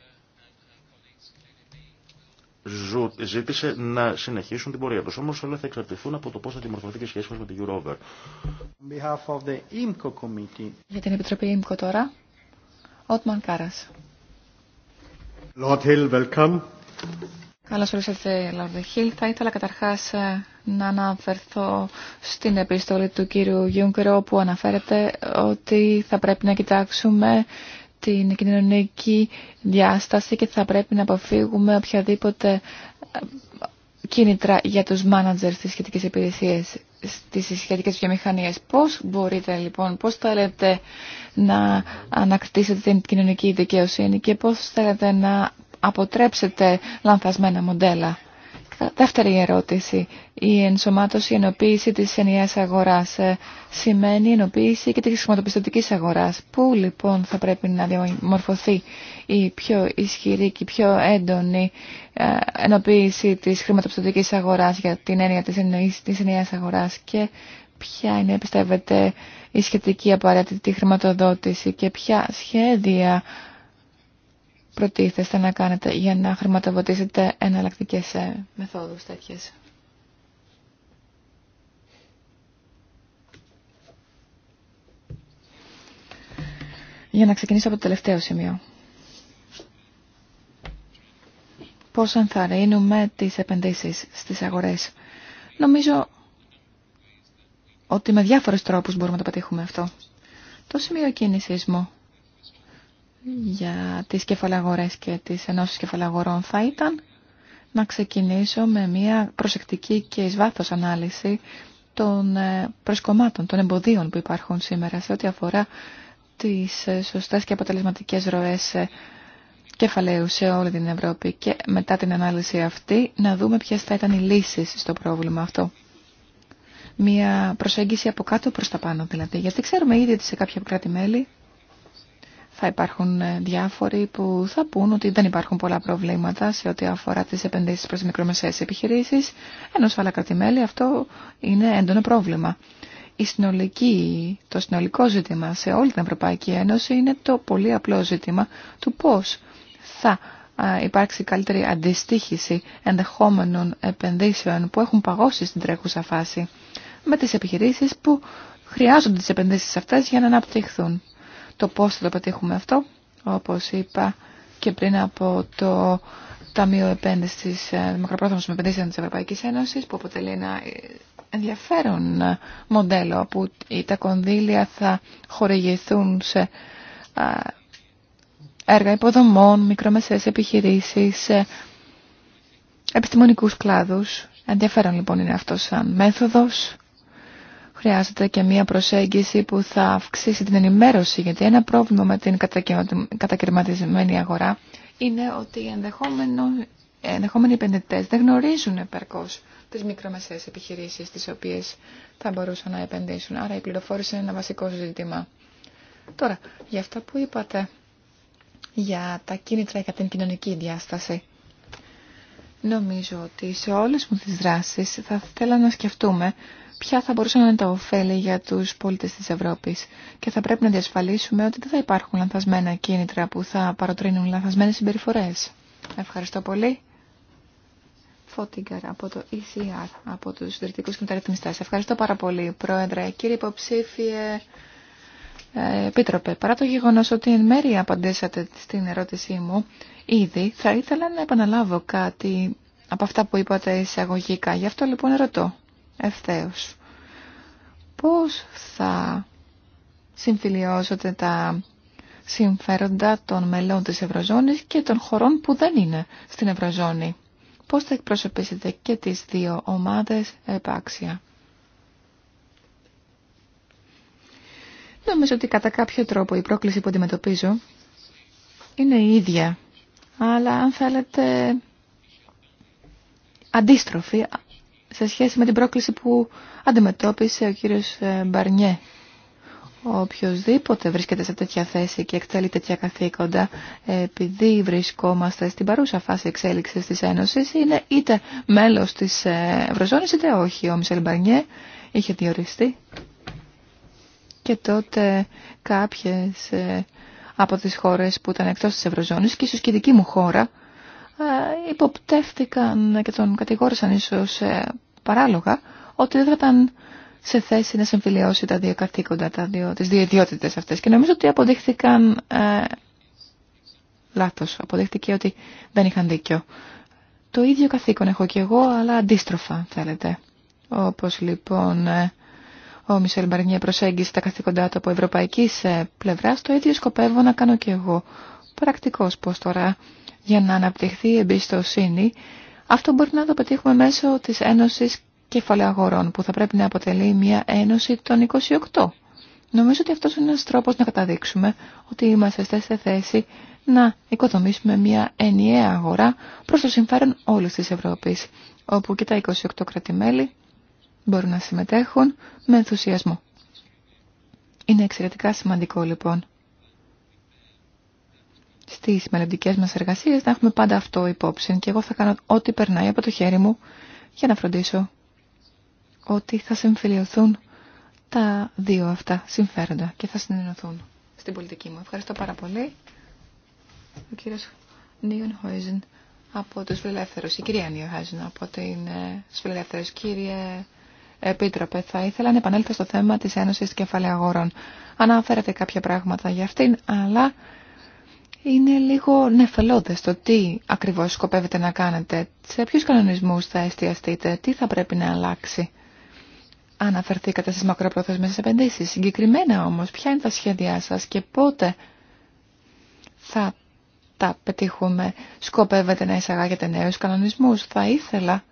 Speaker 1: ζήτησε να συνεχίσουν την πορεία τους. Όμως όλα θα εξαρτηθούν από το πώς θα δημορφωθεί και η σχέση μας με την Eurover.
Speaker 3: Για την Επιτροπή ΙΜΚΟ τώρα, Ότμαν Κάρας.
Speaker 1: Lord
Speaker 3: Καλώς ορίσατε, Λόρδε Χίλ. Θα ήθελα καταρχάς ε, να αναφερθώ στην επίστολη του κύριου Γιούγκρο που αναφέρεται ότι θα πρέπει να κοιτάξουμε την κοινωνική διάσταση και θα πρέπει να αποφύγουμε οποιαδήποτε ε, κίνητρα για τους μάνατζερ στις σχετικές υπηρεσίες, στις σχετικές βιομηχανίες. Πώς μπορείτε λοιπόν, πώς θέλετε να ανακτήσετε την κοινωνική δικαιοσύνη και πώς θέλετε να αποτρέψετε λανθασμένα μοντέλα. Ε, δεύτερη ερώτηση. Η ενσωμάτωση, η ενοποίηση της ενιαίας αγοράς ε, σημαίνει ενοποίηση και της χρηματοπιστωτικής αγοράς. Πού λοιπόν θα πρέπει να διαμορφωθεί η πιο ισχυρή και η πιο έντονη ε, ενοποίηση της χρηματοπιστωτικής αγοράς για την έννοια της ενιαίας αγοράς και ποια είναι, πιστεύετε, η σχετική απαραίτητη χρηματοδότηση και ποια σχέδια προτίθεστε να κάνετε για να χρηματοδοτήσετε εναλλακτικέ ε, μεθόδους τέτοιες. Για να ξεκινήσω από το τελευταίο σημείο. Πώς ενθαρρύνουμε τις επενδύσεις στις αγορές. Νομίζω ότι με διάφορους τρόπους μπορούμε να το πετύχουμε αυτό. Το σημείο κίνησης μου για τις κεφαλαγορές και τις ενώσεις κεφαλαγορών θα ήταν να ξεκινήσω με μια προσεκτική και εις βάθος ανάλυση των ε, προσκομμάτων, των εμποδίων που υπάρχουν σήμερα σε ό,τι αφορά τις ε, σωστές και αποτελεσματικές ροές ε, κεφαλαίου σε όλη την Ευρώπη και μετά την ανάλυση αυτή να δούμε ποιες θα ήταν οι λύσεις στο πρόβλημα αυτό. Μια προσέγγιση από κάτω προς τα πάνω δηλαδή, γιατί ξέρουμε ήδη ότι σε κάποια κράτη-μέλη θα υπάρχουν ε, διάφοροι που θα πούν ότι δεν υπάρχουν πολλά προβλήματα σε ό,τι αφορά τις επενδύσεις προς μικρομεσαίες επιχειρήσεις, ενώ σε άλλα κρατημέλη αυτό είναι έντονο πρόβλημα. Η συνολική, το συνολικό ζήτημα σε όλη την Ευρωπαϊκή Ένωση είναι το πολύ απλό ζήτημα του πώς θα υπάρξει καλύτερη αντιστήχηση ενδεχόμενων επενδύσεων που έχουν παγώσει στην τρέχουσα φάση με τις επιχειρήσεις που χρειάζονται τις επενδύσεις αυτές για να αναπτυχθούν. Το πώς θα το πετύχουμε αυτό, όπως είπα και πριν από το Ταμείο Επένδυσης, ε, Μακροπρόθεσμων Επενδύσεων της Ευρωπαϊκής Ένωσης, που αποτελεί ένα ε, ενδιαφέρον ε, μοντέλο, που τα κονδύλια θα χορηγηθούν σε έργα υποδομών, μικρομεσαίες επιχειρήσεις, επιστημονικούς κλάδους. Ενδιαφέρον λοιπόν είναι αυτό σαν μέθοδος χρειάζεται και μία προσέγγιση που θα αυξήσει την ενημέρωση, γιατί ένα πρόβλημα με την κατακαιρματισμένη αγορά είναι ότι οι ενδεχόμενοι επενδυτέ δεν γνωρίζουν επαρκώ τι μικρομεσαίες επιχειρήσει τι οποίε θα μπορούσαν να επενδύσουν. Άρα η πληροφόρηση είναι ένα βασικό ζήτημα. Τώρα, για αυτά που είπατε για τα κίνητρα για την κοινωνική διάσταση. Νομίζω ότι σε όλες μου τις δράσεις θα θέλαμε να σκεφτούμε ποια θα μπορούσαν να είναι τα ωφέλη για τους πολίτες της Ευρώπης και θα πρέπει να διασφαλίσουμε ότι δεν θα υπάρχουν λανθασμένα κίνητρα που θα παροτρύνουν λανθασμένες συμπεριφορές. Ευχαριστώ πολύ. Φώτιγκαρ από το ECR, από τους συντηρητικούς και μεταρρυθμιστές. Ευχαριστώ πάρα πολύ, Πρόεδρε. Κύριε υποψήφιε, ε, Επίτροπε, παρά το γεγονός ότι εν μέρει απαντήσατε στην ερώτησή μου ήδη, θα ήθελα να επαναλάβω κάτι από αυτά που είπατε εισαγωγικά. Γι' αυτό λοιπόν ρωτώ ευθέως. Πώς θα συμφιλιώσετε τα συμφέροντα των μελών της Ευρωζώνης και των χωρών που δεν είναι στην Ευρωζώνη. Πώς θα εκπροσωπήσετε και τις δύο ομάδες επάξια. Νομίζω ότι κατά κάποιο τρόπο η πρόκληση που αντιμετωπίζω είναι η ίδια, αλλά αν θέλετε αντίστροφη σε σχέση με την πρόκληση που αντιμετώπισε ο κύριος ε, Μπαρνιέ. Οποιοδήποτε βρίσκεται σε τέτοια θέση και εκτελεί τέτοια καθήκοντα, επειδή βρισκόμαστε στην παρούσα φάση εξέλιξης της Ένωσης, είναι είτε μέλος της ε, Ευρωζώνης είτε όχι. Ο Μισελ Μπαρνιέ είχε διοριστεί και τότε κάποιες ε, από τις χώρες που ήταν εκτός της Ευρωζώνης και ίσως και η δική μου χώρα υποπτεύτηκαν και τον κατηγόρησαν ίσως παράλογα ότι δεν ήταν σε θέση να συμφιλειώσει τα δύο καθήκοντα, τα δύο, τις δύο ιδιότητες αυτές. Και νομίζω ότι αποδείχθηκαν ε, λάθος. Αποδείχθηκε ότι δεν είχαν δίκιο. Το ίδιο καθήκον έχω και εγώ, αλλά αντίστροφα θέλετε. Όπως λοιπόν ε, ο Μισελ Μπαρνιέ προσέγγισε τα καθήκοντά του από ευρωπαϊκής ε, πλευρά, το ίδιο σκοπεύω να κάνω και εγώ. Πρακτικός πως τώρα για να αναπτυχθεί η εμπιστοσύνη αυτό μπορεί να το πετύχουμε μέσω της Ένωσης Κεφαλαίου που θα πρέπει να αποτελεί μια ένωση των 28. Νομίζω ότι αυτός είναι ένας τρόπος να καταδείξουμε ότι είμαστε σε θέση να οικοδομήσουμε μια ενιαία αγορά προς το συμφέρον όλης της Ευρώπης, όπου και τα 28 κρατημέλη μπορούν να συμμετέχουν με ενθουσιασμό. Είναι εξαιρετικά σημαντικό λοιπόν στις μελλοντικέ μας εργασίες να έχουμε πάντα αυτό υπόψη και εγώ θα κάνω ό,τι περνάει από το χέρι μου για να φροντίσω ότι θα συμφιλειωθούν τα δύο αυτά συμφέροντα και θα συνενωθούν στην πολιτική μου. Ευχαριστώ πάρα πολύ. Ο κύριος Νίον Χόιζεν από τους φιλελεύθερους, η κυρία Νίον Χόιζεν από την, ε, φιλελεύθερους. Κύριε Επίτροπε, θα ήθελα να επανέλθω στο θέμα της Ένωσης Κεφαλαίου Αγορών. Αναφέρατε κάποια πράγματα για αυτήν, αλλά είναι λίγο νεφελώδες το τι ακριβώς σκοπεύετε να κάνετε, σε ποιους κανονισμούς θα εστιαστείτε, τι θα πρέπει να αλλάξει. Αναφερθήκατε στις μακροπρόθεσμες επενδύσεις. Συγκεκριμένα όμως, ποια είναι τα σχέδιά σας και πότε θα τα πετύχουμε. Σκοπεύετε να εισαγάγετε νέους κανονισμούς. Θα ήθελα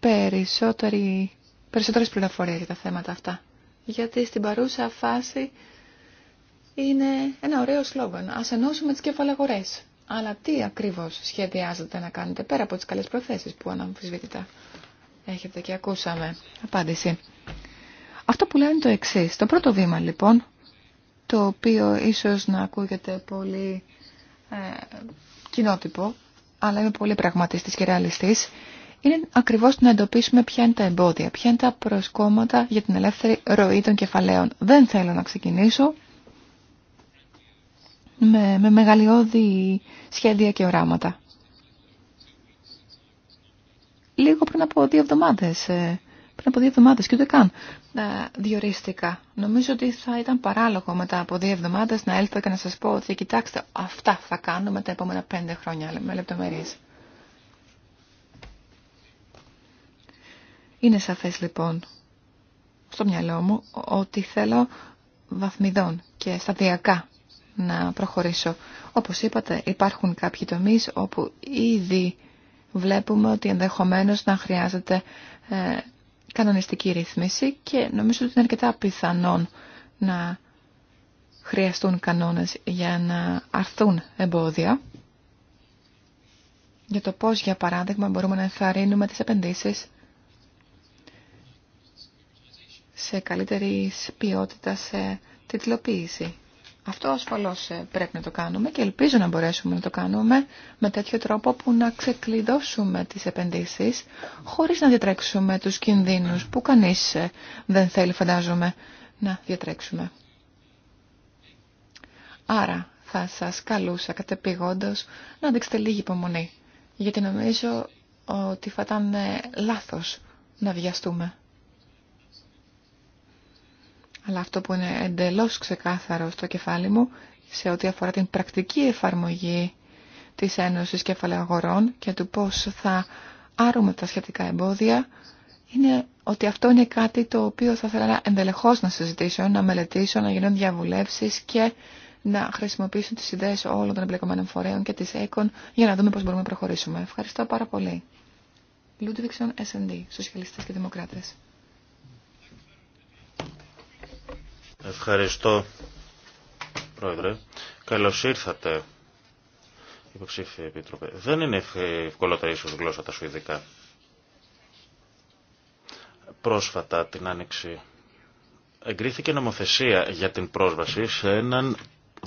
Speaker 3: περισσότερη, περισσότερες πληροφορίες για τα θέματα αυτά. Γιατί στην παρούσα φάση είναι ένα ωραίο σλόγγαν. Α ενώσουμε τι κεφαλαγορέ. Αλλά τι ακριβώ σχεδιάζετε να κάνετε πέρα από τι καλέ προθέσει που αναμφισβήτητα έχετε και ακούσαμε. Απάντηση. Αυτό που λέω είναι το εξή. Το πρώτο βήμα λοιπόν, το οποίο ίσω να ακούγεται πολύ ε, κοινότυπο, αλλά είμαι πολύ πραγματιστή και ρεαλιστή, είναι ακριβώ να εντοπίσουμε ποια είναι τα εμπόδια, ποια είναι τα προσκόμματα για την ελεύθερη ροή των κεφαλαίων. Δεν θέλω να ξεκινήσω με, με μεγαλειώδη σχέδια και οράματα. Λίγο πριν από δύο εβδομάδες, ε, πριν από δύο εβδομάδες και ούτε καν, ε, διορίστηκα. Νομίζω ότι θα ήταν παράλογο μετά από δύο εβδομάδες να έλθω και να σας πω ότι κοιτάξτε αυτά θα κάνουμε τα επόμενα πέντε χρόνια με λεπτομέρειες. Είναι σαφές λοιπόν στο μυαλό μου ότι θέλω βαθμιδών και σταδιακά να προχωρήσω. Όπως είπατε, υπάρχουν κάποιοι τομείς όπου ήδη βλέπουμε ότι ενδεχομένως να χρειάζεται ε, κανονιστική ρυθμίση και νομίζω ότι είναι αρκετά πιθανόν να χρειαστούν κανόνες για να αρθούν εμπόδια. Για το πώς, για παράδειγμα, μπορούμε να ενθαρρύνουμε τις επενδύσεις σε καλύτερη ποιότητα σε τιτλοποίηση. Αυτό ασφαλώς ε, πρέπει να το κάνουμε και ελπίζω να μπορέσουμε να το κάνουμε με τέτοιο τρόπο που να ξεκλειδώσουμε τις επενδύσεις χωρίς να διατρέξουμε τους κινδύνους που κανείς ε, δεν θέλει φαντάζομαι να διατρέξουμε. Άρα θα σας καλούσα κατεπηγόντως να δείξετε λίγη υπομονή γιατί νομίζω ότι θα ήταν ε, λάθος να βιαστούμε. Αλλά αυτό που είναι εντελώς ξεκάθαρο στο κεφάλι μου σε ό,τι αφορά την πρακτική εφαρμογή της Ένωσης Κεφαλαίου και του πώς θα άρουμε τα σχετικά εμπόδια είναι ότι αυτό είναι κάτι το οποίο θα ήθελα εντελεχώς να συζητήσω, να μελετήσω, να γίνουν διαβουλεύσεις και να χρησιμοποιήσω τις ιδέες όλων των εμπλεκομένων φορέων και της ΕΚΟΝ για να δούμε πώς μπορούμε να προχωρήσουμε. Ευχαριστώ πάρα πολύ. Λούντβιξον S&D, Σοσιαλιστές και Δημοκράτες.
Speaker 1: Ευχαριστώ, Πρόεδρε. Καλώς ήρθατε, υποψήφιοι επίτροπε. Δεν είναι ευκολότερη ίσως γλώσσα τα Σουηδικά. Πρόσφατα την Άνοιξη εγκρίθηκε νομοθεσία για την πρόσβαση σε έναν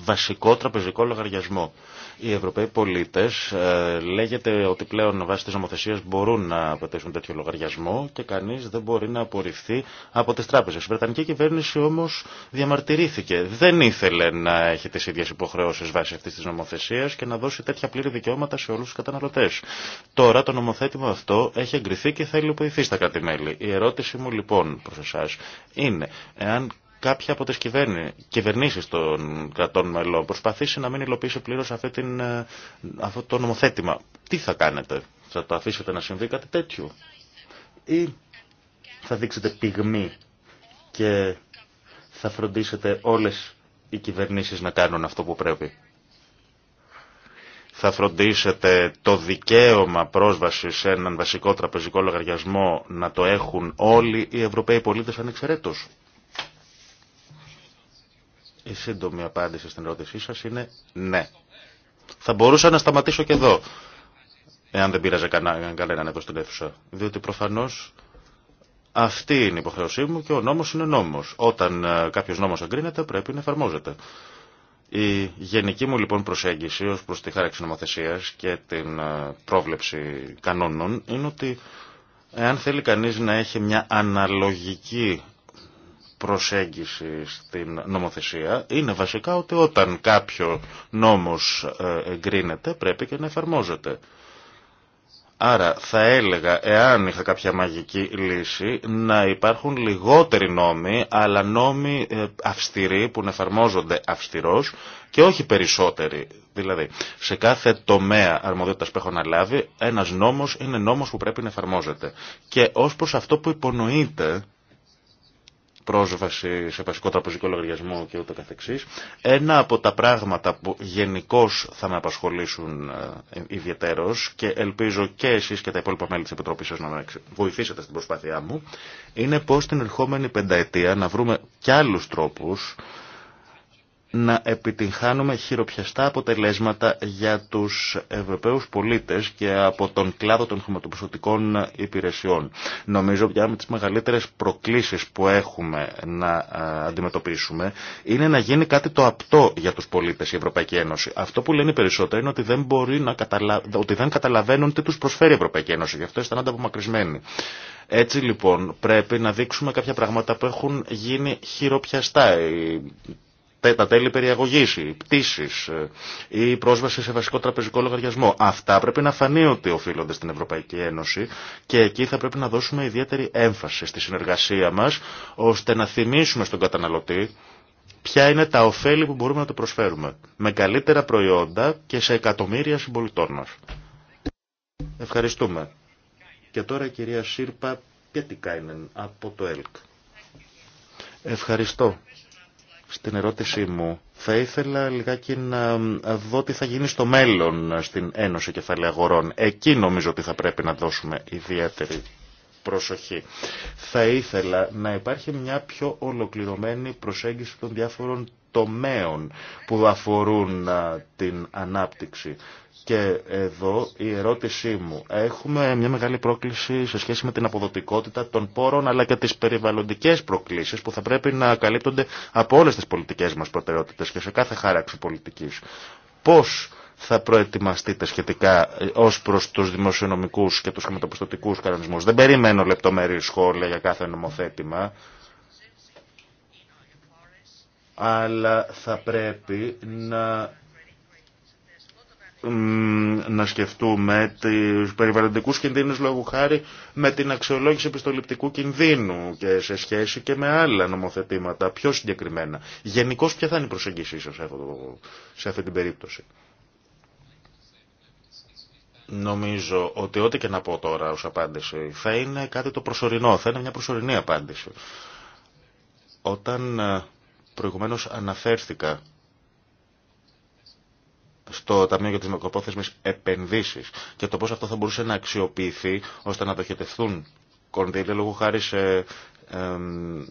Speaker 1: βασικό τραπεζικό λογαριασμό. Οι Ευρωπαίοι πολίτε ε, λέγεται ότι πλέον βάσει τη νομοθεσία μπορούν να απαιτήσουν τέτοιο λογαριασμό και κανεί δεν μπορεί να απορριφθεί από τι τράπεζε. Η Βρετανική κυβέρνηση όμω διαμαρτυρήθηκε. Δεν ήθελε να έχει τι ίδιε υποχρεώσει βάσει αυτή τη νομοθεσία και να δώσει τέτοια πλήρη δικαιώματα σε όλου του καταναλωτέ. Τώρα το νομοθέτημα αυτό έχει εγκριθεί και θα υλοποιηθεί στα κράτη-μέλη. Η ερώτηση μου λοιπόν προ εσά είναι εάν κάποια από τι κυβερνήσει των κρατών μελών προσπαθήσει να μην υλοποιήσει πλήρω ε, αυτό το νομοθέτημα. Τι θα κάνετε, θα το αφήσετε να συμβεί κάτι τέτοιο ή θα δείξετε πυγμή και θα φροντίσετε όλες οι κυβερνήσει να κάνουν αυτό που πρέπει. Θα φροντίσετε το δικαίωμα πρόσβαση σε έναν βασικό τραπεζικό λογαριασμό να το έχουν όλοι οι Ευρωπαίοι πολίτες ανεξαιρέτως. Η σύντομη απάντηση στην ερώτησή σας είναι ναι. Θα μπορούσα να σταματήσω και εδώ, εάν δεν πήραζε κανέναν κανένα εδώ στην αίθουσα. Διότι προφανώς αυτή είναι η υποχρέωσή μου και ο νόμος είναι νόμος. Όταν ε, κάποιος νόμος εγκρίνεται πρέπει να εφαρμόζεται. Η γενική μου λοιπόν προσέγγιση ως προς τη χάραξη νομοθεσίας και την ε, πρόβλεψη κανόνων είναι ότι εάν θέλει κανείς να έχει μια αναλογική προσέγγιση στην νομοθεσία είναι βασικά ότι όταν κάποιο νόμος ε, εγκρίνεται πρέπει και να εφαρμόζεται. Άρα θα έλεγα, εάν είχα κάποια μαγική λύση, να υπάρχουν λιγότεροι νόμοι, αλλά νόμοι ε, αυστηροί που να εφαρμόζονται αυστηρός και όχι περισσότεροι. Δηλαδή, σε κάθε τομέα αρμοδιότητας που έχω λάβει ένας νόμος είναι νόμος που πρέπει να εφαρμόζεται. Και ως προς αυτό που υπονοείται πρόσβαση σε βασικό τραπεζικό λογαριασμό και ούτω καθεξής. Ένα από τα πράγματα που γενικώ θα με απασχολήσουν ε, ιδιαιτέρως και ελπίζω και εσείς και τα υπόλοιπα μέλη της Επιτροπής σας να με βοηθήσετε στην προσπάθειά μου είναι πώς την ερχόμενη πενταετία να βρούμε κι άλλους τρόπους να επιτυγχάνουμε χειροπιαστά αποτελέσματα για τους Ευρωπαίους πολίτες και από τον κλάδο των χρηματοπιστωτικών υπηρεσιών. Νομίζω πια με τις μεγαλύτερες προκλήσεις που έχουμε να ε, αντιμετωπίσουμε είναι να γίνει κάτι το απτό για τους πολίτες η Ευρωπαϊκή Ένωση. Αυτό που λένε οι περισσότεροι είναι ότι δεν, μπορεί να καταλα... ότι δεν καταλαβαίνουν τι τους προσφέρει η Ευρωπαϊκή Ένωση. Γι' αυτό αισθάνονται απομακρυσμένοι. Έτσι λοιπόν πρέπει να δείξουμε κάποια πράγματα που έχουν γίνει χειροπιαστά τα τέλη περιαγωγή, οι πτήσει ή ε, η πρόσβαση σε βασικό τραπεζικό λογαριασμό. Αυτά πρέπει να φανεί ότι οφείλονται στην Ευρωπαϊκή Ένωση και εκεί θα πρέπει να δώσουμε ιδιαίτερη έμφαση στη συνεργασία μας ώστε να θυμίσουμε στον καταναλωτή ποια είναι τα ωφέλη που μπορούμε να του προσφέρουμε με καλύτερα προϊόντα και σε εκατομμύρια συμπολιτών μα. Ευχαριστούμε. Και τώρα η κυρία Σύρπα Πιατικάινεν από το ΕΛΚ. Ευχαριστώ στην ερώτησή μου. Θα ήθελα λιγάκι να δω τι θα γίνει στο μέλλον στην Ένωση Κεφαλαίου Αγορών. Εκεί νομίζω ότι θα πρέπει να δώσουμε ιδιαίτερη προσοχή. Θα ήθελα να υπάρχει μια πιο ολοκληρωμένη προσέγγιση των διάφορων τομέων που αφορούν την ανάπτυξη και εδώ η ερώτησή μου. Έχουμε μια μεγάλη πρόκληση σε σχέση με την αποδοτικότητα των πόρων αλλά και τις περιβαλλοντικές προκλήσεις που θα πρέπει να καλύπτονται από όλες τις πολιτικές μας προτεραιότητες και σε κάθε χάραξη πολιτικής. Πώς θα προετοιμαστείτε σχετικά ε, ως προς τους δημοσιονομικούς και τους χρηματοπιστωτικούς κανονισμούς. Δεν περιμένω λεπτομέρειες σχόλια για κάθε νομοθέτημα αλλά θα πρέπει να να σκεφτούμε τους περιβαλλοντικούς κινδύνους λόγου χάρη με την αξιολόγηση επιστοληπτικού κινδύνου και σε σχέση και με άλλα νομοθετήματα πιο συγκεκριμένα. Γενικώ ποια θα είναι η προσέγγιση σας σε αυτή την περίπτωση. Νομίζω ότι ό,τι και να πω τώρα ως απάντηση θα είναι κάτι το προσωρινό, θα είναι μια προσωρινή απάντηση. Όταν ε, προηγουμένως αναφέρθηκα στο Ταμείο για τι Μεκροπόθεσμε επενδύσει και το πώ αυτό θα μπορούσε να αξιοποιηθεί ώστε να δοχετευθούν κονδύλια λόγω χάρη σε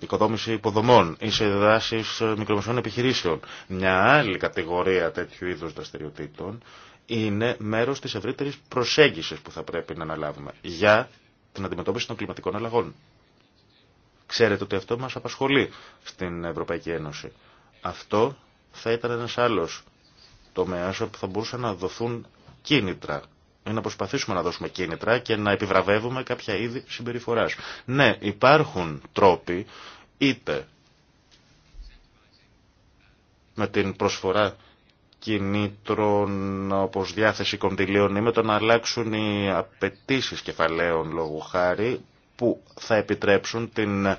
Speaker 1: οικοδόμηση υποδομών ή σε δράσει μικρομεσαίων επιχειρήσεων. Μια άλλη κατηγορία τέτοιου είδου δραστηριοτήτων είναι μέρο τη ευρύτερη προσέγγιση που θα πρέπει να αναλάβουμε για την αντιμετώπιση των κλιματικών αλλαγών. Ξέρετε ότι αυτό μας απασχολεί στην Ευρωπαϊκή Ένωση. Αυτό θα ήταν ένα άλλο τομέας όπου θα μπορούσαν να δοθούν κίνητρα ή να προσπαθήσουμε να δώσουμε κίνητρα και να επιβραβεύουμε κάποια είδη συμπεριφοράς. Ναι, υπάρχουν τρόποι είτε με την προσφορά κινήτρων όπως διάθεση κοντιλίων ή με το να αλλάξουν οι απαιτήσει κεφαλαίων λόγου χάρη που θα επιτρέψουν την ε,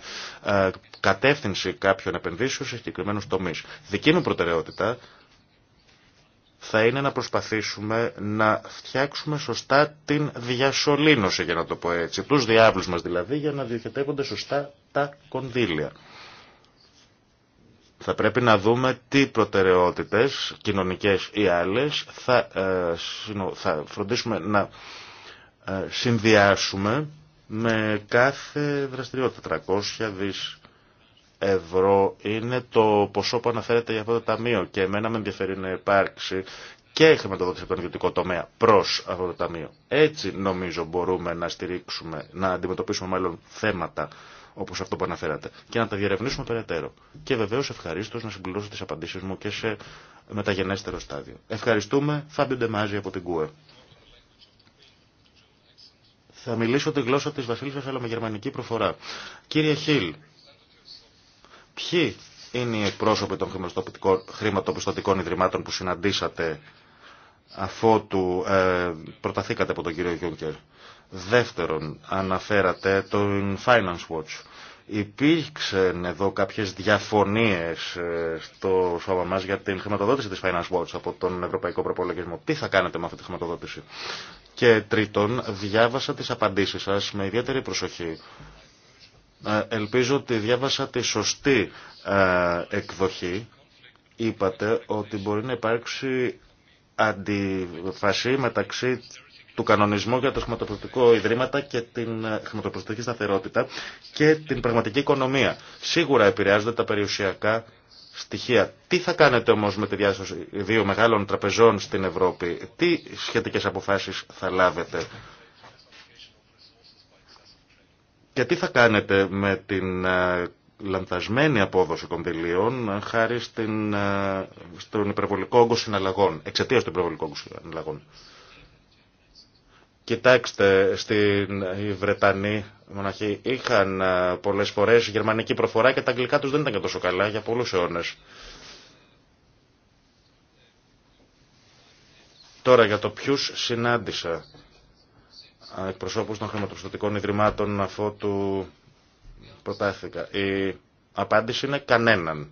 Speaker 1: κατεύθυνση κάποιων επενδύσεων σε συγκεκριμένου τομεί. Δική μου προτεραιότητα θα είναι να προσπαθήσουμε να φτιάξουμε σωστά την διασωλήνωση, για να το πω έτσι, τους διάβλους μας δηλαδή, για να διοχετεύονται σωστά τα κονδύλια. Θα πρέπει να δούμε τι προτεραιότητες, κοινωνικές ή άλλες, θα, ε, θα φροντίσουμε να ε, συνδυάσουμε με κάθε δραστηριότητα, 300 ευρώ είναι το ποσό που αναφέρεται για αυτό το ταμείο και εμένα με ενδιαφέρει να υπάρξει και χρηματοδότηση από τον ιδιωτικό τομέα προς αυτό το ταμείο. Έτσι νομίζω μπορούμε να στηρίξουμε, να αντιμετωπίσουμε μάλλον θέματα όπως αυτό που αναφέρατε και να τα διερευνήσουμε περαιτέρω. Και βεβαίως ευχαρίστως να συμπληρώσω τις απαντήσεις μου και σε μεταγενέστερο στάδιο. Ευχαριστούμε Φάμπιο Ντεμάζη από την ΚΟΕ. Θα μιλήσω τη γλώσσα τη Βασίλισσα αλλά με γερμανική προφορά. Κύριε Χίλ, Ποιοι είναι οι εκπρόσωποι των χρηματοπιστωτικών ιδρυμάτων που συναντήσατε αφότου ε, προταθήκατε από τον κύριο Γιούγκερ. Δεύτερον, αναφέρατε τον Finance Watch. Υπήρξαν εδώ κάποιες διαφωνίες ε, στο σώμα μας για την χρηματοδότηση της Finance Watch από τον Ευρωπαϊκό Προπολογισμό. Τι θα κάνετε με αυτή τη χρηματοδότηση. Και τρίτον, διάβασα τις απαντήσεις σας με ιδιαίτερη προσοχή ε, ελπίζω ότι διάβασα τη σωστή ε, εκδοχή. Είπατε ότι μπορεί να υπάρξει αντιφασή μεταξύ του κανονισμού για το χρηματοπιστωτικό ιδρύματα και την ε, χρηματοπιστωτική σταθερότητα και την πραγματική οικονομία. Σίγουρα επηρεάζονται τα περιουσιακά στοιχεία. Τι θα κάνετε όμως με τη διάσταση δύο μεγάλων τραπεζών στην Ευρώπη, τι σχετικές αποφάσεις θα λάβετε και τι θα κάνετε με την ε, λανθασμένη απόδοση κονδυλίων ε, χάρη στην, ε, στον υπερβολικό όγκο συναλλαγών, εξαιτία του υπερβολικού όγκου συναλλαγών. Κοιτάξτε, στην οι Βρετανοί μοναχοί είχαν πολλέ φορέ γερμανική προφορά και τα αγγλικά του δεν ήταν και τόσο καλά για πολλού αιώνε. Τώρα για το ποιου συνάντησα εκπροσώπου των χρηματοπιστωτικών ιδρυμάτων αφότου προτάθηκα. Η απάντηση είναι κανέναν.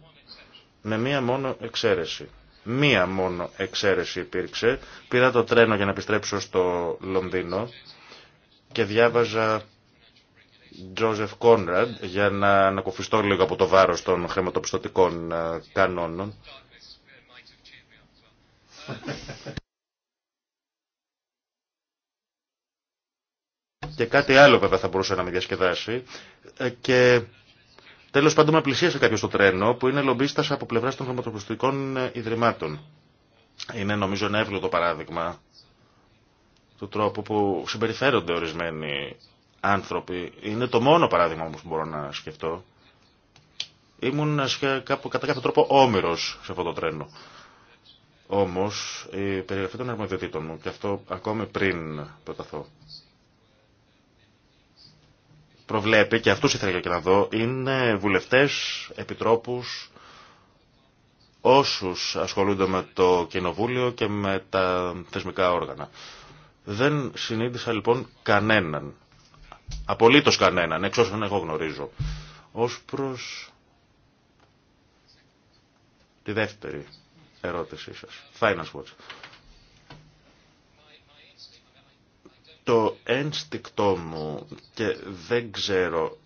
Speaker 1: Με μία μόνο εξαίρεση. Μία μόνο εξαίρεση υπήρξε. Πήρα το τρένο για να επιστρέψω στο Λονδίνο και διάβαζα Τζόζεφ Κόνραντ για να ανακουφιστώ λίγο από το βάρος των χρηματοπιστωτικών κανόνων Και κάτι άλλο βέβαια θα μπορούσε να με διασκεδάσει. Ε, και τέλο πάντων με πλησίασε κάποιο στο τρένο που είναι λομπίστα από πλευρά των χρηματοπιστωτικών ε, ιδρυμάτων. Είναι νομίζω ένα εύλογο παράδειγμα του τρόπου που συμπεριφέρονται ορισμένοι άνθρωποι. Είναι το μόνο παράδειγμα όμως που μπορώ να σκεφτώ. Ήμουν κάπου, κατά κάποιο τρόπο όμοιρο σε αυτό το τρένο. Όμως η περιγραφή των αρμοδιοτήτων μου και αυτό ακόμη πριν προταθώ προβλέπει, και αυτούς ήθελα και να δω, είναι βουλευτές, επιτρόπους, όσους ασχολούνται με το κοινοβούλιο και με τα θεσμικά όργανα. Δεν συνείδησα λοιπόν κανέναν, απολύτως κανέναν, εξ όσων εγώ γνωρίζω, ως προς τη δεύτερη ερώτησή σας. Finance Watch. Το ένστικτό μου και δεν ξέρω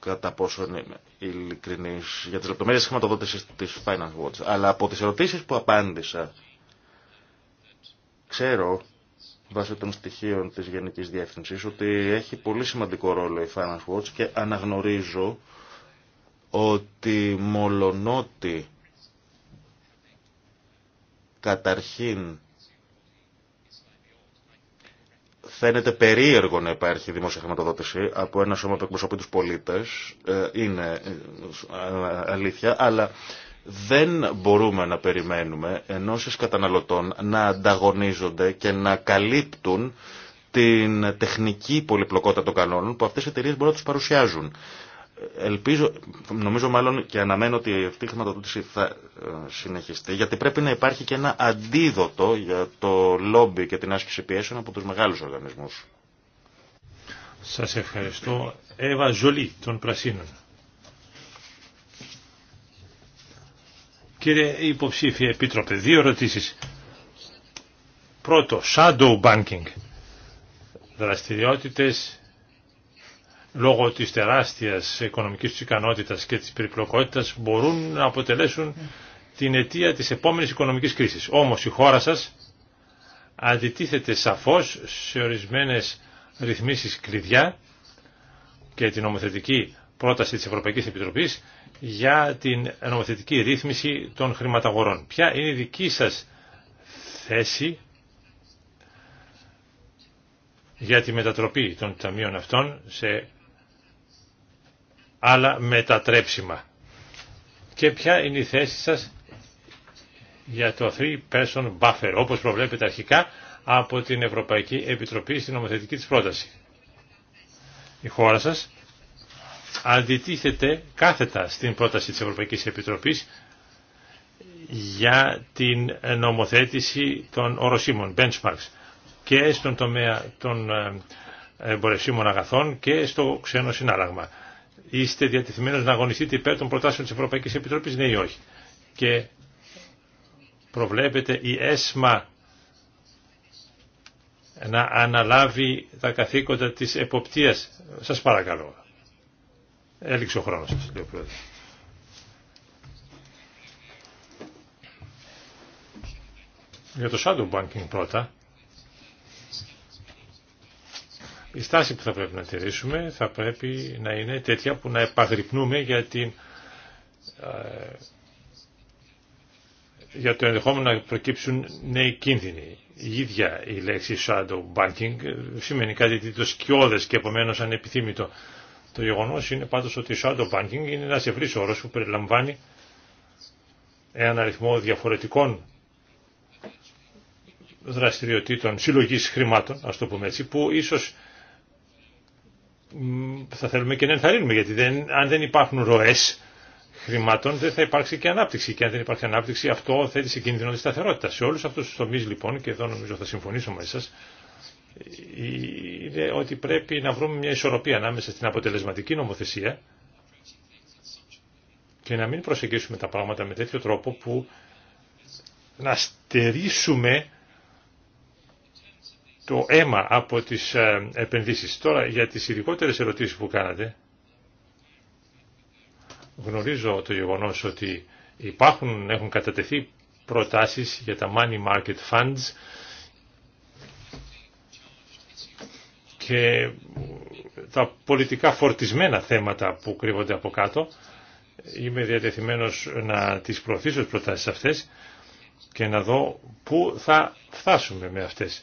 Speaker 1: κατά πόσο είμαι ειλικρινής για τις λεπτομέρειες χρηματοδότησης της Finance Watch, αλλά από τις ερωτήσεις που απάντησα ξέρω βάσει των στοιχείων της Γενικής Διεύθυνσης ότι έχει πολύ σημαντικό ρόλο η Finance Watch και αναγνωρίζω ότι μολονότι καταρχήν φαίνεται περίεργο να υπάρχει δημόσια χρηματοδότηση από ένα σώμα που εκπροσωπεί τους πολίτες, ε, είναι ε, αλήθεια, αλλά δεν μπορούμε να περιμένουμε ενώσεις καταναλωτών να ανταγωνίζονται και να καλύπτουν την τεχνική πολυπλοκότητα των κανόνων που αυτές οι εταιρείε μπορούν να τους παρουσιάζουν ελπίζω, νομίζω μάλλον και αναμένω ότι αυτή η χρηματοδότηση θα ε, συνεχιστεί, γιατί πρέπει να υπάρχει και ένα αντίδοτο για το λόμπι και την άσκηση πιέσεων από τους μεγάλους οργανισμούς.
Speaker 2: Σας ευχαριστώ. Εύα Ζολή των Πρασίνων. Κύριε υποψήφιε επίτροπε, δύο ερωτήσει. Πρώτο, shadow banking. Δραστηριότητες λόγω της τεράστιας οικονομικής του ικανότητας και της περιπλοκότητας μπορούν να αποτελέσουν την αιτία της επόμενης οικονομικής κρίσης. Όμως η χώρα σας αντιτίθεται σαφώς σε ορισμένες ρυθμίσεις κλειδιά και την νομοθετική πρόταση της Ευρωπαϊκής Επιτροπής για την νομοθετική ρύθμιση των χρηματαγορών. Ποια είναι η δική σας θέση για τη μετατροπή των ταμείων αυτών σε αλλά μετατρέψιμα. Και ποια είναι η θέση σας για το 3-person buffer, όπως προβλέπετε αρχικά από την Ευρωπαϊκή Επιτροπή στην νομοθετική της πρόταση. Η χώρα σας αντιτίθεται κάθετα στην πρόταση της Ευρωπαϊκής Επιτροπής για την νομοθέτηση των οροσίμων, benchmarks, και στον τομέα των ε, εμπορευσίμων αγαθών και στο ξένο συνάλλαγμα. Είστε διατεθειμένος να αγωνιστείτε υπέρ των προτάσεων της Ευρωπαϊκής Επιτροπής, ναι ή όχι. Και προβλέπετε η ΕΣΜΑ να αναλάβει τα καθήκοντα της εποπτείας. Σας παρακαλώ. Έληξε ο χρόνος σας, λέει ο Για το shadow banking πρώτα, Η στάση που θα πρέπει να τηρήσουμε θα πρέπει να είναι τέτοια που να επαγρυπνούμε για, την, ε, για το ενδεχόμενο να προκύψουν νέοι κίνδυνοι. Η ίδια η λέξη shadow banking σημαίνει κάτι το σκιώδες και επομένως ανεπιθύμητο. Το γεγονός είναι πάντως ότι shadow banking είναι ένας ευρύς όρος που περιλαμβάνει ένα αριθμό διαφορετικών δραστηριοτήτων συλλογής χρημάτων, ας το πούμε έτσι, που ίσως θα θέλουμε και να ενθαρρύνουμε γιατί αν δεν υπάρχουν ροές χρημάτων δεν θα υπάρξει και ανάπτυξη και αν δεν υπάρχει ανάπτυξη αυτό θέτει σε κίνδυνο τη σταθερότητα. Σε όλους αυτούς τους τομείς λοιπόν και εδώ νομίζω θα συμφωνήσω μαζί σας είναι ότι πρέπει να βρούμε μια ισορροπία ανάμεσα στην αποτελεσματική νομοθεσία και να μην προσεγγίσουμε τα πράγματα με τέτοιο τρόπο που να στερήσουμε το αίμα από τις ε, επενδύσεις. Τώρα για τις ειδικότερε ερωτήσεις που κάνατε, γνωρίζω το γεγονός ότι υπάρχουν, έχουν κατατεθεί προτάσεις για τα money market funds και τα πολιτικά φορτισμένα θέματα που κρύβονται από κάτω. Είμαι διατεθειμένος να τις προωθήσω τις προτάσεις αυτές και να δω πού θα φτάσουμε με αυτές.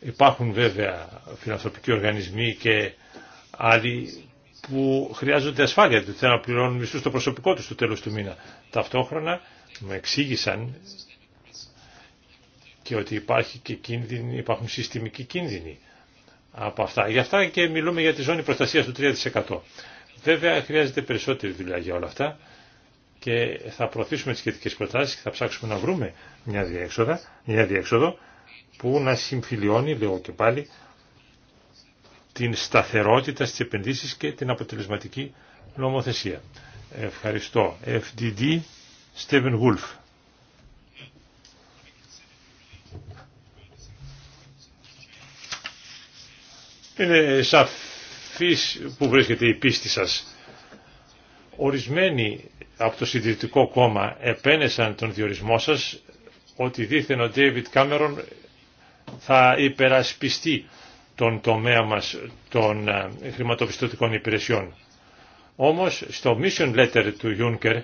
Speaker 2: Υπάρχουν βέβαια φιλανθρωπικοί οργανισμοί και άλλοι που χρειάζονται ασφάλεια, διότι θέλουν να πληρώνουν μισθού στο προσωπικό του στο τέλο του μήνα. Ταυτόχρονα με εξήγησαν και ότι υπάρχει και κίνδυνοι, υπάρχουν συστημικοί κίνδυνοι από αυτά. Γι' αυτά και μιλούμε για τη ζώνη προστασίας του 3%. Βέβαια χρειάζεται περισσότερη δουλειά για όλα αυτά και θα προωθήσουμε τις σχετικές προτάσεις και θα ψάξουμε να βρούμε μια διέξοδο, μια διέξοδο που να συμφιλιώνει, λέω και πάλι, την σταθερότητα στις επενδύσεις και την αποτελεσματική νομοθεσία. Ευχαριστώ. FDD, Steven Γουλφ. Είναι σαφής που βρίσκεται η πίστη σας. Ορισμένοι από το Συντηρητικό Κόμμα επένεσαν τον διορισμό σας ότι δίθεν ο Ντέιβιτ Κάμερον θα υπερασπιστεί τον τομέα μας των ε, χρηματοπιστωτικών υπηρεσιών. Όμως στο mission letter του Juncker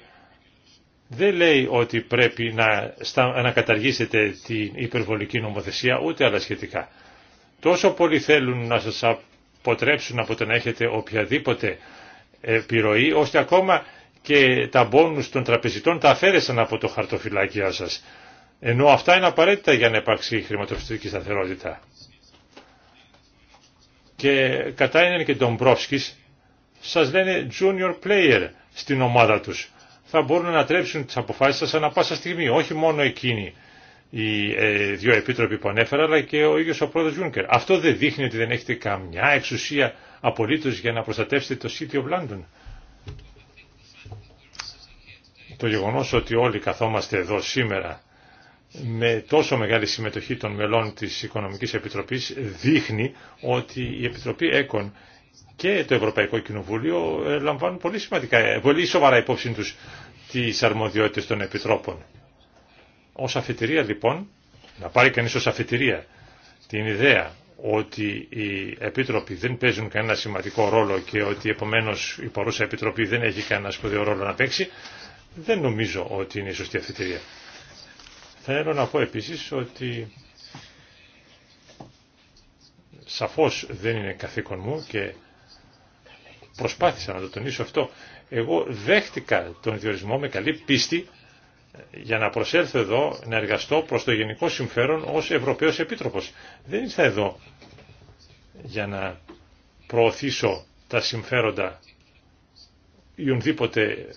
Speaker 2: δεν λέει ότι πρέπει να, να καταργήσετε την υπερβολική νομοθεσία ούτε άλλα σχετικά. Τόσο πολλοί θέλουν να σας αποτρέψουν από το να έχετε οποιαδήποτε επιρροή, ώστε ακόμα και τα μπόνους των τραπεζιτών τα αφαίρεσαν από το χαρτοφυλάκιά σας. Ενώ αυτά είναι απαραίτητα για να υπάρξει χρηματοπιστωτική σταθερότητα. Και κατά έναν και τον Μπρόφσκης σας λένε junior player στην ομάδα τους. Θα μπορούν να τρέψουν τις αποφάσεις σας ανά πάσα στιγμή, όχι μόνο εκείνοι οι ε, δύο επίτροποι που ανέφερα, αλλά και ο ίδιος ο πρόεδρος Γιούνκερ. Αυτό δεν δείχνει ότι δεν έχετε καμιά εξουσία απολύτως για να προστατεύσετε το City of London. Το γεγονός ότι όλοι καθόμαστε εδώ σήμερα με τόσο μεγάλη συμμετοχή των μελών της Οικονομικής Επιτροπής δείχνει ότι η Επιτροπή ΕΚΟΝ και το Ευρωπαϊκό Κοινοβούλιο ε, λαμβάνουν πολύ, σημαντικά, ε, πολύ σοβαρά υπόψη τους τις αρμοδιότητες των Επιτρόπων. Ως αφετηρία λοιπόν, να πάρει κανείς ως αφετηρία την ιδέα ότι οι Επίτροποι δεν παίζουν κανένα σημαντικό ρόλο και ότι επομένως η παρούσα Επιτροπή δεν έχει κανένα σπουδαίο ρόλο να παίξει, δεν νομίζω ότι είναι η σωστή αφετηρία. Θέλω να πω επίσης ότι σαφώς δεν είναι καθήκον μου και προσπάθησα να το τονίσω αυτό. Εγώ δέχτηκα τον διορισμό με καλή πίστη για να προσέλθω εδώ να εργαστώ προς το γενικό συμφέρον ως Ευρωπαίος Επίτροπος. Δεν ήρθα εδώ για να προωθήσω τα συμφέροντα ιονδήποτε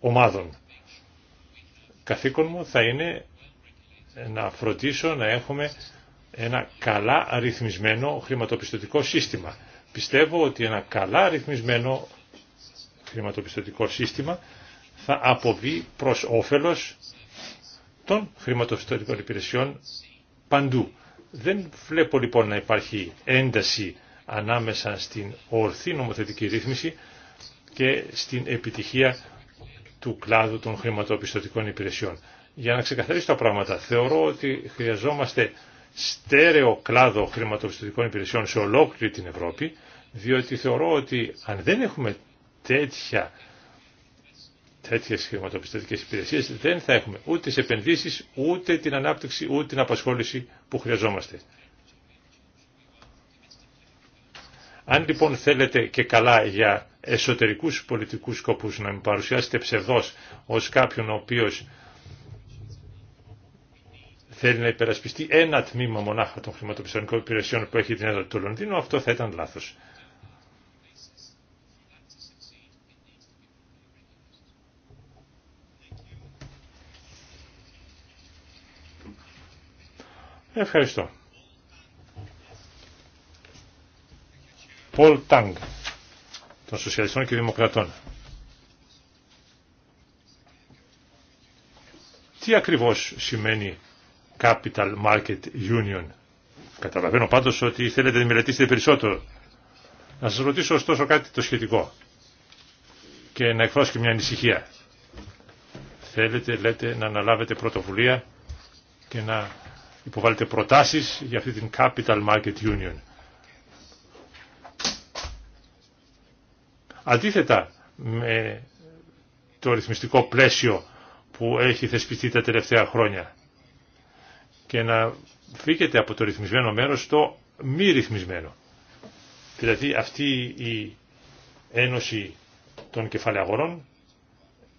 Speaker 2: ομάδων. Καθήκον μου θα είναι να φροντίσω να έχουμε ένα καλά ρυθμισμένο χρηματοπιστωτικό σύστημα. Πιστεύω ότι ένα καλά ρυθμισμένο χρηματοπιστωτικό σύστημα θα αποβεί προς όφελος των χρηματοπιστωτικών υπηρεσιών παντού. Δεν βλέπω λοιπόν να υπάρχει ένταση ανάμεσα στην ορθή νομοθετική ρύθμιση και στην επιτυχία του κλάδου των χρηματοπιστωτικών υπηρεσιών για να ξεκαθαρίσω τα πράγματα. Θεωρώ ότι χρειαζόμαστε στέρεο κλάδο χρηματοπιστωτικών υπηρεσιών σε ολόκληρη την Ευρώπη, διότι θεωρώ ότι αν δεν έχουμε τέτοια, τέτοιες χρηματοπιστωτικές υπηρεσίες, δεν θα έχουμε ούτε τις επενδύσεις, ούτε την ανάπτυξη, ούτε την απασχόληση που χρειαζόμαστε. Αν λοιπόν θέλετε και καλά για εσωτερικούς πολιτικούς σκοπούς να μην παρουσιάσετε ψευδός ως κάποιον ο οποίος θέλει να υπερασπιστεί ένα τμήμα μονάχα των χρηματοπιστωτικών υπηρεσιών που έχει την του Λονδίνου, αυτό θα ήταν λάθος. Ευχαριστώ. Πολ Τάγκ των Σοσιαλιστών και Δημοκρατών. Τι ακριβώς σημαίνει Capital Market Union. Καταλαβαίνω πάντως ότι θέλετε να μελετήσετε περισσότερο. Να σας ρωτήσω ωστόσο κάτι το σχετικό και να εκφράσω και μια ανησυχία. Θέλετε, λέτε, να αναλάβετε πρωτοβουλία και να υποβάλλετε προτάσεις για αυτή την Capital Market Union. Αντίθετα με το ρυθμιστικό πλαίσιο που έχει θεσπιστεί τα τελευταία χρόνια και να φύγετε από το ρυθμισμένο μέρος στο μη ρυθμισμένο. Δηλαδή αυτή η ένωση των κεφαλαίων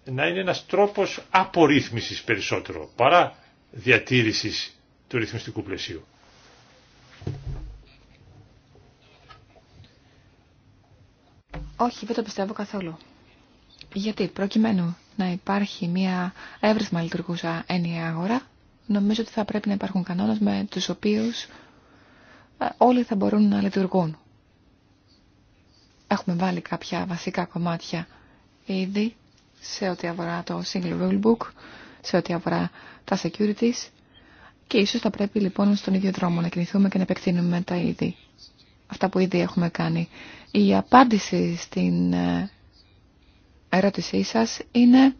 Speaker 2: να είναι ένας τρόπος απορρίθμισης περισσότερο παρά διατήρησης του ρυθμιστικού πλαισίου.
Speaker 3: Όχι, δεν το πιστεύω καθόλου. Γιατί προκειμένου να υπάρχει μια εύρυθμα λειτουργούσα ενιαία αγορά, νομίζω ότι θα πρέπει να υπάρχουν κανόνες με τους οποίους ε, όλοι θα μπορούν να λειτουργούν. Έχουμε βάλει κάποια βασικά κομμάτια ήδη σε ό,τι αφορά το single rule book, σε ό,τι αφορά τα securities και ίσως θα πρέπει λοιπόν στον ίδιο δρόμο να κινηθούμε και να επεκτείνουμε τα ήδη, Αυτά που ήδη έχουμε κάνει. Η απάντηση στην ε, ερώτησή σας είναι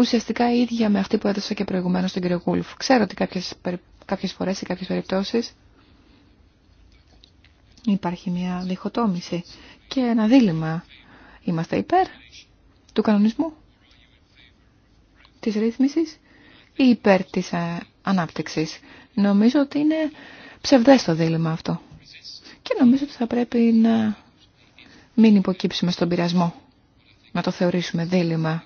Speaker 3: ουσιαστικά ίδια με αυτή που έδωσα και προηγουμένω στον κύριο Γούλφ. Ξέρω ότι κάποιες, κάποιες φορές ή κάποιες περιπτώσεις υπάρχει μια διχοτόμηση και ένα δίλημα. Είμαστε υπέρ του κανονισμού, της ρύθμισης ή υπέρ της ε, ανάπτυξης. Νομίζω ότι είναι ψευδές το δίλημα αυτό. Και νομίζω ότι θα πρέπει να μην υποκύψουμε στον πειρασμό, να το θεωρήσουμε δίλημα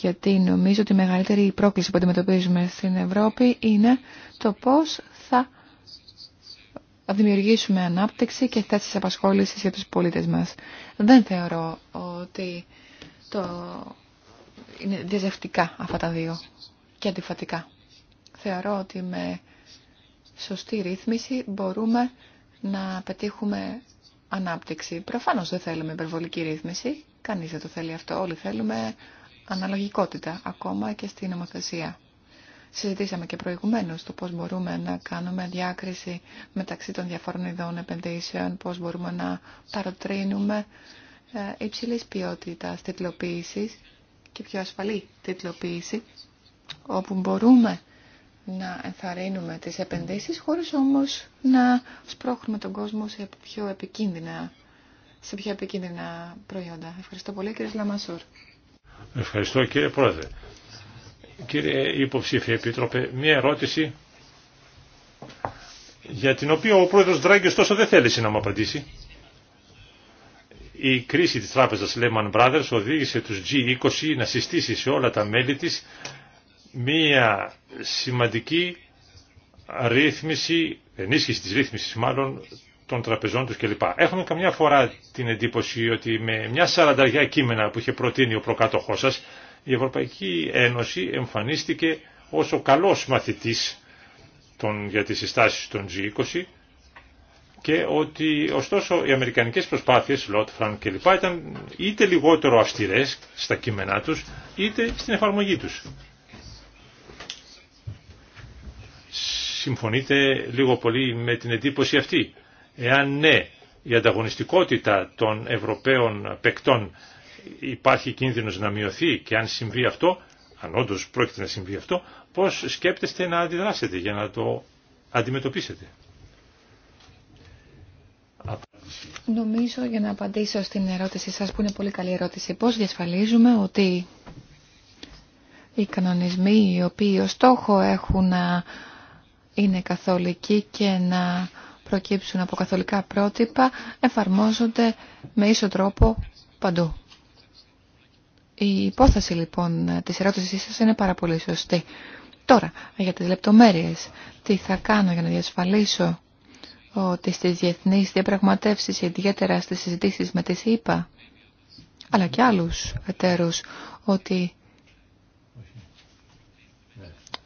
Speaker 3: γιατί νομίζω ότι η μεγαλύτερη πρόκληση που αντιμετωπίζουμε στην Ευρώπη είναι το πώς θα δημιουργήσουμε ανάπτυξη και θέσεις απασχόλησης για τους πολίτες μας. Δεν θεωρώ ότι το... είναι διαζευτικά αυτά τα δύο και αντιφατικά. Θεωρώ ότι με σωστή ρύθμιση μπορούμε να πετύχουμε ανάπτυξη. Προφανώς δεν θέλουμε υπερβολική ρύθμιση, κανείς δεν το θέλει αυτό, όλοι θέλουμε αναλογικότητα ακόμα και στην νομοθεσία. Συζητήσαμε και προηγουμένως το πώς μπορούμε να κάνουμε διάκριση μεταξύ των διαφόρων ειδών επενδύσεων, πώς μπορούμε να παροτρύνουμε ε, υψηλή ποιότητα, τιτλοποίησης και πιο ασφαλή τιτλοποίηση, όπου μπορούμε να ενθαρρύνουμε τις επενδύσεις χωρίς όμως να σπρώχνουμε τον κόσμο σε πιο επικίνδυνα, σε πιο επικίνδυνα προϊόντα. Ευχαριστώ πολύ κύριε Λαμασούρ.
Speaker 2: Ευχαριστώ κύριε Πρόεδρε. Κύριε Υποψήφια Επίτροπε, μια ερώτηση για την οποία ο πρόεδρος Δράγκης τόσο δεν θέλησε να μου απαντήσει. Η κρίση της τράπεζας Lehman Brothers οδήγησε τους G20 να συστήσει σε όλα τα μέλη της μία σημαντική ρύθμιση, ενίσχυση της ρύθμισης μάλλον, των τραπεζών τους κλπ. Έχουμε καμιά φορά την εντύπωση ότι με μια σαρανταριά κείμενα που είχε προτείνει ο προκάτοχός σας, η Ευρωπαϊκή Ένωση εμφανίστηκε ως ο καλός μαθητής για τις συστάσεις των G20 και ότι ωστόσο οι αμερικανικές προσπάθειες, Λότ, Φραν κλπ. ήταν είτε λιγότερο αυστηρές στα κείμενά τους, είτε στην εφαρμογή τους. Συμφωνείτε λίγο πολύ με την εντύπωση αυτή. Εάν ναι, η ανταγωνιστικότητα των Ευρωπαίων παικτών υπάρχει κίνδυνος να μειωθεί και αν συμβεί αυτό, αν όντω πρόκειται να συμβεί αυτό, πώς σκέπτεστε να αντιδράσετε για να το αντιμετωπίσετε.
Speaker 3: Νομίζω για να απαντήσω στην ερώτηση σας που είναι πολύ καλή ερώτηση. Πώς διασφαλίζουμε ότι οι κανονισμοί οι οποίοι ως στόχο έχουν να είναι καθολικοί και να προκύψουν από καθολικά πρότυπα εφαρμόζονται με ίσο τρόπο παντού. Η υπόθεση λοιπόν της ερώτησής σας είναι πάρα πολύ σωστή. Τώρα, για τις λεπτομέρειες, τι θα κάνω για να διασφαλίσω ότι στις διεθνείς διαπραγματεύσεις, ιδιαίτερα στις συζητήσεις με τις ΗΠΑ, αλλά και άλλους εταίρους, ότι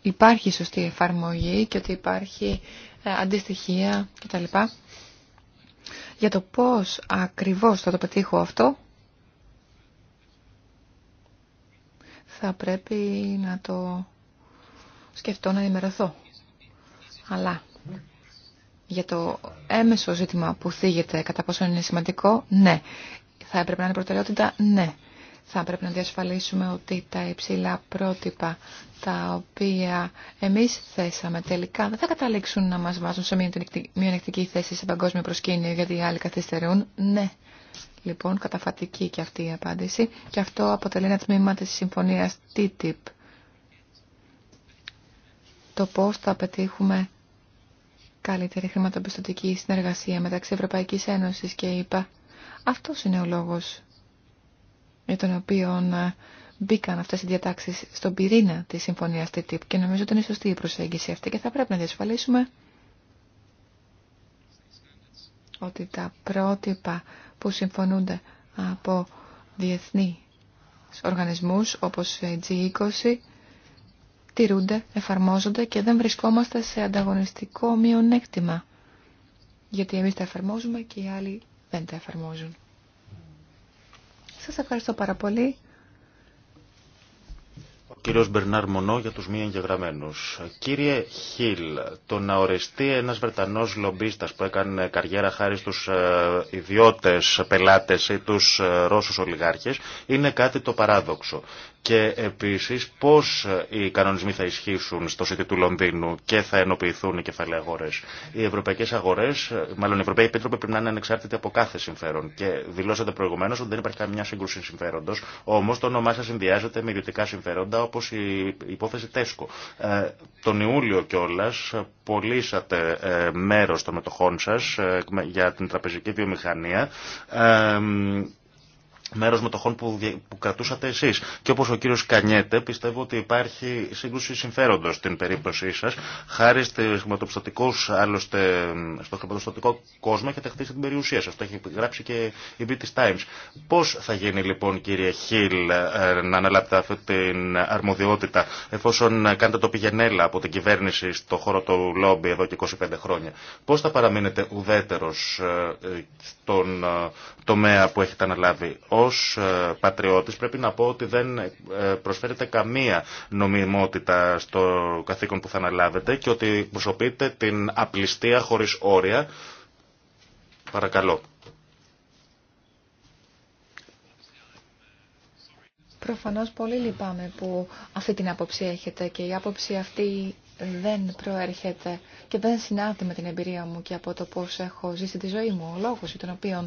Speaker 3: υπάρχει σωστή εφαρμογή και ότι υπάρχει ε, αντιστοιχεία κτλ. Για το πώς ακριβώς θα το πετύχω αυτό, θα πρέπει να το σκεφτώ να ενημερωθώ. Αλλά για το έμεσο ζήτημα που θίγεται κατά πόσο είναι σημαντικό, ναι. Θα έπρεπε να είναι προτεραιότητα, ναι. Θα πρέπει να διασφαλίσουμε ότι τα υψηλά πρότυπα τα οποία εμείς θέσαμε τελικά δεν θα καταλήξουν να μας βάζουν σε μία μειονεκτική θέση σε παγκόσμιο προσκήνιο γιατί οι άλλοι καθυστερούν. Ναι. Λοιπόν, καταφατική και αυτή η απάντηση και αυτό αποτελεί ένα τμήμα της συμφωνίας TTIP. Το πώς θα πετύχουμε καλύτερη χρηματοπιστωτική συνεργασία μεταξύ Ευρωπαϊκής Ένωσης και ΕΠΑ. ΕΕ. Αυτός είναι ο λόγος με τον οποίο ε, μπήκαν αυτές οι διατάξεις στον πυρήνα της συμφωνίας TTIP και νομίζω ότι είναι σωστή η προσέγγιση αυτή και θα πρέπει να διασφαλίσουμε ότι τα πρότυπα που συμφωνούνται από διεθνή οργανισμούς όπως G20 τηρούνται, εφαρμόζονται και δεν βρισκόμαστε σε ανταγωνιστικό μειονέκτημα γιατί εμείς τα εφαρμόζουμε και οι άλλοι δεν τα εφαρμόζουν. Σας ευχαριστώ πάρα πολύ.
Speaker 1: Ο κύριος Μπερνάρ Μονό για τους μη εγγεγραμμένους. Κύριε Χίλ, το να οριστεί ένας Βρετανός λομπίστας που έκανε καριέρα χάρη στους ε, ιδιώτες πελάτες ή τους ε, Ρώσους ολιγάρχες είναι κάτι το παράδοξο και επίσης πώς οι κανονισμοί θα ισχύσουν στο City του Λονδίνου και θα ενοποιηθούν οι κεφαλαίοι αγορές. Οι ευρωπαϊκές αγορές, μάλλον οι Ευρωπαίοι Επίτροποι πρέπει να είναι ανεξάρτητοι από κάθε συμφέρον και δηλώσατε προηγουμένως ότι δεν υπάρχει καμιά σύγκρουση συμφέροντος, όμως το όνομά σας συνδυάζεται με ιδιωτικά συμφέροντα όπως η υπόθεση Τέσκο. Ε, τον Ιούλιο κιόλα πωλήσατε ε, μέρος των μετοχών σας ε, για την τραπεζική βιομηχανία μέρος μετοχών που, που κρατούσατε εσείς. Και όπως ο κύριος Κανιέτε, πιστεύω ότι υπάρχει σύγκρουση συμφέροντος στην περίπτωσή σας. Χάρη άλλωστε, στο χρηματοπιστωτικό κόσμο έχετε χτίσει την περιουσία σας. Το έχει γράψει και η British Times. Πώς θα γίνει λοιπόν κύριε Χίλ ε, να αναλάβετε αυτή την αρμοδιότητα εφόσον κάνετε το πηγενέλα από την κυβέρνηση στο χώρο του λόμπι εδώ και 25 χρόνια. Πώς θα παραμείνετε ουδέτερος ε, στον ε, τομέα που έχετε αναλάβει ως ε, πατριώτης πρέπει να πω ότι δεν ε, προσφέρεται καμία νομιμότητα στο καθήκον που θα αναλάβετε και ότι προσωπείτε την απληστία χωρίς όρια. Παρακαλώ.
Speaker 3: Προφανώς πολύ λυπάμαι που αυτή την άποψη έχετε και η άποψη αυτή δεν προέρχεται και δεν συνάδει με την εμπειρία μου και από το πώς έχω ζήσει τη ζωή μου, ο λόγος για τον οποίο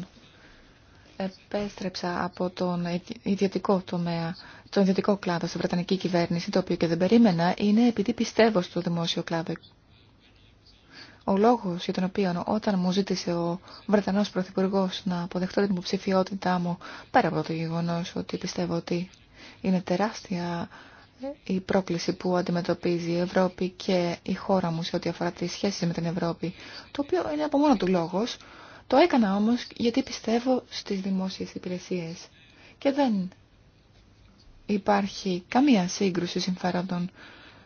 Speaker 3: επέστρεψα από τον ιδιωτικό τομέα, τον ιδιωτικό κλάδο στην Βρετανική κυβέρνηση, το οποίο και δεν περίμενα, είναι επειδή πιστεύω στο δημόσιο κλάδο. Ο λόγο για τον οποίο όταν μου ζήτησε ο Βρετανό Πρωθυπουργό να αποδεχτώ την υποψηφιότητά μου, πέρα από το γεγονό ότι πιστεύω ότι είναι τεράστια η πρόκληση που αντιμετωπίζει η Ευρώπη και η χώρα μου σε ό,τι αφορά τις σχέσεις με την Ευρώπη, το οποίο είναι από μόνο του λόγος, το έκανα όμως γιατί πιστεύω στις δημόσιες υπηρεσίες και δεν υπάρχει καμία σύγκρουση συμφέροντων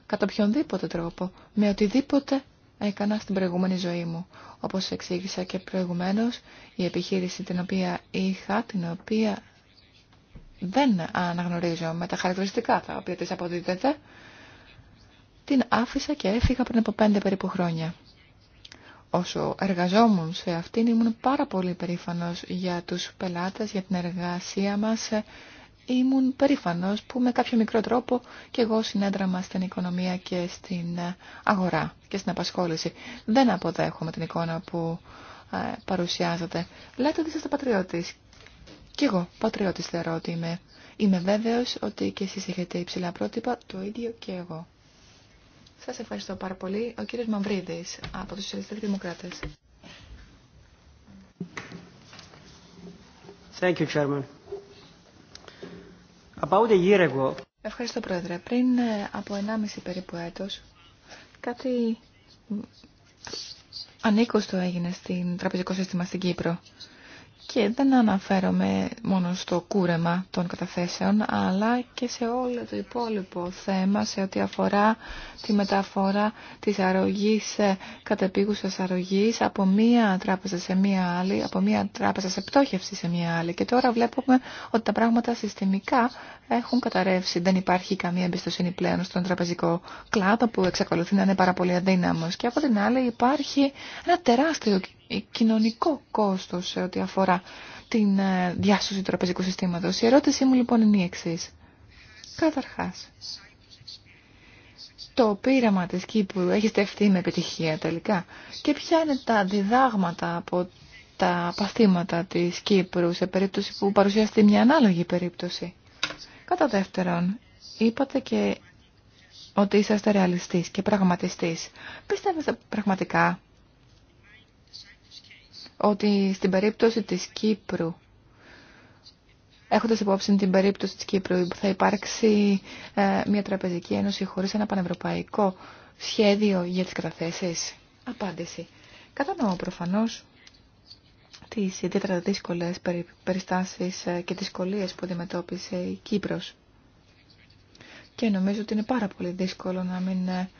Speaker 3: κατά οποιονδήποτε τρόπο με οτιδήποτε έκανα στην προηγούμενη ζωή μου. Όπως εξήγησα και προηγουμένως, η επιχείρηση την οποία είχα, την οποία δεν αναγνωρίζω με τα χαρακτηριστικά τα οποία της αποδίδεται, την άφησα και έφυγα πριν από πέντε περίπου χρόνια όσο εργαζόμουν σε αυτήν ήμουν πάρα πολύ περήφανος για τους πελάτες, για την εργασία μας. Ήμουν περήφανος που με κάποιο μικρό τρόπο και εγώ συνέδραμα στην οικονομία και στην ε, αγορά και στην απασχόληση. Δεν αποδέχομαι την εικόνα που ε, παρουσιάζεται. Λέτε ότι είστε πατριώτης. Κι εγώ πατριώτης θεωρώ ότι είμαι. Είμαι βέβαιος ότι και εσείς έχετε υψηλά πρότυπα, το ίδιο και εγώ. Σα ευχαριστώ πάρα πολύ. Ο κύριο Μαυρίδη από του Σοσιαλιστέ Δημοκράτες. Ευχαριστώ, Πρόεδρε. Πριν ε, από ενάμιση περίπου έτος, κάτι ανήκωστο έγινε στην τραπεζικό σύστημα στην Κύπρο. Και δεν αναφέρομαι μόνο στο κούρεμα των καταθέσεων, αλλά και σε όλο το υπόλοιπο θέμα σε ό,τι αφορά τη μεταφορά της αρρωγής, ε, κατεπίγουσας αρρωγής από μία τράπεζα σε μία άλλη, από μία τράπεζα σε πτώχευση σε μία άλλη. Και τώρα βλέπουμε ότι τα πράγματα συστημικά έχουν καταρρεύσει. Δεν υπάρχει καμία εμπιστοσύνη πλέον στον τραπεζικό κλάδο που εξακολουθεί να είναι πάρα πολύ αδύναμος. Και από την άλλη υπάρχει ένα τεράστιο ε, κοινωνικό κόστος σε ό,τι αφορά την ε, διάσωση του τραπεζικού συστήματος. Η ερώτησή μου λοιπόν είναι η εξή. Καταρχάς, το πείραμα της Κύπρου έχει στεφτεί με επιτυχία τελικά και ποια είναι τα διδάγματα από τα παθήματα της Κύπρου σε περίπτωση που παρουσιαστεί μια ανάλογη περίπτωση. Κατά δεύτερον, είπατε και ότι είσαστε ρεαλιστής και πραγματιστής. Πιστεύετε πραγματικά ότι στην περίπτωση της Κύπρου, έχοντας υπόψη την περίπτωση της Κύπρου, θα υπάρξει ε, μια τραπεζική ένωση χωρίς ένα πανευρωπαϊκό σχέδιο για τις καταθέσεις. Απάντηση. Κατανοώ προφανώς τις ιδιαίτερα δύσκολες περιστάσεις ε, και δυσκολίες που αντιμετώπισε η Κύπρος. Και νομίζω ότι είναι πάρα πολύ δύσκολο να μην ε,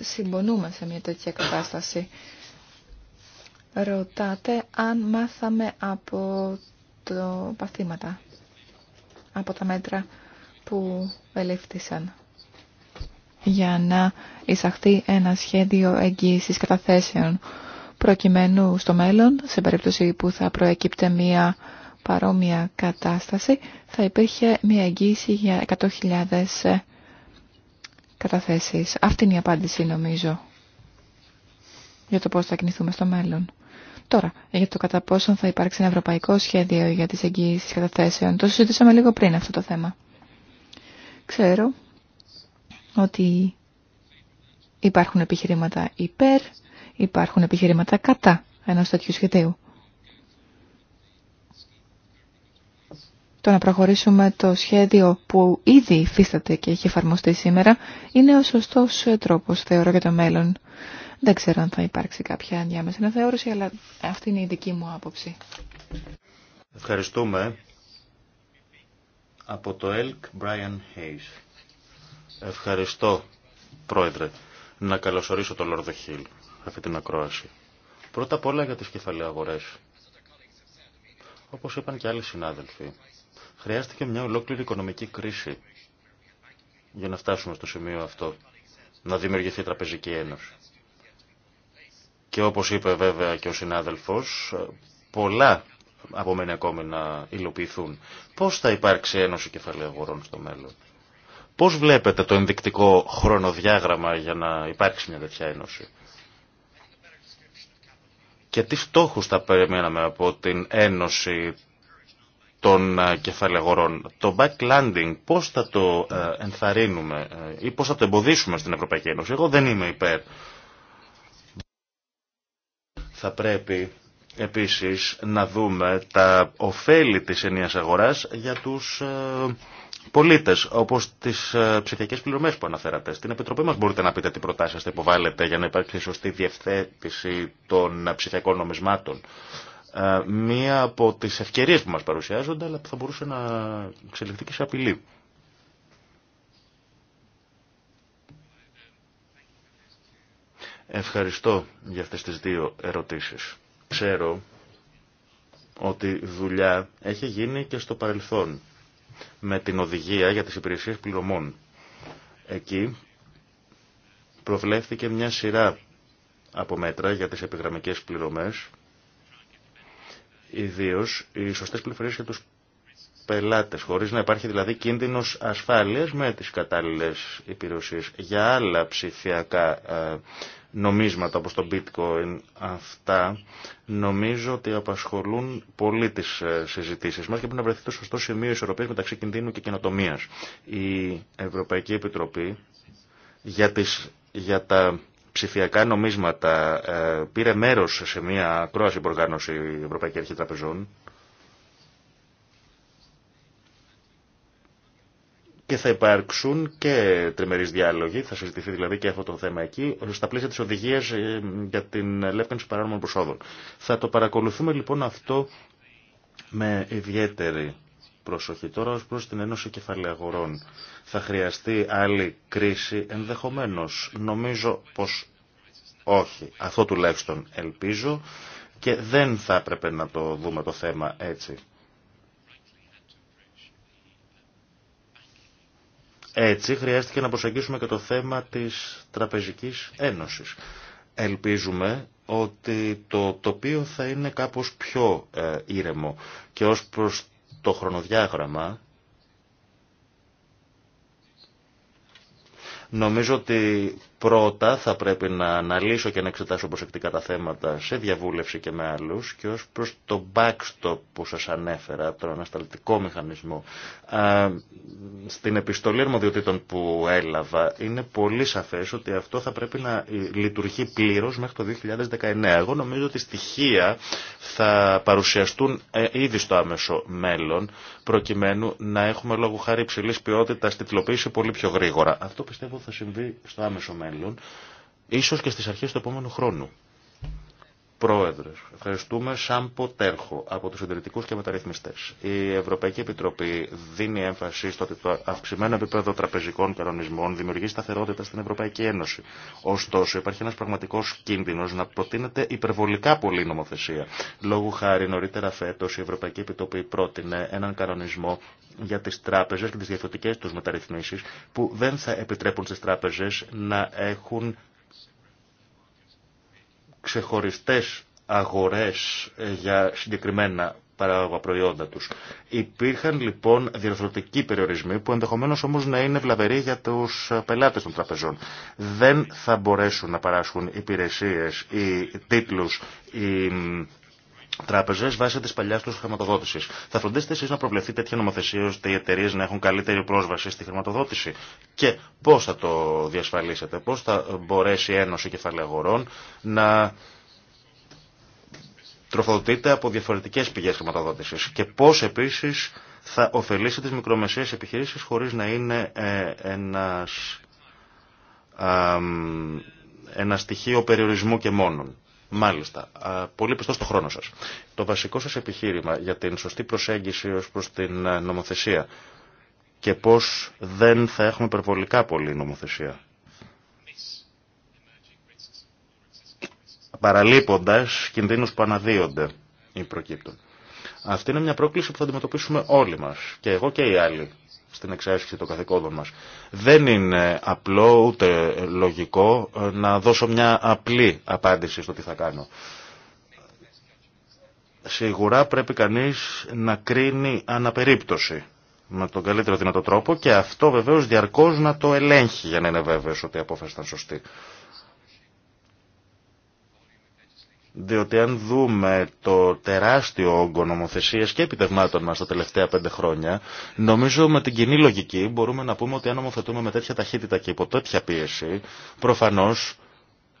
Speaker 3: συμπονούμε σε μια τέτοια κατάσταση. Ρωτάτε αν μάθαμε από το παθήματα, από τα μέτρα που ελήφθησαν για να εισαχθεί ένα σχέδιο εγγύησης καταθέσεων προκειμένου στο μέλλον, σε περίπτωση που θα προέκυπτε μία παρόμοια κατάσταση, θα υπήρχε μία εγγύηση για 100.000 καταθέσεις. Αυτή είναι η απάντηση νομίζω για το πώς θα κινηθούμε στο μέλλον. Τώρα, για το κατά πόσον θα υπάρξει ένα ευρωπαϊκό σχέδιο για τις εγγύησεις καταθέσεων, το συζητήσαμε λίγο πριν αυτό το θέμα. Ξέρω ότι υπάρχουν επιχειρήματα υπέρ, υπάρχουν επιχειρήματα κατά ενός τέτοιου σχεδίου. το να προχωρήσουμε το σχέδιο που ήδη υφίσταται και έχει εφαρμοστεί σήμερα είναι ο σωστός ε, τρόπος, θεωρώ, για το μέλλον. Δεν ξέρω αν θα υπάρξει κάποια ενδιάμεση αναθεώρηση, αλλά αυτή είναι η δική μου άποψη.
Speaker 1: Ευχαριστούμε. Από το ΕΛΚ, Brian Hayes. Ευχαριστώ, Πρόεδρε, να καλωσορίσω τον Λόρδο Χίλ, αυτή την ακρόαση. Πρώτα απ' όλα για τις κεφαλαίες αγορές. Όπως είπαν και άλλοι συνάδελφοι, Χρειάστηκε μια ολόκληρη οικονομική κρίση για να φτάσουμε στο σημείο αυτό, να δημιουργηθεί η Τραπεζική Ένωση. Και όπως είπε βέβαια και ο συνάδελφος, πολλά απομένει ακόμη να υλοποιηθούν. Πώς θα υπάρξει ένωση κεφαλαίου αγορών στο μέλλον. Πώς βλέπετε το ενδεικτικό χρονοδιάγραμμα για να υπάρξει μια τέτοια ένωση. Και τι στόχους θα περιμέναμε από την ένωση των ε, κεφαλαγορών. Το backlanding πώς θα το ε, ενθαρρύνουμε ε, ή πώς θα το εμποδίσουμε στην Ευρωπαϊκή Ένωση. Εγώ δεν είμαι υπέρ. Θα πρέπει επίσης να δούμε τα ωφέλη της ενίας αγοράς για τους πολίτες, όπως τις ψηφιακές πληρωμές που αναφέρατε. Στην Επιτροπή μας μπορείτε να πείτε τι προτάσεις θα υποβάλλετε για να υπάρξει σωστή διευθέτηση των ψηφιακών νομισμάτων ε, μία από τις ευκαιρίες που μας παρουσιάζονται, αλλά που θα μπορούσε να εξελιχθεί και σε απειλή. Ευχαριστώ για αυτές τις δύο ερωτήσεις. Ξέρω ότι δουλειά έχει γίνει και στο παρελθόν με την οδηγία για τις υπηρεσίες πληρωμών. Εκεί προβλέφθηκε μια σειρά από μέτρα για τις επιγραμμικές πληρωμές Ιδίω οι σωστέ πληροφορίε για του πελάτε, χωρί να υπάρχει δηλαδή κίνδυνο ασφάλεια με τι κατάλληλε υπηρεσίε. Για άλλα ψηφιακά ε, νομίσματα όπω το bitcoin αυτά νομίζω ότι απασχολούν πολύ τις ε, συζητήσει μα και πρέπει να βρεθεί το σωστό σημείο ισορροπία μεταξύ κινδύνου και καινοτομία. Η Ευρωπαϊκή Επιτροπή για τα ψηφιακά νομίσματα ε, πήρε μέρος σε μια κρόαση που η Ευρωπαϊκή Αρχή Τραπεζών και θα υπάρξουν και τριμερείς διάλογοι, θα συζητηθεί δηλαδή και αυτό το θέμα εκεί, στα πλαίσια της οδηγίας ε, για την λεύκανση παράνομων προσόδων. Θα το παρακολουθούμε λοιπόν αυτό με ιδιαίτερη προσοχή. Τώρα ως προς την Ένωση Κεφαλαίου θα χρειαστεί άλλη κρίση ενδεχομένως. Νομίζω πως όχι. Αυτό τουλάχιστον ελπίζω και δεν θα έπρεπε να το δούμε το θέμα έτσι. Έτσι χρειάστηκε να προσεγγίσουμε και το θέμα της Τραπεζικής Ένωσης. Ελπίζουμε ότι το τοπίο θα είναι κάπως πιο ε, ήρεμο και ως προς το χρονοδιάγραμμα νομίζω ότι Πρώτα θα πρέπει να αναλύσω και να εξετάσω προσεκτικά τα θέματα σε διαβούλευση και με άλλους και ως προς το backstop που σας ανέφερα, τον ανασταλτικό μηχανισμό. στην επιστολή αρμοδιοτήτων που έλαβα είναι πολύ σαφές ότι αυτό θα πρέπει να λειτουργεί πλήρως μέχρι το 2019. Εγώ νομίζω ότι στοιχεία θα παρουσιαστούν ε, ήδη στο άμεσο μέλλον προκειμένου να έχουμε λόγω χάρη υψηλής ποιότητας τυλοποίηση πολύ πιο γρήγορα. Αυτό πιστεύω θα συμβεί στο άμεσο μέλλον μέλλον, ίσως και στις αρχές του επόμενου χρόνου. Πρόεδρε, ευχαριστούμε σαν ποτέρχο από του συντηρητικού και μεταρρυθμιστέ. Η Ευρωπαϊκή Επιτροπή δίνει έμφαση στο ότι το αυξημένο επίπεδο τραπεζικών κανονισμών δημιουργεί σταθερότητα στην Ευρωπαϊκή Ένωση. Ωστόσο, υπάρχει ένα πραγματικό κίνδυνο να προτείνεται υπερβολικά πολύ νομοθεσία. Λόγου χάρη, νωρίτερα φέτο, η Ευρωπαϊκή Επιτροπή πρότεινε έναν κανονισμό για τι τράπεζε και τι διαφορετικέ του μεταρρυθμίσει που δεν θα επιτρέπουν στι τράπεζε να έχουν ξεχωριστές αγορές ε, για συγκεκριμένα παράγωγα προϊόντα τους. Υπήρχαν λοιπόν διορθωτικοί περιορισμοί που ενδεχομένως όμως να είναι βλαβεροί για τους ε, πελάτες των τραπεζών. Δεν θα μπορέσουν να παράσχουν υπηρεσίες ή τίτλους ή τράπεζε βάσει τη παλιά του χρηματοδότηση. Θα φροντίσετε εσεί να προβλεφθεί τέτοια νομοθεσία ώστε οι εταιρείε να έχουν καλύτερη πρόσβαση στη χρηματοδότηση. Και πώ θα το διασφαλίσετε, πώ θα μπορέσει η Ένωση Κεφαλαίου Αγορών να τροφοδοτείται από διαφορετικέ πηγέ χρηματοδότηση. Και πώ επίση θα ωφελήσει τι μικρομεσαίε επιχειρήσει χωρί να είναι ε, ένα, ένα στοιχείο περιορισμού και μόνον. Μάλιστα, πολύ πιστό στο χρόνο σας. Το βασικό σας επιχείρημα για την σωστή προσέγγιση ως προς την ε, νομοθεσία και πώς δεν θα έχουμε υπερβολικά πολλή νομοθεσία. Παραλείποντας κινδύνους που αναδύονται ή προκύπτουν. Αυτή είναι μια πρόκληση που θα αντιμετωπίσουμε όλοι μας, και εγώ και οι άλλοι στην εξάσκηση των καθηκόντων μας. Δεν είναι απλό ούτε λογικό να δώσω μια απλή απάντηση στο τι θα κάνω. Σίγουρα πρέπει κανείς να κρίνει αναπερίπτωση με τον καλύτερο δυνατό τρόπο και αυτό βεβαίως διαρκώς να το ελέγχει για να είναι βέβαιος ότι η απόφαση ήταν σωστή. Διότι αν δούμε το τεράστιο όγκο νομοθεσία και επιτευμάτων μας τα τελευταία πέντε χρόνια, νομίζω με την κοινή λογική μπορούμε να πούμε ότι αν νομοθετούμε με τέτοια ταχύτητα και υπό τέτοια πίεση, προφανώς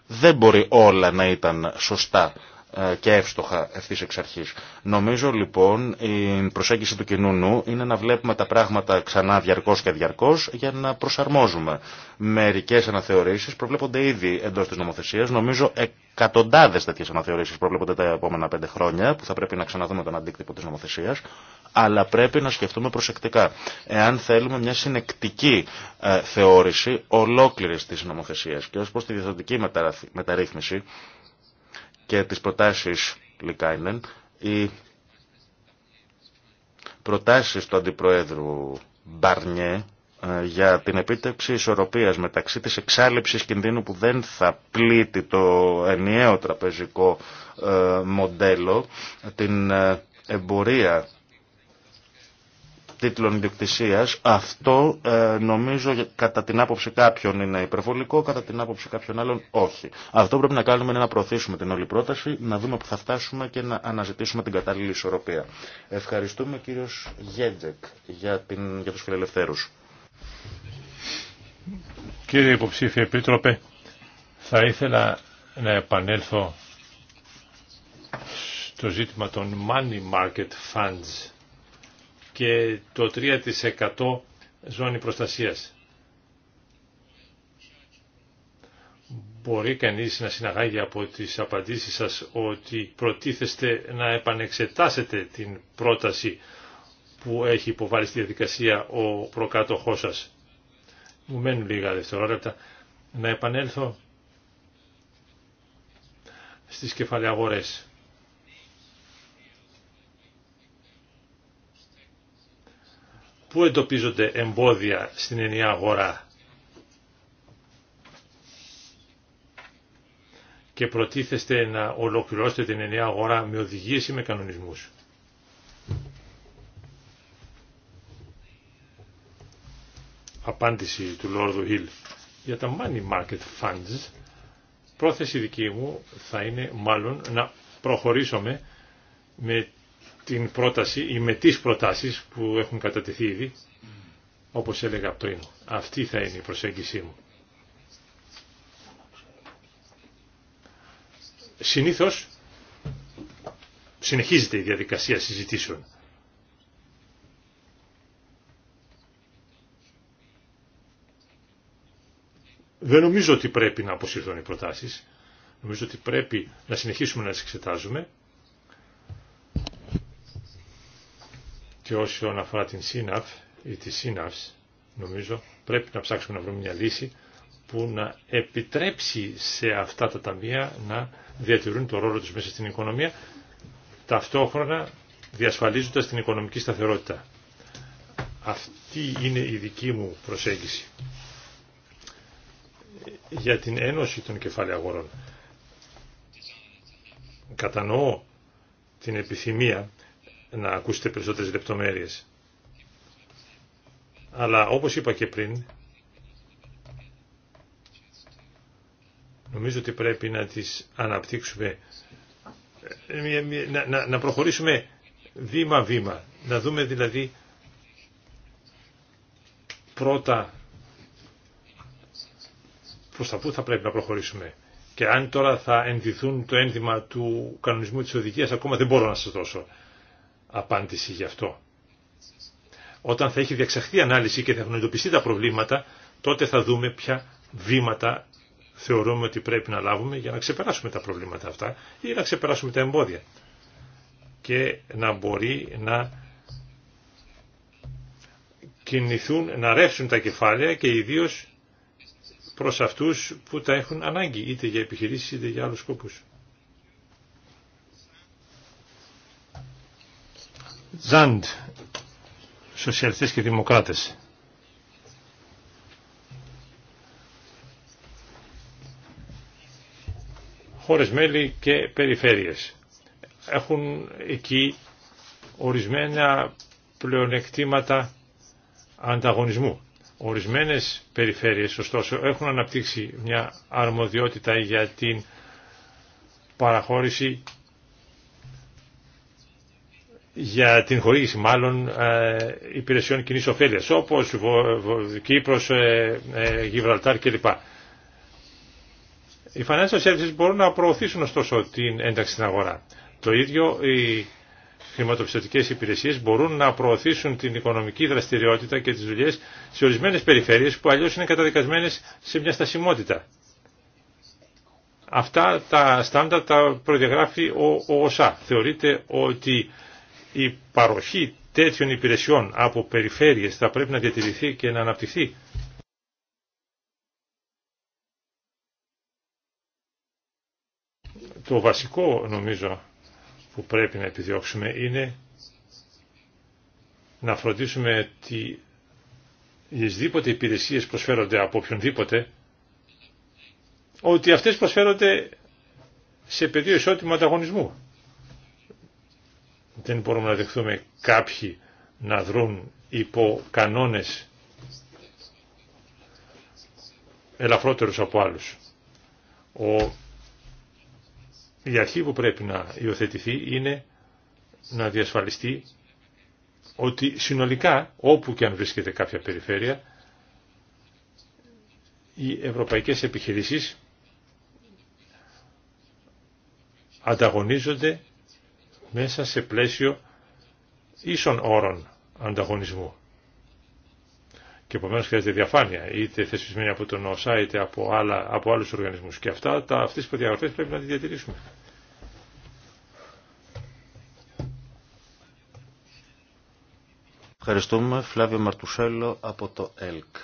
Speaker 1: δεν μπορεί όλα να ήταν σωστά ε, και εύστοχα ευθύ εξ αρχή. Νομίζω λοιπόν η προσέγγιση του κοινού νου είναι να βλέπουμε τα πράγματα ξανά διαρκώ και διαρκώ για να προσαρμόζουμε. Μερικέ αναθεωρήσει προβλέπονται ήδη εντό τη νομοθεσία. Νομίζω εκατοντάδε τέτοιε αναθεωρήσει προβλέπονται τα επόμενα πέντε χρόνια που θα πρέπει να ξαναδούμε τον αντίκτυπο τη νομοθεσία. Αλλά πρέπει να σκεφτούμε προσεκτικά εάν θέλουμε μια συνεκτική ε, θεώρηση ολόκληρη τη νομοθεσία και ω προ τη διεθνωτική μεταρρύθμιση και τις προτάσεις Λικάινεν, οι προτάσεις του Αντιπροέδρου Μπαρνιέ ε, για την επίτευξη ισορροπίας μεταξύ της εξάλληψης κινδύνου που δεν θα πλήττει το ενιαίο τραπεζικό ε, μοντέλο, την ε, εμπορία τίτλων ιδιοκτησία. Αυτό ε, νομίζω κατά την άποψη κάποιων είναι υπερβολικό, κατά την άποψη κάποιων άλλων όχι. Αυτό πρέπει να κάνουμε είναι να προωθήσουμε την όλη πρόταση, να δούμε που θα φτάσουμε και να αναζητήσουμε την κατάλληλη ισορροπία. Ευχαριστούμε κύριο Γέντζεκ για, για του φιλελευθέρου.
Speaker 2: Κύριε υποψήφιε επίτροπε, θα ήθελα να επανέλθω στο ζήτημα των money market funds και το 3% ζώνη προστασίας. Μπορεί κανείς να συναγάγει από τις απαντήσεις σας ότι προτίθεστε να επανεξετάσετε την πρόταση που έχει υποβάλει στη διαδικασία ο προκάτοχός σας. Μου μένουν λίγα δευτερόλεπτα. Να επανέλθω στις κεφαλαιαγορές. Πού εντοπίζονται εμπόδια στην ενιαία αγορά και προτίθεστε να ολοκληρώσετε την ενιαία αγορά με οδηγίες ή με κανονισμούς. Απάντηση του Λόρδου Χιλ για τα money market funds πρόθεση δική μου θα είναι μάλλον να προχωρήσουμε με την πρόταση ή με τις προτάσεις που έχουν κατατεθεί ήδη, όπως έλεγα πριν. Αυτή θα είναι η προσέγγιση μου. Συνήθως συνεχίζεται η διαδικασία συζητήσεων. Δεν νομίζω ότι πρέπει να αποσυρθούν οι προτάσεις. Νομίζω ότι πρέπει να συνεχίσουμε να τις εξετάζουμε και όσον αφορά την ΣΥΝΑΦ ή τη ΣΥΝΑΦΣ νομίζω πρέπει να ψάξουμε να βρούμε μια λύση που να επιτρέψει σε αυτά τα ταμεία να διατηρούν το ρόλο τους μέσα στην οικονομία ταυτόχρονα διασφαλίζοντας την οικονομική σταθερότητα. Αυτή είναι η δική μου προσέγγιση για την ένωση των κεφάλαια αγορών. Κατανοώ την επιθυμία να ακούσετε περισσότερες λεπτομέρειες. Αλλά όπως είπα και πριν, νομίζω ότι πρέπει να τις αναπτύξουμε, ε, να, να, προχωρήσουμε βήμα-βήμα, να δούμε δηλαδή πρώτα προς τα πού θα πρέπει να προχωρήσουμε. Και αν τώρα θα ενδυθούν το ένδυμα του κανονισμού της οδηγίας, ακόμα δεν μπορώ να σας δώσω απάντηση γι' αυτό. Όταν θα έχει διαξαχθεί ανάλυση και θα έχουν εντοπιστεί τα προβλήματα, τότε θα δούμε ποια βήματα θεωρούμε ότι πρέπει να λάβουμε για να ξεπεράσουμε τα προβλήματα αυτά ή να ξεπεράσουμε τα εμπόδια. Και να μπορεί να κινηθούν, να ρεύσουν τα κεφάλαια και ιδίως προς αυτούς που τα έχουν ανάγκη, είτε για επιχειρήσεις είτε για άλλους σκοπούς. Ζαντ, σοσιαλιστές και δημοκράτες. Χώρες μέλη και περιφέρειες. Έχουν εκεί ορισμένα πλεονεκτήματα ανταγωνισμού. Ορισμένες περιφέρειες, ωστόσο, έχουν αναπτύξει μια αρμοδιότητα για την παραχώρηση για την χορήγηση μάλλον ε, υπηρεσιών κοινή ωφέλεια, όπω Κύπρο, ε, ε, Γιβραλτάρ κλπ. Οι financial services μπορούν να προωθήσουν ωστόσο την ένταξη στην αγορά. Το ίδιο οι χρηματοπιστωτικές υπηρεσίες μπορούν να προωθήσουν την οικονομική δραστηριότητα και τις δουλειές σε ορισμένες περιφέρειες που αλλιώς είναι καταδικασμένες σε μια στασιμότητα. Αυτά τα στάνταρ τα προδιαγράφει ο, ο ΟΣΑ. Θεωρείται ότι η παροχή τέτοιων υπηρεσιών από περιφέρειες θα πρέπει να διατηρηθεί και να αναπτυχθεί. Το βασικό νομίζω που πρέπει να επιδιώξουμε είναι να φροντίσουμε ότι οι υπηρεσίες προσφέρονται από οποιονδήποτε ότι αυτές προσφέρονται σε πεδίο ισότιμου ανταγωνισμού. Δεν μπορούμε να δεχθούμε κάποιοι να δρουν υπό κανόνες ελαφρότερους από άλλους. Ο... Η αρχή που πρέπει να υιοθετηθεί είναι να διασφαλιστεί ότι συνολικά, όπου και αν βρίσκεται κάποια περιφέρεια, οι ευρωπαϊκές επιχειρήσεις ανταγωνίζονται μέσα σε πλαίσιο ίσων όρων ανταγωνισμού. Και επομένω χρειάζεται διαφάνεια, είτε θεσπισμένη από τον ΩΣΑ, είτε από, άλλα, από άλλους οργανισμούς. Και αυτά, τα, αυτές τις προδιαγραφές πρέπει να τις διατηρήσουμε.
Speaker 1: Ευχαριστούμε. Φλάβιο Μαρτουσέλο από το ΕΛΚ.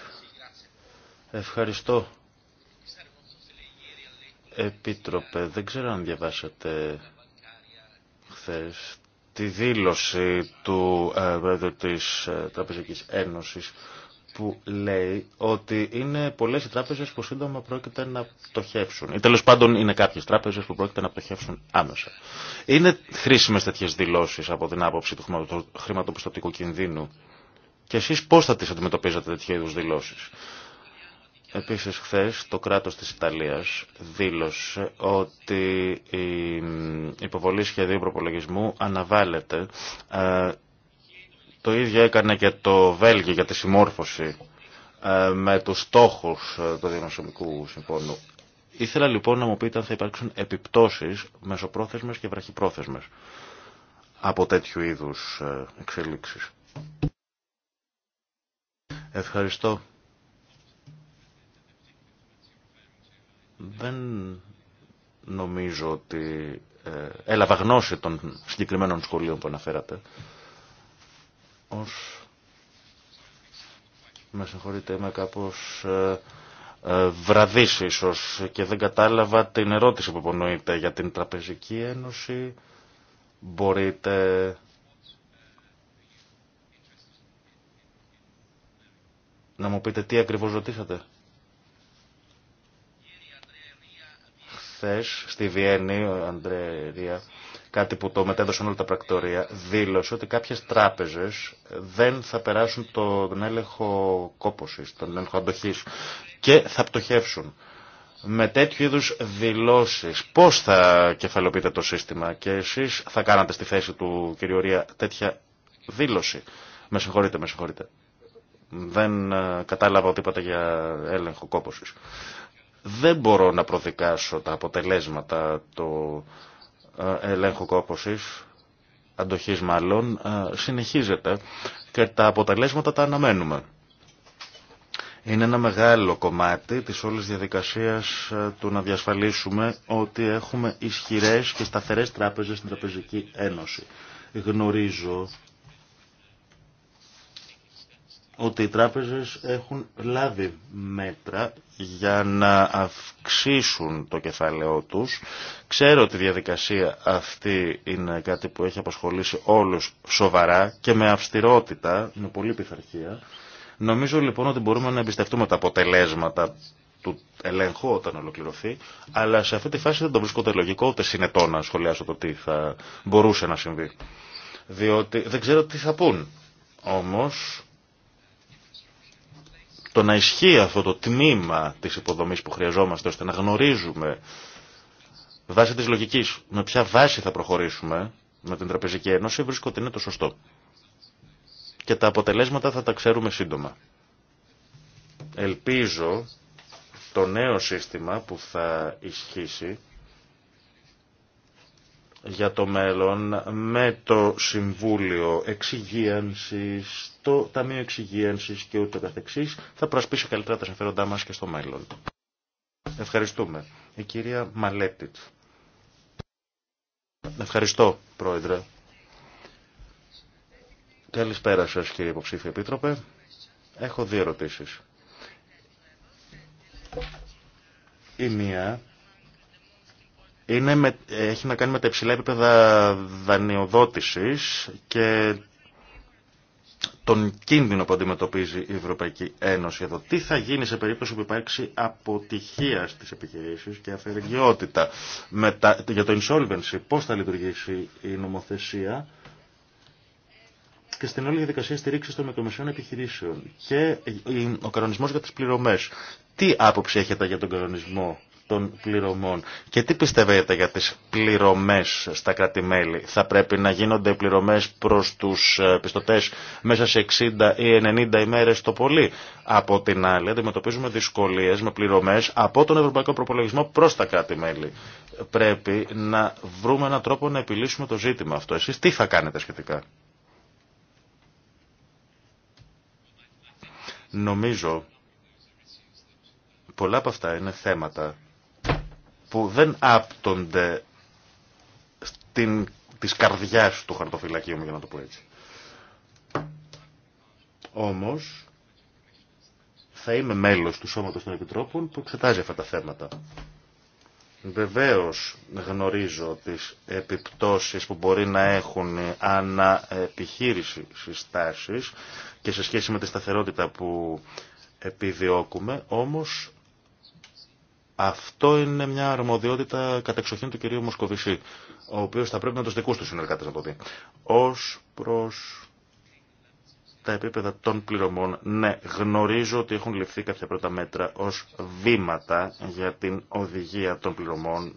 Speaker 1: Ευχαριστώ. Επίτροπε, δεν ξέρω αν διαβάσατε τη δήλωση του ε, πρόεδρου της ε, Τραπεζικής Ένωσης που λέει ότι είναι πολλές οι τράπεζες που σύντομα πρόκειται να πτωχεύσουν. Ή τέλος πάντων είναι κάποιες τράπεζες που πρόκειται να πτωχεύσουν άμεσα. Είναι χρήσιμες τέτοιες δηλώσεις από την άποψη του χρηματοπιστωτικού κινδύνου. Και εσείς πώς θα τις αντιμετωπίζετε τέτοιου δηλώσεις. Επίσης χθες το κράτος της Ιταλίας δήλωσε ότι η υποβολή σχεδίου προπολογισμού αναβάλλεται. Ε, το ίδιο έκανε και το Βέλγιο για τη συμμόρφωση ε, με τους στόχους ε, του Δημοσιομικού Συμφώνου. Ήθελα λοιπόν να μου πείτε αν θα υπάρξουν επιπτώσεις μεσοπρόθεσμες και βραχυπρόθεσμες από τέτοιου είδους εξελίξεις. Ευχαριστώ δεν νομίζω ότι ε, έλαβα γνώση των συγκεκριμένων σχολείων που αναφέρατε ως με συγχωρείτε είμαι κάπως ε, ε, βραδύς ίσως και δεν κατάλαβα την ερώτηση που υπονοείται για την Τραπεζική Ένωση μπορείτε να μου πείτε τι ακριβώς ρωτήσατε Χθε στη Βιέννη, ο κάτι που το μετέδωσαν όλα τα πρακτορία, δήλωσε ότι κάποιες τράπεζες δεν θα περάσουν τον έλεγχο κόπωσης, τον έλεγχο αντοχή. και θα πτωχεύσουν. Με τέτοιου είδους δηλώσεις πώς θα κεφαλοποιείτε το σύστημα και εσείς θα κάνατε στη θέση του κυριορία τέτοια δήλωση. Με συγχωρείτε, με συγχωρείτε. Δεν ε, κατάλαβα ότι για έλεγχο κόποση. Δεν μπορώ να προδικάσω τα αποτελέσματα του ε, ελέγχου κόπωσης, αντοχής μάλλον, ε, συνεχίζεται και τα αποτελέσματα τα αναμένουμε. Είναι ένα μεγάλο κομμάτι της όλης διαδικασίας ε, του να διασφαλίσουμε ότι έχουμε ισχυρές και σταθερές τράπεζες στην Τραπεζική Ένωση. Γνωρίζω ότι οι τράπεζες έχουν λάβει μέτρα για να αυξήσουν το κεφάλαιό τους. Ξέρω ότι η διαδικασία αυτή είναι κάτι που έχει απασχολήσει όλους σοβαρά και με αυστηρότητα, με πολλή πειθαρχία. Νομίζω λοιπόν ότι μπορούμε να εμπιστευτούμε τα αποτελέσματα του ελέγχου όταν ολοκληρωθεί, αλλά σε αυτή τη φάση δεν το βρίσκονται λογικό ούτε συνετό να σχολιάσω το τι θα μπορούσε να συμβεί. Διότι δεν ξέρω τι θα πούν. Όμως το να ισχύει αυτό το τμήμα της υποδομής που χρειαζόμαστε ώστε να γνωρίζουμε βάσει της λογικής με ποια βάση θα προχωρήσουμε με την Τραπεζική Ένωση βρίσκω ότι είναι το σωστό. Και τα αποτελέσματα θα τα ξέρουμε σύντομα. Ελπίζω το νέο σύστημα που θα ισχύσει για το μέλλον με το Συμβούλιο Εξυγίανσης το Ταμείο Εξυγίανσης και ούτω καθεξής θα προσπίσει καλύτερα τα συμφέροντά μα και στο μέλλον. Ευχαριστούμε. Η κυρία Μαλέτιτς. Ευχαριστώ, Πρόεδρε. Καλησπέρα σα, κύριε Υποψήφιο Επίτροπε. Έχω δύο ερωτήσει. Η μία είναι με, έχει να κάνει με τα υψηλά επίπεδα δανειοδότησης και τον κίνδυνο που αντιμετωπίζει η Ευρωπαϊκή Ένωση εδώ. Τι θα γίνει σε περίπτωση που υπάρξει αποτυχία στις επιχειρήσεις και αφαιρεγιότητα για το insolvency. Πώς θα λειτουργήσει η νομοθεσία και στην όλη διαδικασία στηρίξη των μικρομεσαίων επιχειρήσεων και ο κανονισμός για τις πληρωμές. Τι άποψη έχετε για τον κανονισμό των πληρωμών. Και τι πιστεύετε για τις πληρωμές στα κράτη-μέλη. Θα πρέπει να γίνονται πληρωμές προς τους ε, πιστωτές μέσα σε 60 ή 90 ημέρες το πολύ. Από την άλλη αντιμετωπίζουμε δυσκολίες με πληρωμές από τον Ευρωπαϊκό Προπολογισμό προς τα κράτη-μέλη. Πρέπει να βρούμε έναν τρόπο να επιλύσουμε το ζήτημα αυτό. Εσείς τι θα κάνετε σχετικά. Νομίζω πολλά από αυτά είναι θέματα που δεν άπτονται στην, της καρδιάς του χαρτοφυλακίου μου, για να το πω έτσι. Όμως, θα είμαι μέλος του Σώματος των Επιτρόπων που εξετάζει αυτά τα θέματα. Βεβαίως γνωρίζω τις επιπτώσεις που μπορεί να έχουν ανά επιχείρηση συστάσεις και σε σχέση με τη σταθερότητα που επιδιώκουμε, όμως αυτό είναι μια αρμοδιότητα κατεξοχήν του κυρίου Μοσκοβισή, ο οποίος θα πρέπει να το δικούς του συνεργάτες να το δει. Ως προς τα επίπεδα των πληρωμών, ναι, γνωρίζω ότι έχουν ληφθεί κάποια πρώτα μέτρα ως βήματα για την οδηγία των πληρωμών,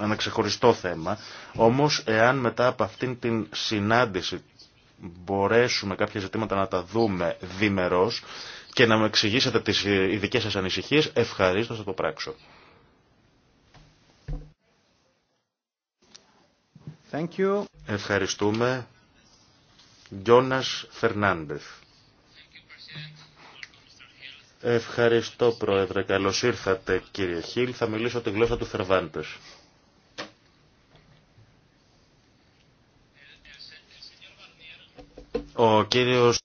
Speaker 1: ένα ξεχωριστό θέμα, όμως εάν μετά από αυτήν την συνάντηση μπορέσουμε κάποια ζητήματα να τα δούμε διμερώς και να μου εξηγήσετε τις ειδικές σας ανησυχίες, ευχαρίστω θα το πράξω. Ευχαριστούμε. Γιώνας Φερνάντεθ. Ευχαριστώ Πρόεδρε. Καλώς ήρθατε κύριε Χίλ. Θα μιλήσω τη γλώσσα του Φερβάντες. Ο κύριος,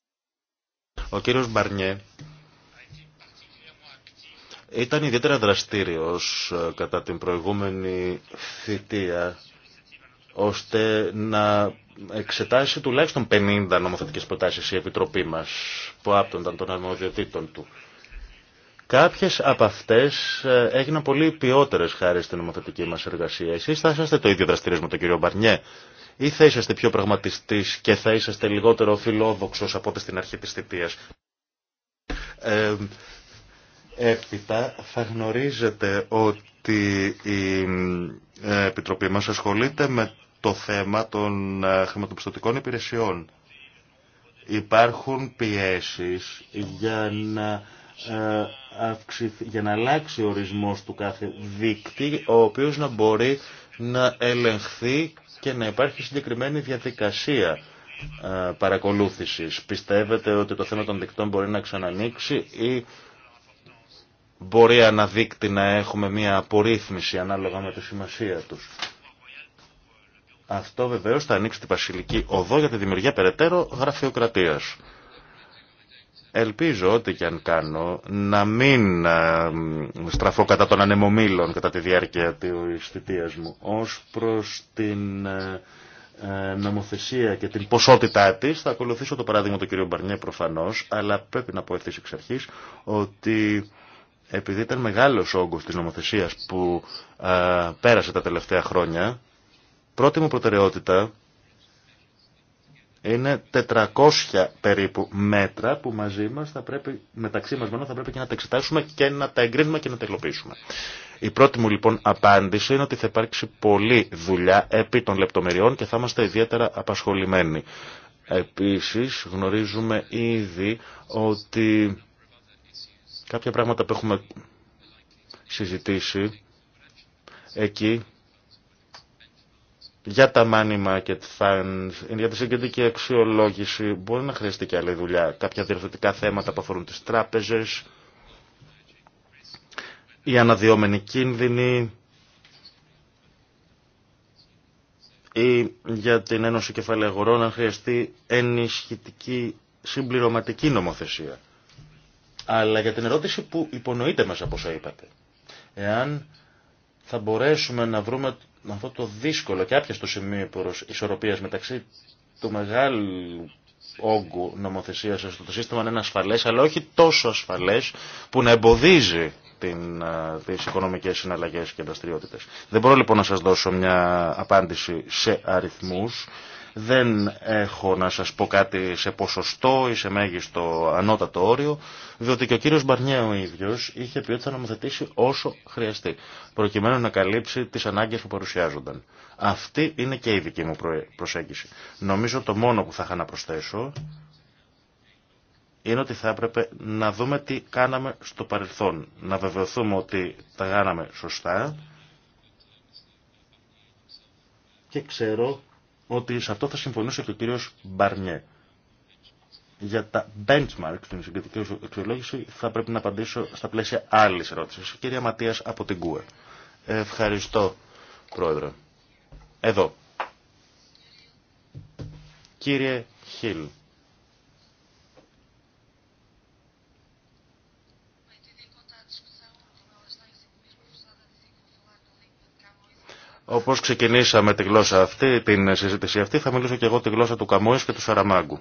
Speaker 1: ο κύριος Μπαρνιέ ήταν ιδιαίτερα δραστήριος ε, κατά την προηγούμενη θητεία ώστε να εξετάσει τουλάχιστον 50 νομοθετικές προτάσεις η Επιτροπή μας που άπτονταν των αρμοδιοτήτων του. Κάποιες από αυτές ε, έγιναν πολύ ποιότερες χάρη στην νομοθετική μας εργασία. Εσείς θα είσαστε το ίδιο δραστηρίες με τον κύριο Μπαρνιέ ή θα είσαστε πιο πραγματιστής και θα είσαστε λιγότερο φιλόδοξος από ό,τι στην αρχή της θητείας. Ε, έπειτα θα γνωρίζετε ότι η ε, Επιτροπή μας ασχολείται με το θέμα των ε, χρηματοπιστωτικών υπηρεσιών. Υπάρχουν πιέσεις για να ε, για να αλλάξει ο ορισμός του κάθε δίκτυ ο οποίος να μπορεί να ελεγχθεί και να υπάρχει συγκεκριμένη διαδικασία ε, παρακολούθησης. Πιστεύετε ότι το θέμα των δικτών μπορεί να ξανανοίξει ή μπορεί αναδείκτη να έχουμε μια απορρίθμιση ανάλογα με τη σημασία τους. Αυτό βεβαίως θα ανοίξει τη βασιλική οδό για τη δημιουργία περαιτέρω γραφειοκρατίας. Ελπίζω ότι και αν κάνω να μην ε, στραφώ κατά των ανεμομήλων κατά τη διάρκεια της θητείας μου ως προς την ε, ε, νομοθεσία και την ποσότητά της θα ακολουθήσω το παράδειγμα του κ. Μπαρνιέ προφανώς αλλά πρέπει να πω ευθύς εξ αρχής ότι επειδή ήταν μεγάλος όγκος της νομοθεσίας που πέρασε τα τελευταία χρόνια Πρώτη μου προτεραιότητα είναι 400 περίπου μέτρα που μαζί μας θα πρέπει, μεταξύ μας μόνο θα πρέπει και να τα εξετάσουμε και να τα εγκρίνουμε και να τα υλοποιήσουμε. Η πρώτη μου λοιπόν απάντηση είναι ότι θα υπάρξει πολλή δουλειά επί των λεπτομεριών και θα είμαστε ιδιαίτερα απασχολημένοι. Επίσης γνωρίζουμε ήδη ότι κάποια πράγματα που έχουμε συζητήσει εκεί για τα money market funds, για τη συγκεντρική αξιολόγηση, μπορεί να χρειαστεί και άλλη δουλειά. Κάποια διευθυντικά θέματα που αφορούν τις τράπεζες, οι αναδυόμενοι κίνδυνοι, ή για την Ένωση Κεφαλαίου Αγορών να χρειαστεί ενισχυτική συμπληρωματική νομοθεσία. Αλλά για την ερώτηση που υπονοείται μέσα από όσα είπατε. Εάν θα μπορέσουμε να βρούμε με αυτό το δύσκολο και άπιαστο σημείο ισορροπία μεταξύ του μεγάλου όγκου νομοθεσία, στο το σύστημα είναι ασφαλέ, αλλά όχι τόσο ασφαλέ που να εμποδίζει τι οικονομικέ συναλλαγέ και δραστηριότητε. Δεν μπορώ λοιπόν να σα δώσω μια απάντηση σε αριθμού. Δεν έχω να σας πω κάτι σε ποσοστό ή σε μέγιστο ανώτατο όριο, διότι και ο κύριος Μπαρνιέ ο ίδιος είχε πει ότι θα νομοθετήσει όσο χρειαστεί, προκειμένου να καλύψει τις ανάγκες που παρουσιάζονταν. Αυτή είναι και η δική μου προσέγγιση. Νομίζω το μόνο που θα είχα να προσθέσω είναι ότι θα έπρεπε να δούμε τι κάναμε στο παρελθόν, να βεβαιωθούμε ότι τα κάναμε σωστά και ξέρω ότι σε αυτό θα συμφωνούσε και ο κύριος Μπαρνιέ. Για τα benchmark στην συγκριτική εξολόγηση θα πρέπει να απαντήσω στα πλαίσια άλλη ερώτηση. Κύριε κυρία Ματία από την ΚΟΕ. Ευχαριστώ, Πρόεδρε. Εδώ. Κύριε Χιλ, Όπω ξεκινήσαμε τη γλώσσα αυτή, την συζήτηση αυτή, θα μιλήσω και εγώ τη γλώσσα του Καμόη και του Σαραμάγκου.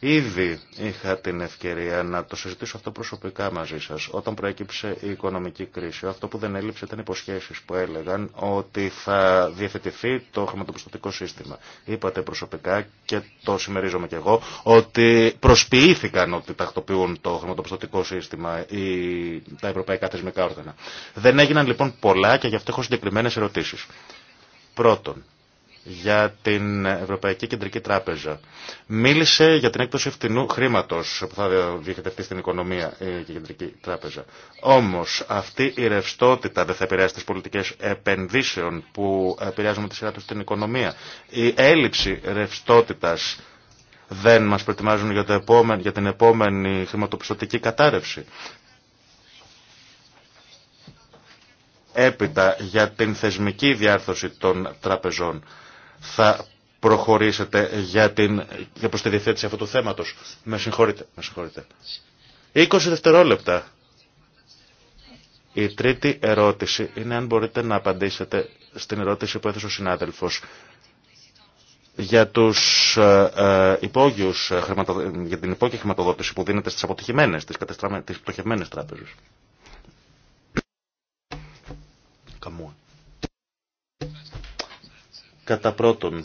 Speaker 1: Ήδη είχα την ευκαιρία να το συζητήσω αυτό προσωπικά μαζί σας. Όταν προέκυψε η οικονομική κρίση, αυτό που δεν έλειψε ήταν υποσχέσεις που έλεγαν ότι θα διευθετηθεί το χρηματοπιστωτικό σύστημα. Είπατε προσωπικά και το συμμερίζομαι και εγώ ότι προσποιήθηκαν ότι τακτοποιούν το χρηματοπιστωτικό σύστημα ή τα ευρωπαϊκά θεσμικά όργανα. Δεν έγιναν λοιπόν πολλά και γι' αυτό έχω συγκεκριμένε ερωτήσεις. Πρώτον, για την Ευρωπαϊκή Κεντρική Τράπεζα. Μίλησε για την έκπτωση φτηνού χρήματο που θα διοικητευτεί στην οικονομία ε, η Κεντρική Τράπεζα. Όμω αυτή η ρευστότητα δεν θα επηρεάσει τι πολιτικέ επενδύσεων που επηρεάζουν με τη σειρά του την οικονομία. Η έλλειψη ρευστότητα δεν μας προετοιμάζουν για, για την επόμενη χρηματοπιστωτική κατάρρευση. Έπειτα για την θεσμική διάρθρωση των τραπεζών θα προχωρήσετε για, την, για προς τη διευθέτηση αυτού του θέματος. Με συγχωρείτε, με συγχωρείτε. 20 δευτερόλεπτα. Η τρίτη ερώτηση είναι αν μπορείτε να απαντήσετε στην ερώτηση που έθεσε ο συνάδελφος για, τους, ε, ε, ε για την υπόγεια χρηματοδότηση που δίνεται στις αποτυχημένες, τις, τις πτωχευμένες τράπεζες. Κατά πρώτον,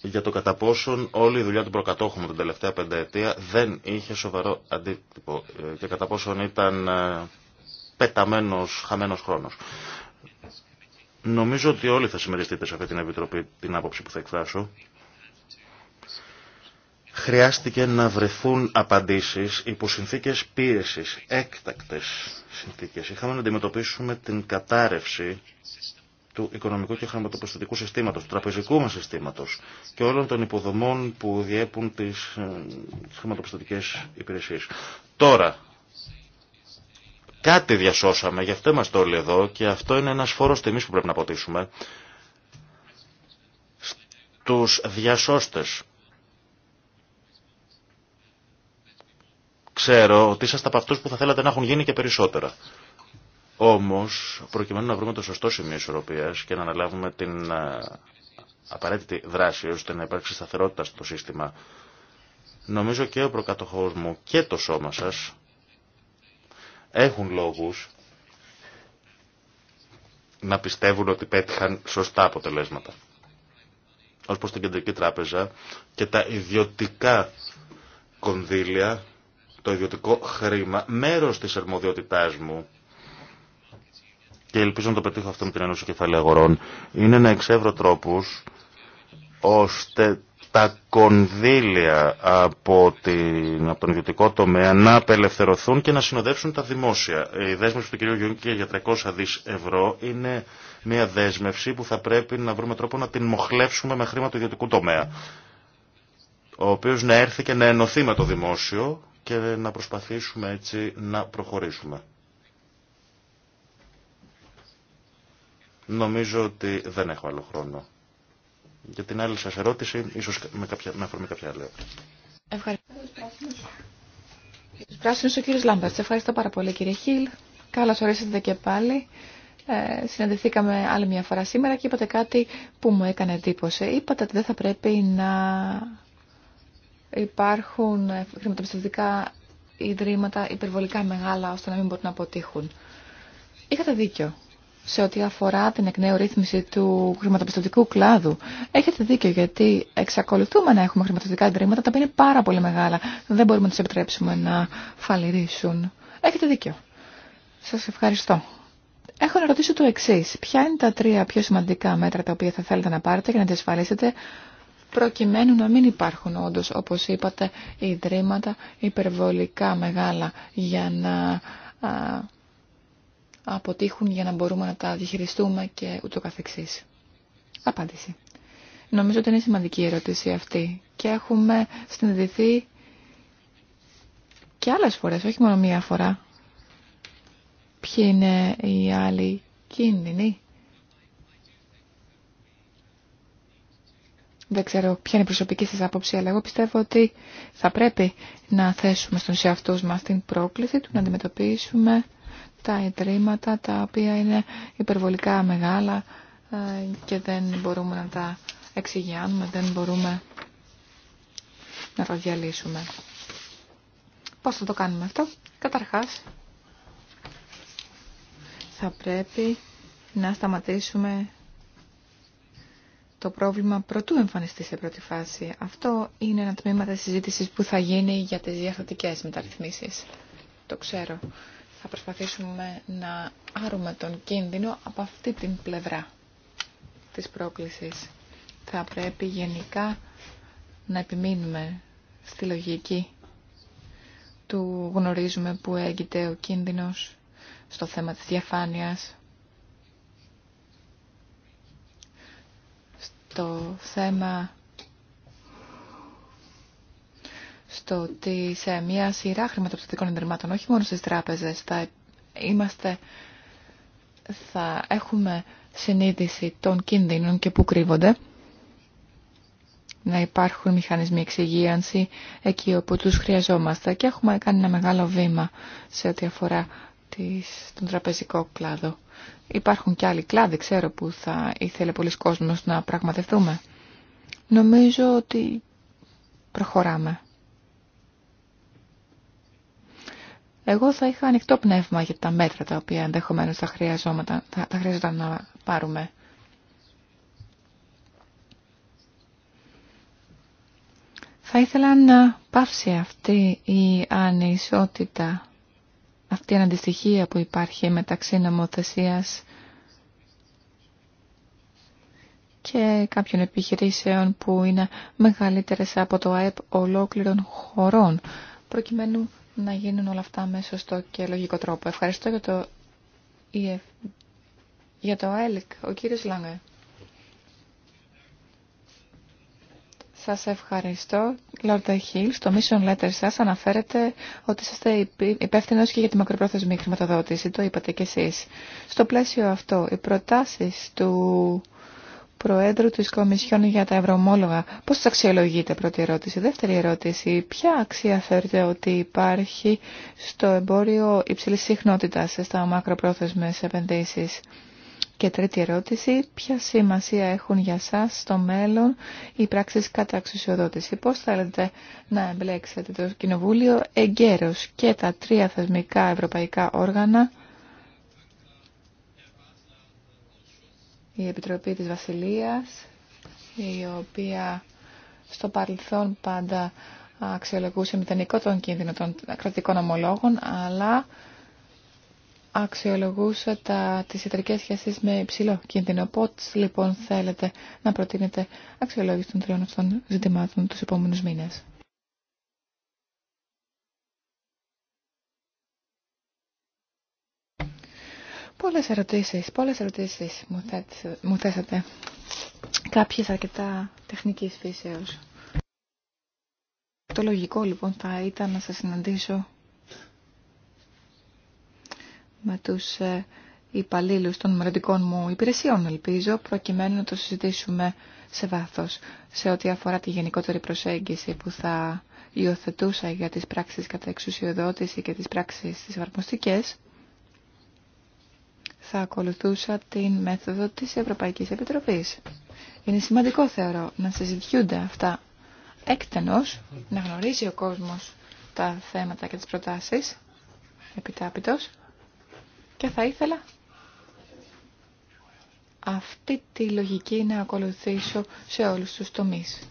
Speaker 1: για το κατά πόσον όλη η δουλειά του προκατόχου μου την τελευταία πενταετία δεν είχε σοβαρό αντίκτυπο ε, και κατά πόσον ήταν ε, πεταμένος, χαμένος χρόνος. Νομίζω ότι όλοι θα συμμεριστείτε σε αυτή την Επιτροπή την άποψη που θα εκφράσω χρειάστηκε να βρεθούν απαντήσεις υπό συνθήκες πίεσης, έκτακτες συνθήκες. Είχαμε να αντιμετωπίσουμε την κατάρρευση του οικονομικού και χρηματοπιστωτικού συστήματος, του τραπεζικού μας συστήματος και όλων των υποδομών που διέπουν τις ε, χρηματοπιστωτικές υπηρεσίες. Τώρα, κάτι διασώσαμε, γι' αυτό είμαστε όλοι εδώ και αυτό είναι ένας φόρος τιμής που πρέπει να αποτίσουμε. Τους διασώστες Ξέρω ότι είσαστε από αυτού που θα θέλατε να έχουν γίνει και περισσότερα. Όμω, προκειμένου να βρούμε το σωστό σημείο ισορροπία και να αναλάβουμε την ε, απαραίτητη δράση ώστε να υπάρξει σταθερότητα στο σύστημα, νομίζω και ο προκατοχό μου και το σώμα σα έχουν λόγου να πιστεύουν ότι πέτυχαν σωστά αποτελέσματα. Ως προς την Κεντρική Τράπεζα και τα ιδιωτικά κονδύλια το ιδιωτικό χρήμα, μέρος της αρμοδιότητάς μου, και ελπίζω να το πετύχω αυτό με την Ένωση Κεφαλαίου Αγορών, είναι να εξεύρω τρόπους ώστε τα κονδύλια από, την, από τον ιδιωτικό τομέα να απελευθερωθούν και να συνοδεύσουν τα δημόσια. Η δέσμευση του κ. Γιούνκη για 300 δις ευρώ είναι μια δέσμευση που θα πρέπει να βρούμε τρόπο να την μοχλεύσουμε με χρήμα του ιδιωτικού τομέα, ο οποίος να έρθει και να ενωθεί με το δημόσιο και να προσπαθήσουμε έτσι να προχωρήσουμε. Νομίζω ότι δεν έχω άλλο χρόνο. Για την άλλη σας ερώτηση, ίσως με, κάποια, με αφορμή κάποια άλλη.
Speaker 3: Ευχαριστώ. Πράσινος ο κύριος Σε Ευχαριστώ πάρα πολύ κύριε Χίλ. Καλώς ορίσατε και πάλι. Ε, συναντηθήκαμε άλλη μια φορά σήμερα και είπατε κάτι που μου έκανε εντύπωση. Είπατε ότι δεν θα πρέπει να υπάρχουν χρηματοπιστωτικά ιδρύματα υπερβολικά μεγάλα ώστε να μην μπορούν να αποτύχουν. Είχατε δίκιο σε ό,τι αφορά την εκ νέου ρύθμιση του χρηματοπιστωτικού κλάδου. Έχετε δίκιο γιατί εξακολουθούμε να έχουμε χρηματοπιστωτικά ιδρύματα τα οποία είναι πάρα πολύ μεγάλα. Δεν μπορούμε να τους επιτρέψουμε να φαλυρίσουν. Έχετε δίκιο. Σα ευχαριστώ. Έχω να ρωτήσω το εξή. Ποια είναι τα τρία πιο σημαντικά μέτρα τα οποία θα θέλετε να πάρετε για να διασφαλίσετε προκειμένου να μην υπάρχουν όντως, όπως είπατε, ιδρύματα υπερβολικά μεγάλα για να αποτύχουν, για να μπορούμε να τα διχειριστούμε και ούτω καθεξής. Απάντηση. Νομίζω ότι είναι σημαντική η ερώτηση αυτή και έχουμε συνειδηθεί και άλλες φορές, όχι μόνο μία φορά, ποιοι είναι οι άλλοι κίνδυνοι Δεν ξέρω ποια είναι η προσωπική σας άποψη, αλλά εγώ πιστεύω ότι θα πρέπει να θέσουμε στον εαυτούς μας την πρόκληση του να αντιμετωπίσουμε τα ιδρύματα τα οποία είναι υπερβολικά μεγάλα ε, και δεν μπορούμε να τα εξηγιάνουμε, δεν μπορούμε να τα διαλύσουμε. Πώς θα το κάνουμε αυτό. Καταρχάς, θα πρέπει να σταματήσουμε το πρόβλημα προτού εμφανιστεί σε πρώτη φάση. Αυτό είναι ένα τμήμα της συζήτησης που θα γίνει για τις διαστατικές μεταρρυθμίσεις. Το ξέρω. Θα προσπαθήσουμε να άρουμε τον κίνδυνο από αυτή την πλευρά της πρόκλησης. Θα πρέπει γενικά να επιμείνουμε στη λογική του γνωρίζουμε που έγκυται ο κίνδυνος στο θέμα της διαφάνειας το θέμα στο ότι σε μια σειρά χρηματοπιστωτικών ιδρυμάτων, όχι μόνο στις τράπεζες, θα είμαστε, θα έχουμε συνείδηση των κινδύνων και που κρύβονται, να υπάρχουν μηχανισμοί εξυγίανση εκεί όπου τους χρειαζόμαστε και έχουμε κάνει ένα μεγάλο βήμα σε ό,τι αφορά τον τραπεζικό κλάδο. Υπάρχουν και άλλοι κλάδοι, ξέρω, που θα ήθελε πολλοί κόσμος να πραγματευτούμε. Νομίζω ότι προχωράμε. Εγώ θα είχα ανοιχτό πνεύμα για τα μέτρα τα οποία ενδεχομένω θα, χρειαζόταν, θα, θα χρειαζόταν να πάρουμε. Θα ήθελα να πάυσει αυτή η ανισότητα αυτή η αντιστοιχία που υπάρχει μεταξύ νομοθεσίας και κάποιων επιχειρήσεων που είναι μεγαλύτερες από το ΑΕΠ ολόκληρων χωρών, προκειμένου να γίνουν όλα αυτά με σωστό και λογικό τρόπο. Ευχαριστώ για το, e για το ΑΕΛΚ, ο κύριος Λάγκε. Σας ευχαριστώ. Λόρτε Χίλ, στο mission letter σας αναφέρετε ότι είστε υπεύθυνος και για τη μακροπρόθεσμη χρηματοδότηση. Το είπατε κι εσείς. Στο πλαίσιο αυτό, οι προτάσεις του Προέδρου της Κομισιόν για τα Ευρωομόλογα, πώς τις αξιολογείτε, πρώτη ερώτηση. Δεύτερη ερώτηση, ποια αξία θεωρείτε ότι υπάρχει στο εμπόριο υψηλής συχνότητας στα μακροπρόθεσμες επενδύσεις. Και τρίτη ερώτηση, ποια σημασία έχουν για σας στο μέλλον οι πράξεις κατά αξιοδότηση. Πώς θέλετε να εμπλέξετε το Κοινοβούλιο εγκαίρως και τα τρία θεσμικά ευρωπαϊκά όργανα, η Επιτροπή της Βασιλείας, η οποία στο παρελθόν πάντα αξιολογούσε μηδενικό τον κίνδυνο των κρατικών ομολόγων, αλλά αξιολογούσατε τα, τις ιατρικές σχέσεις με υψηλό κίνδυνο. Πώς λοιπόν θέλετε να προτείνετε αξιολόγηση των τριών αυτών ζητημάτων τους επόμενους μήνες. Πολλές ερωτήσεις, πολλές ερωτήσεις μου, μου θέσατε. Κάποιες αρκετά τεχνικής φύσεως. Το λογικό λοιπόν θα ήταν να σας συναντήσω με τους ε, υπαλλήλους των μελλοντικών μου υπηρεσιών, ελπίζω, προκειμένου να το συζητήσουμε σε βάθος σε ό,τι αφορά τη γενικότερη προσέγγιση που θα υιοθετούσα για τις πράξεις κατά εξουσιοδότηση και τις πράξεις της εφαρμοστικές. Θα ακολουθούσα την μέθοδο της Ευρωπαϊκής Επιτροπής. Είναι σημαντικό, θεωρώ, να συζητιούνται αυτά έκτενος, να γνωρίζει ο κόσμος τα θέματα και τις προτάσεις, επιτάπητος, και θα ήθελα αυτή τη λογική να ακολουθήσω σε όλους τους τομείς.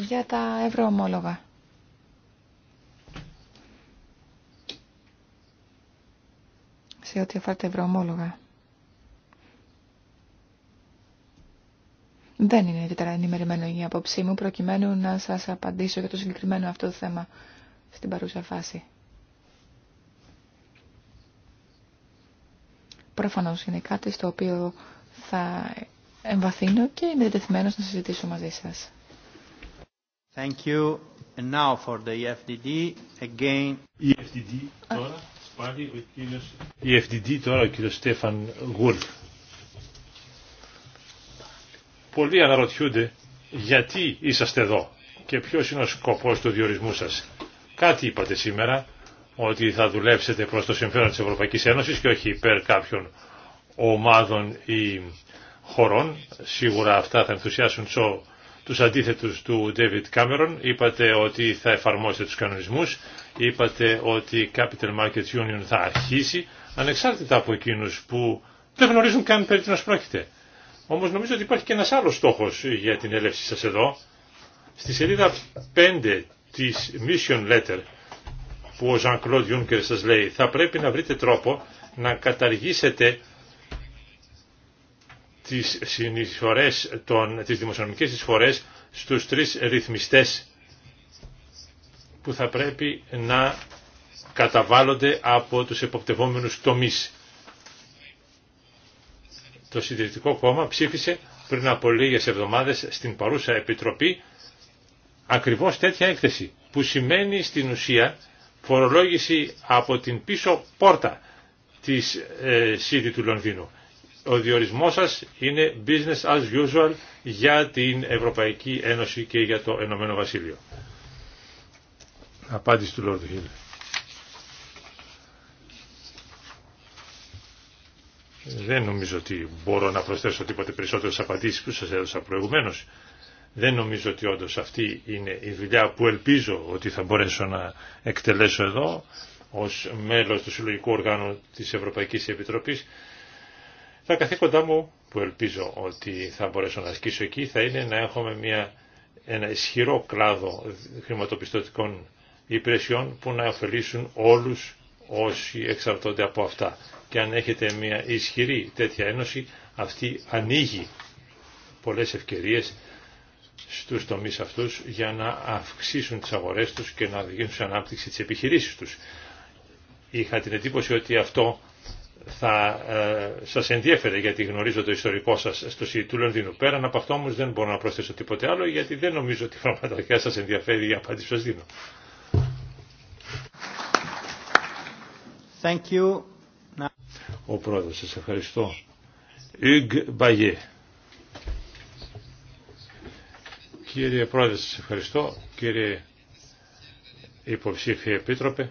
Speaker 3: Για τα ευρωομόλογα. Σε ό,τι αφορά τα ευρωομόλογα. Δεν είναι ιδιαίτερα ενημερημένο η απόψή μου προκειμένου να σας απαντήσω για το συγκεκριμένο αυτό θέμα στην παρούσα φάση. Προφανώς είναι κάτι στο οποίο θα εμβαθύνω και είμαι δεδεθμένος να συζητήσω μαζί σας.
Speaker 1: Thank you. And now for the EFDD again.
Speaker 2: EFDD τώρα, πάλι ο e τώρα, ο κύριος Στέφαν Γουλφ. Πολλοί αναρωτιούνται γιατί είσαστε εδώ και ποιος είναι ο σκοπός του διορισμού σας. Κάτι είπατε σήμερα ότι θα δουλέψετε προς το συμφέρον της Ευρωπαϊκής Ένωσης και όχι υπέρ κάποιων ομάδων ή χωρών. Σίγουρα αυτά θα ενθουσιάσουν τσο τους αντίθετους του David Cameron. Είπατε ότι θα εφαρμόσετε τους κανονισμούς. Είπατε ότι η Capital Markets Union θα αρχίσει ανεξάρτητα από εκείνους που δεν γνωρίζουν καν περί τίνος πρόκειται. Όμως νομίζω ότι υπάρχει και ένας άλλος στόχος για την έλευση σας εδώ. Στη σελίδα 5 της Mission Letter που ο Jean-Claude Juncker σας λέει. Θα πρέπει να βρείτε τρόπο να καταργήσετε τις συνεισφορές, των, τις δημοσιονομικές εισφορές στους τρεις ρυθμιστές που θα πρέπει να καταβάλλονται από τους εποπτευόμενους τομείς. Το Συντηρητικό Κόμμα ψήφισε πριν από λίγες εβδομάδες στην παρούσα Επιτροπή ακριβώς τέτοια έκθεση που σημαίνει στην ουσία φορολόγηση από την πίσω πόρτα της ε, του Λονδίνου. Ο διορισμός σας είναι business as usual για την Ευρωπαϊκή Ένωση και για το Ενωμένο Βασίλειο. Απάντηση του Λόρδου Χίλ. Δεν νομίζω ότι μπορώ να προσθέσω τίποτε περισσότερο στις απαντήσεις που σας έδωσα προηγουμένως. Δεν νομίζω ότι όντως αυτή είναι η δουλειά που ελπίζω ότι θα μπορέσω να εκτελέσω εδώ ως μέλος του Συλλογικού Οργάνου της Ευρωπαϊκής Επιτροπής. Τα καθήκοντά μου που ελπίζω ότι θα μπορέσω να ασκήσω εκεί θα είναι να έχουμε μια, ένα ισχυρό κλάδο χρηματοπιστωτικών υπηρεσιών που να ωφελήσουν όλους όσοι εξαρτώνται από αυτά. Και αν έχετε μια ισχυρή τέτοια ένωση, αυτή ανοίγει πολλές ευκαιρίες στους τομείς αυτούς για να αυξήσουν τις αγορές τους και να οδηγήσουν σε ανάπτυξη της επιχειρήσης τους. Είχα την εντύπωση ότι αυτό θα ε, σας ενδιέφερε γιατί γνωρίζω το ιστορικό σας στο ΣΥΤ του Λονδίνου. Πέραν από αυτό όμως δεν μπορώ να προσθέσω τίποτε άλλο γιατί δεν νομίζω ότι πραγματικά σας ενδιαφέρει η απάντηση σας δίνω. Ο πρόεδρος, σας ευχαριστώ. Κύριε Πρόεδρε, σας ευχαριστώ. Κύριε Υποψήφιε Επίτροπε,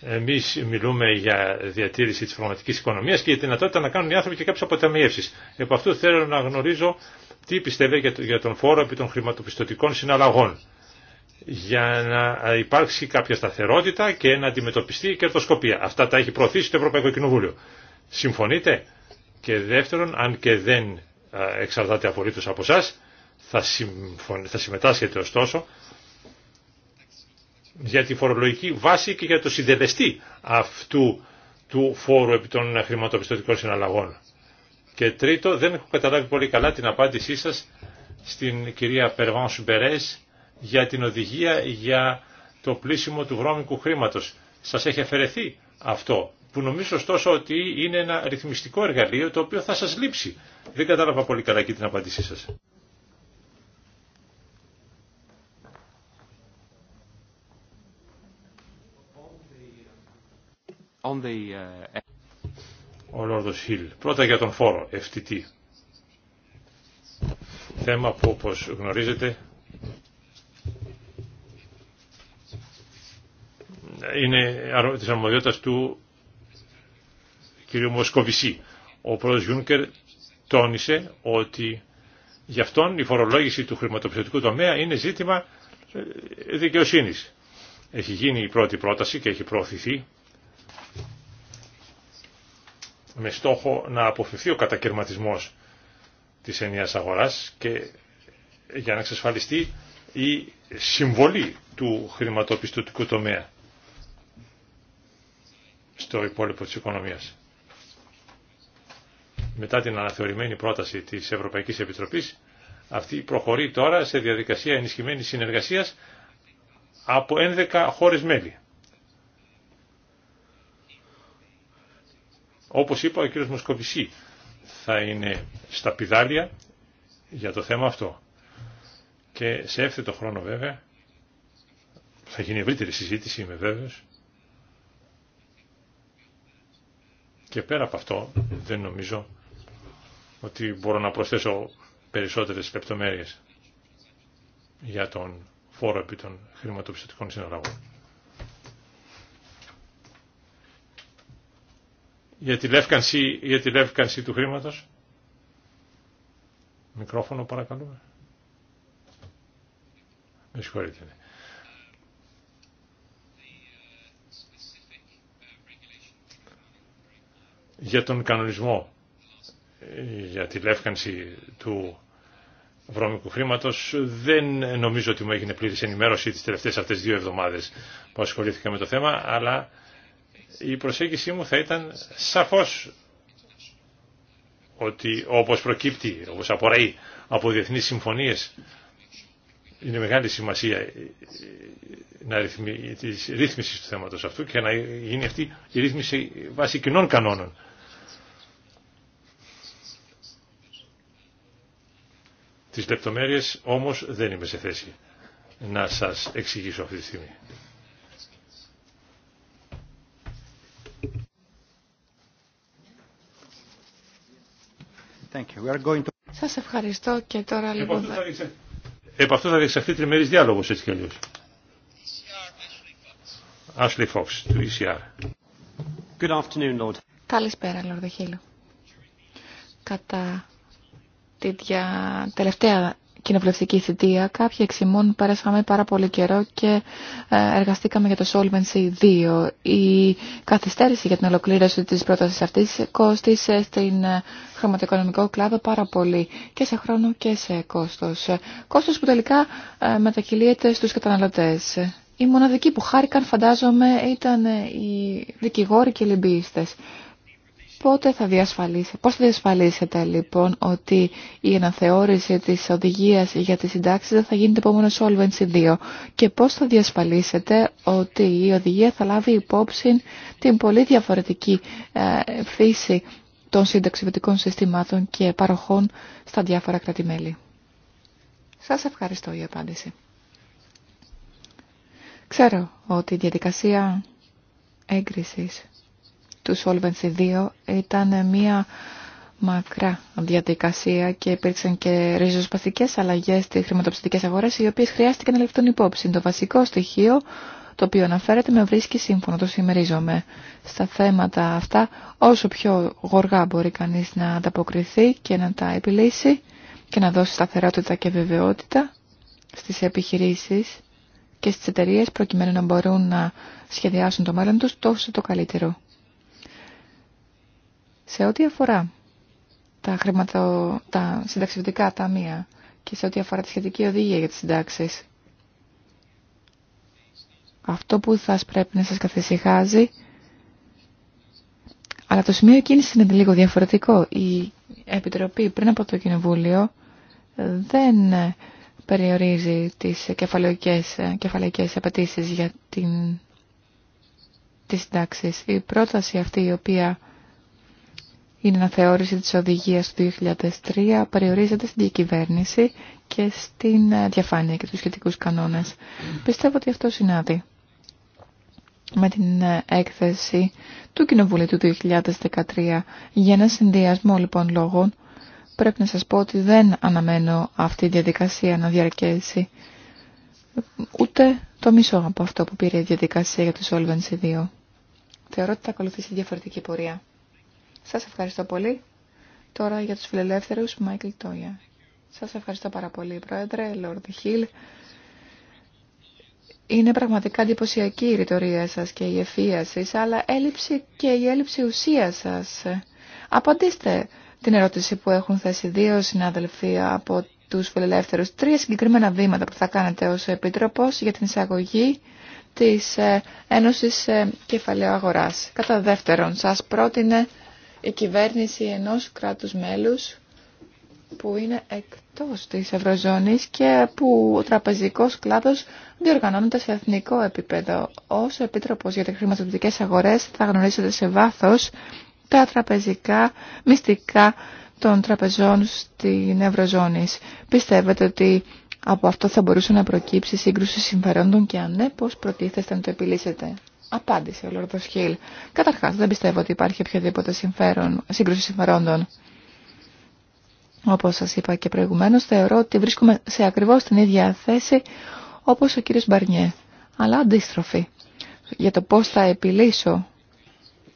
Speaker 2: εμείς μιλούμε για διατήρηση της πραγματικής οικονομίας και η δυνατότητα να κάνουν οι άνθρωποι και κάποιες αποταμιεύσεις. Επ' αυτού θέλω να γνωρίζω τι πιστεύει για τον φόρο επί των χρηματοπιστωτικών συναλλαγών για να υπάρξει κάποια σταθερότητα και να αντιμετωπιστεί η κερδοσκοπία. Αυτά τα έχει προωθήσει το Ευρωπαϊκό Κοινοβούλιο. Συμφωνείτε? Και δεύτερον, αν και δεν ε, εξαρτάται απολύτως από εσά. Θα, θα συμμετάσχετε ωστόσο για τη φορολογική βάση και για το συνδεδεστή αυτού του φόρου επί των χρηματοπιστωτικών συναλλαγών. Και τρίτο, δεν έχω καταλάβει πολύ καλά την απάντησή σας στην κυρία Περβάν Σουμπερές για την οδηγία για το πλήσιμο του βρώμικου χρήματος. Σας έχει αφαιρεθεί αυτό που νομίζω ωστόσο ότι είναι ένα ρυθμιστικό εργαλείο το οποίο θα σας λείψει. Δεν κατάλαβα πολύ καλά και την απάντησή σας. On the... Uh, Ο Λόρδος Χιλ. Πρώτα για τον φόρο, FTT. Θέμα που όπως γνωρίζετε είναι της αρμοδιότητας του κ. Μοσκοβισή. Ο πρόεδρος Γιούνκερ τόνισε ότι γι' αυτόν η φορολόγηση του χρηματοπιστωτικού τομέα είναι ζήτημα ε, δικαιοσύνης. Έχει γίνει η πρώτη πρόταση και έχει προωθηθεί με στόχο να αποφευθεί ο κατακαιρματισμός της ενιαίας αγοράς και για να εξασφαλιστεί η συμβολή του χρηματοπιστωτικού τομέα στο υπόλοιπο της οικονομίας μετά την αναθεωρημένη πρόταση της Ευρωπαϊκής Επιτροπής, αυτή προχωρεί τώρα σε διαδικασία ενισχυμένης συνεργασίας από 11 χώρες μέλη. Όπως είπα, ο κ. Μοσκοβισή θα είναι στα πιδάλια για το θέμα αυτό. Και σε έφθετο χρόνο βέβαια, θα γίνει ευρύτερη συζήτηση, είμαι βέβαιος, και πέρα από αυτό δεν νομίζω ότι μπορώ να προσθέσω περισσότερες λεπτομέρειες για τον φόρο επί των χρηματοπιστωτικών συναλλαγών. Για τη λεύκανση, για τη λεύκανση του χρήματος. Μικρόφωνο παρακαλούμε. Με συγχωρείτε. Ναι. Για τον κανονισμό για τη λεύκανση του βρώμικου χρήματος. Δεν νομίζω ότι μου έγινε πλήρης ενημέρωση τις τελευταίες αυτές δύο εβδομάδες που ασχολήθηκα με το θέμα, αλλά η προσέγγιση μου θα ήταν σαφώς ότι όπως προκύπτει, όπως απορρέει από διεθνείς συμφωνίες, είναι μεγάλη σημασία να ρύθμιση ρύθμισης του θέματος αυτού και να γίνει αυτή η ρύθμιση βάσει κοινών κανόνων. Τις λεπτομέρειες όμως δεν είμαι σε θέση να σας εξηγήσω αυτή τη στιγμή.
Speaker 3: Σας ευχαριστώ και τώρα λοιπόν...
Speaker 2: Επ' θα, αυτό θα διεξαχθεί τριμερής διάλογος έτσι κι αλλιώς. Ashley Fox, του ECR.
Speaker 3: Καλησπέρα, Λόρδε Χίλου. Κατά για τελευταία κοινοβουλευτική θητεία κάποιοι εξημών πέρασαμε πάρα πολύ καιρό και ε, εργαστήκαμε για το Solvency 2. Η καθυστέρηση για την ολοκλήρωση της πρότασης αυτής κόστησε στην ε, χρηματοοικονομικό κλάδο πάρα πολύ και σε χρόνο και σε κόστος. Κόστος που τελικά ε, μετακυλίεται στους καταναλωτές. Οι μοναδικοί που χάρηκαν φαντάζομαι ήταν οι δικηγόροι και οι λιμπύιστες. Πότε θα διασφαλίσετε, πώς θα διασφαλίσετε λοιπόν ότι η αναθεώρηση της οδηγίας για τις συντάξεις δεν θα γίνεται επόμενο Solvency 2 και πώς θα διασφαλίσετε ότι η οδηγία θα λάβει υπόψη την πολύ διαφορετική ε, φύση των συνταξιβετικών συστημάτων και παροχών στα διάφορα κρατημέλη. Σας ευχαριστώ για απάντηση. Ξέρω ότι η διαδικασία έγκρισης του Solvency 2 ήταν μια μακρά διαδικασία και υπήρξαν και ριζοσπαστικές αλλαγές στις χρηματοπιστωτικές αγορές οι οποίες χρειάστηκε να ληφθούν υπόψη. Το βασικό στοιχείο το οποίο αναφέρεται με βρίσκει σύμφωνο, το συμμερίζομαι. Στα θέματα αυτά όσο πιο γοργά μπορεί κανείς να ανταποκριθεί και να τα επιλύσει και να δώσει σταθερότητα και βεβαιότητα στις επιχειρήσεις και στις εταιρείε προκειμένου να μπορούν να σχεδιάσουν το μέλλον τους τόσο το καλύτερο. Σε ό,τι αφορά τα, χρηματο... τα συνταξιδικά ταμεία και σε ό,τι αφορά τη σχετική οδηγία για τις συντάξεις, αυτό που θα πρέπει να σας καθησυχάζει, αλλά το σημείο κίνησης είναι λίγο διαφορετικό. Η Επιτροπή πριν από το Κοινοβούλιο δεν περιορίζει τις κεφαλαϊκές απαιτήσει για την, τις συντάξεις. Η πρόταση αυτή η οποία η αναθεώρηση της οδηγίας του 2003 περιορίζεται στην διακυβέρνηση και στην ε, διαφάνεια και τους σχετικούς κανόνες. Πιστεύω ότι αυτό συνάδει με την ε, έκθεση του Κοινοβουλίου του 2013 για ένα συνδυασμό λοιπόν λόγων. Πρέπει να σας πω ότι δεν αναμένω αυτή η διαδικασία να διαρκέσει ούτε το μισό από αυτό που πήρε η διαδικασία για το Solvency 2. Θεωρώ ότι θα ακολουθήσει διαφορετική πορεία. Σας ευχαριστώ πολύ. Τώρα για τους φιλελεύθερους, Μάικλ Τόγια. Σας ευχαριστώ πάρα πολύ, Πρόεδρε, Λόρδι Χίλ. Είναι πραγματικά εντυπωσιακή η ρητορία σας και η εφίαση, αλλά έλλειψη και η έλλειψη ουσία σας. Απαντήστε την ερώτηση που έχουν θέσει δύο συνάδελφοι από τους φιλελεύθερους. Τρία συγκεκριμένα βήματα που θα κάνετε ως Επίτροπος για την εισαγωγή της ε, Ένωσης ε, Κεφαλαίου Αγοράς. Κατά δεύτερον, σας πρότεινε η κυβέρνηση ενός κράτους μέλους που είναι εκτός της Ευρωζώνης και που ο τραπεζικός κλάδος διοργανώνεται σε εθνικό επίπεδο. Ως Επίτροπος για τις χρηματοδοτικές αγορές θα γνωρίσετε σε βάθος τα τραπεζικά μυστικά των τραπεζών στην Ευρωζώνη. Πιστεύετε ότι από αυτό θα μπορούσε να προκύψει σύγκρουση συμφερόντων και αν ναι, πώς προτίθεστε να το επιλύσετε. Απάντησε ο Λόρδος Χιλ. Καταρχάς δεν πιστεύω ότι υπάρχει οποιαδήποτε συμφέρον, σύγκρουση συμφερόντων. Όπως σας είπα και προηγουμένως, θεωρώ ότι βρίσκομαι σε ακριβώς την ίδια θέση όπως ο κύριο Μπαρνιέ, αλλά αντίστροφη. Για το πώς θα επιλύσω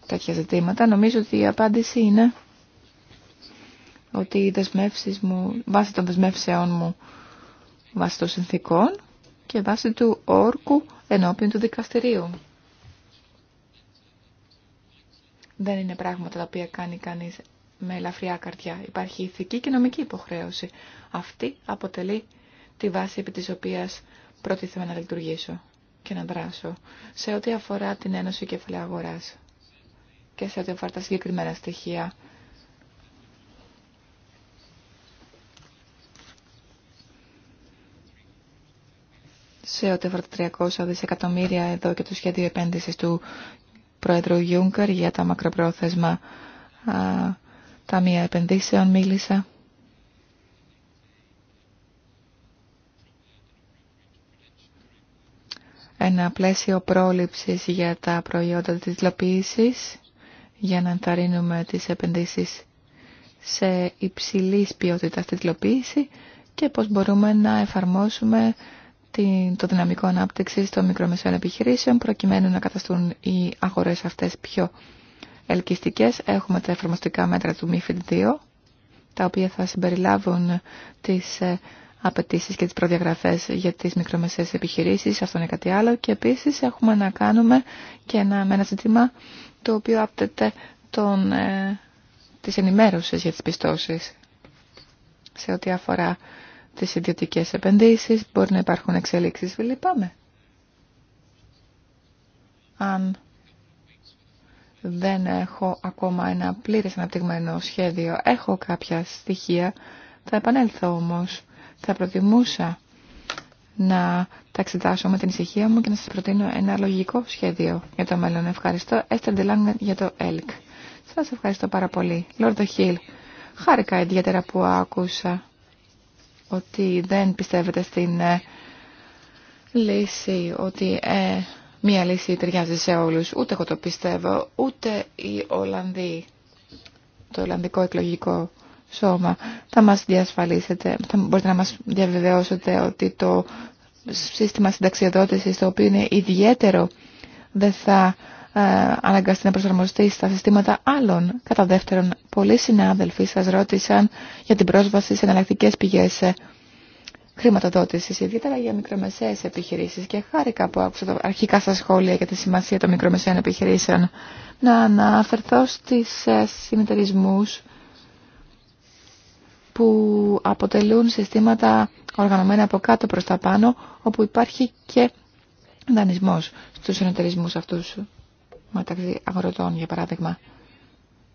Speaker 3: τέτοια ζητήματα, νομίζω ότι η απάντηση είναι ότι οι μου, βάσει των δεσμεύσεών μου, βάσει των συνθήκων και βάσει του όρκου ενώπιον του δικαστηρίου. δεν είναι πράγματα τα οποία κάνει κανείς με ελαφριά καρδιά. Υπάρχει ηθική και νομική υποχρέωση. Αυτή αποτελεί τη βάση επί της οποίας προτίθεμαι να λειτουργήσω και να δράσω σε ό,τι αφορά την Ένωση Κεφαλαίου Αγοράς και σε ό,τι αφορά τα συγκεκριμένα στοιχεία. σε ό,τι αφορά τα 300 δισεκατομμύρια εδώ και το σχέδιο επένδυσης του Πρόεδρο Γιούγκαρ για τα μακροπρόθεσμα ταμεία επενδύσεων μίλησα. Ένα πλαίσιο πρόληψης για τα προϊόντα της υλοποίησης για να ενθαρρύνουμε τις επενδύσεις σε υψηλής ποιότητας τιτλοποίηση και πώς μπορούμε να εφαρμόσουμε το δυναμικό ανάπτυξη των μικρομεσαίων επιχειρήσεων προκειμένου να καταστούν οι αγορές αυτές πιο ελκυστικές. Έχουμε τα εφαρμοστικά μέτρα του MIFID 2, τα οποία θα συμπεριλάβουν τις ε, απαιτήσει και τις προδιαγραφές για τις μικρομεσαίες επιχειρήσεις, αυτό είναι κάτι άλλο. Και επίσης έχουμε να κάνουμε και ένα, με ένα ζήτημα το οποίο άπτεται τον, ε, για τις πιστώσεις σε ό,τι αφορά τις ιδιωτικές επενδύσεις, μπορεί να υπάρχουν εξελίξεις, λυπάμαι. Αν δεν έχω ακόμα ένα πλήρες αναπτυγμένο σχέδιο, έχω κάποια στοιχεία, θα επανέλθω όμως. Θα προτιμούσα να τα εξετάσω με την ησυχία μου και να σας προτείνω ένα λογικό σχέδιο για το μέλλον. Ευχαριστώ. Έστεντε για το ΕΛΚ. Σας ευχαριστώ πάρα πολύ. Λόρδο Χίλ, χάρηκα ιδιαίτερα που άκουσα ότι δεν πιστεύετε στην ε, λύση, ότι ε, μία λύση ταιριάζει σε όλους. Ούτε εγώ το πιστεύω, ούτε οι Ολλανδοί, το Ολλανδικό εκλογικό σώμα, θα μας διασφαλίσετε, θα μπορείτε να μας διαβεβαιώσετε ότι το σύστημα συνταξιοδότησης, το οποίο είναι ιδιαίτερο, δεν θα ε, αναγκαστεί να προσαρμοστεί στα συστήματα άλλων. Κατά δεύτερον, πολλοί συνάδελφοι σας ρώτησαν για την πρόσβαση σε εναλλακτικέ πηγές ε, χρηματοδότησης, ιδιαίτερα για μικρομεσαίες επιχειρήσεις και χάρηκα που άκουσα αρχικά στα σχόλια για τη σημασία των μικρομεσαίων επιχειρήσεων να αναφερθώ στις ε, συνεταιρισμού που αποτελούν συστήματα οργανωμένα από κάτω προς τα πάνω, όπου υπάρχει και δανεισμός στους συνεταιρισμούς αυτούς μεταξύ αγροτών, για παράδειγμα.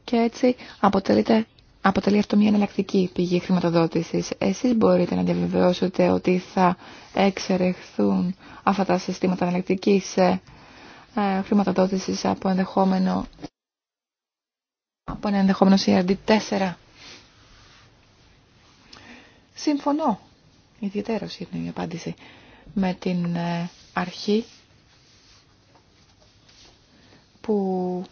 Speaker 3: Και έτσι αποτελείται, αποτελεί αυτό μια εναλλακτική πηγή χρηματοδότησης. Εσείς μπορείτε να διαβεβαιώσετε ότι θα εξερεχθούν αυτά τα συστήματα εναλλακτικής ε, ε, χρηματοδότησης από ενδεχόμενο από ένα ενδεχόμενο CRD4. Συμφωνώ, ιδιαίτερος είναι η απάντηση, με την ε, αρχή που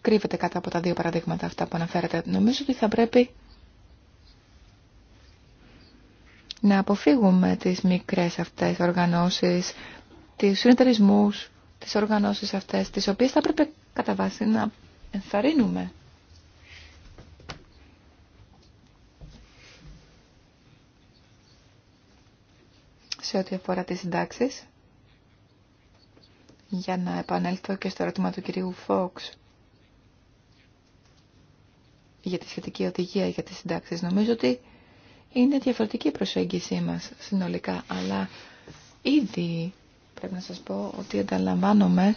Speaker 3: κρύβεται κάτω από τα δύο παραδείγματα αυτά που αναφέρατε. Νομίζω ότι θα πρέπει να αποφύγουμε τις μικρές αυτές οργανώσεις, τις συνεταιρισμούς, τις οργανώσεις αυτές, τις οποίες θα πρέπει κατά βάση να ενθαρρύνουμε. Σε ό,τι αφορά τις συντάξεις, για να επανέλθω και στο ερώτημα του κυρίου Φόξ για τη σχετική οδηγία για τις συντάξεις. Νομίζω ότι είναι διαφορετική η προσέγγιση μας συνολικά, αλλά ήδη πρέπει να σας πω ότι ανταλαμβάνομαι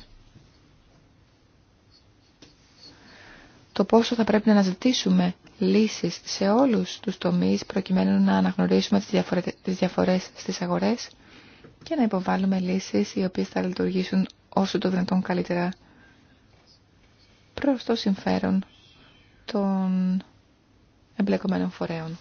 Speaker 3: το πόσο θα πρέπει να αναζητήσουμε λύσεις σε όλους τους τομείς προκειμένου να αναγνωρίσουμε τις διαφορές στις αγορές και να υποβάλουμε λύσεις οι οποίες θα λειτουργήσουν όσο το δυνατόν καλύτερα προς το συμφέρον των εμπλεκομένων φορέων.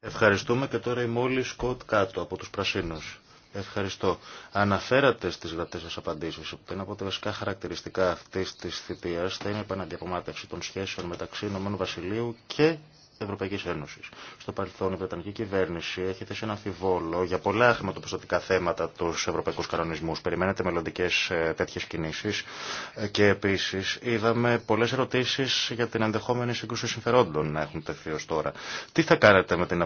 Speaker 1: Ευχαριστούμε και τώρα η Μόλι Σκοτ Κάτω από τους Πρασίνους. Ευχαριστώ. Αναφέρατε στις γραπτές σας απαντήσεις ότι ένα από τα βασικά χαρακτηριστικά αυτής της θητείας θα είναι η επαναδιαπομάτευση των σχέσεων μεταξύ Ηνωμένου Βασιλείου και Ευρωπαϊκή Ένωση. Στο παρελθόν η Βρετανική κυβέρνηση έχει θέσει ένα αμφιβόλο για πολλά χρηματοπιστωτικά θέματα του Ευρωπαϊκού κανονισμού, Περιμένετε μελλοντικέ ε, τέτοιε κινήσει. Ε, και επίση είδαμε πολλέ ερωτήσει για την ενδεχόμενη σύγκρουση συμφερόντων να έχουν τεθεί ω τώρα. Τι θα κάνετε με την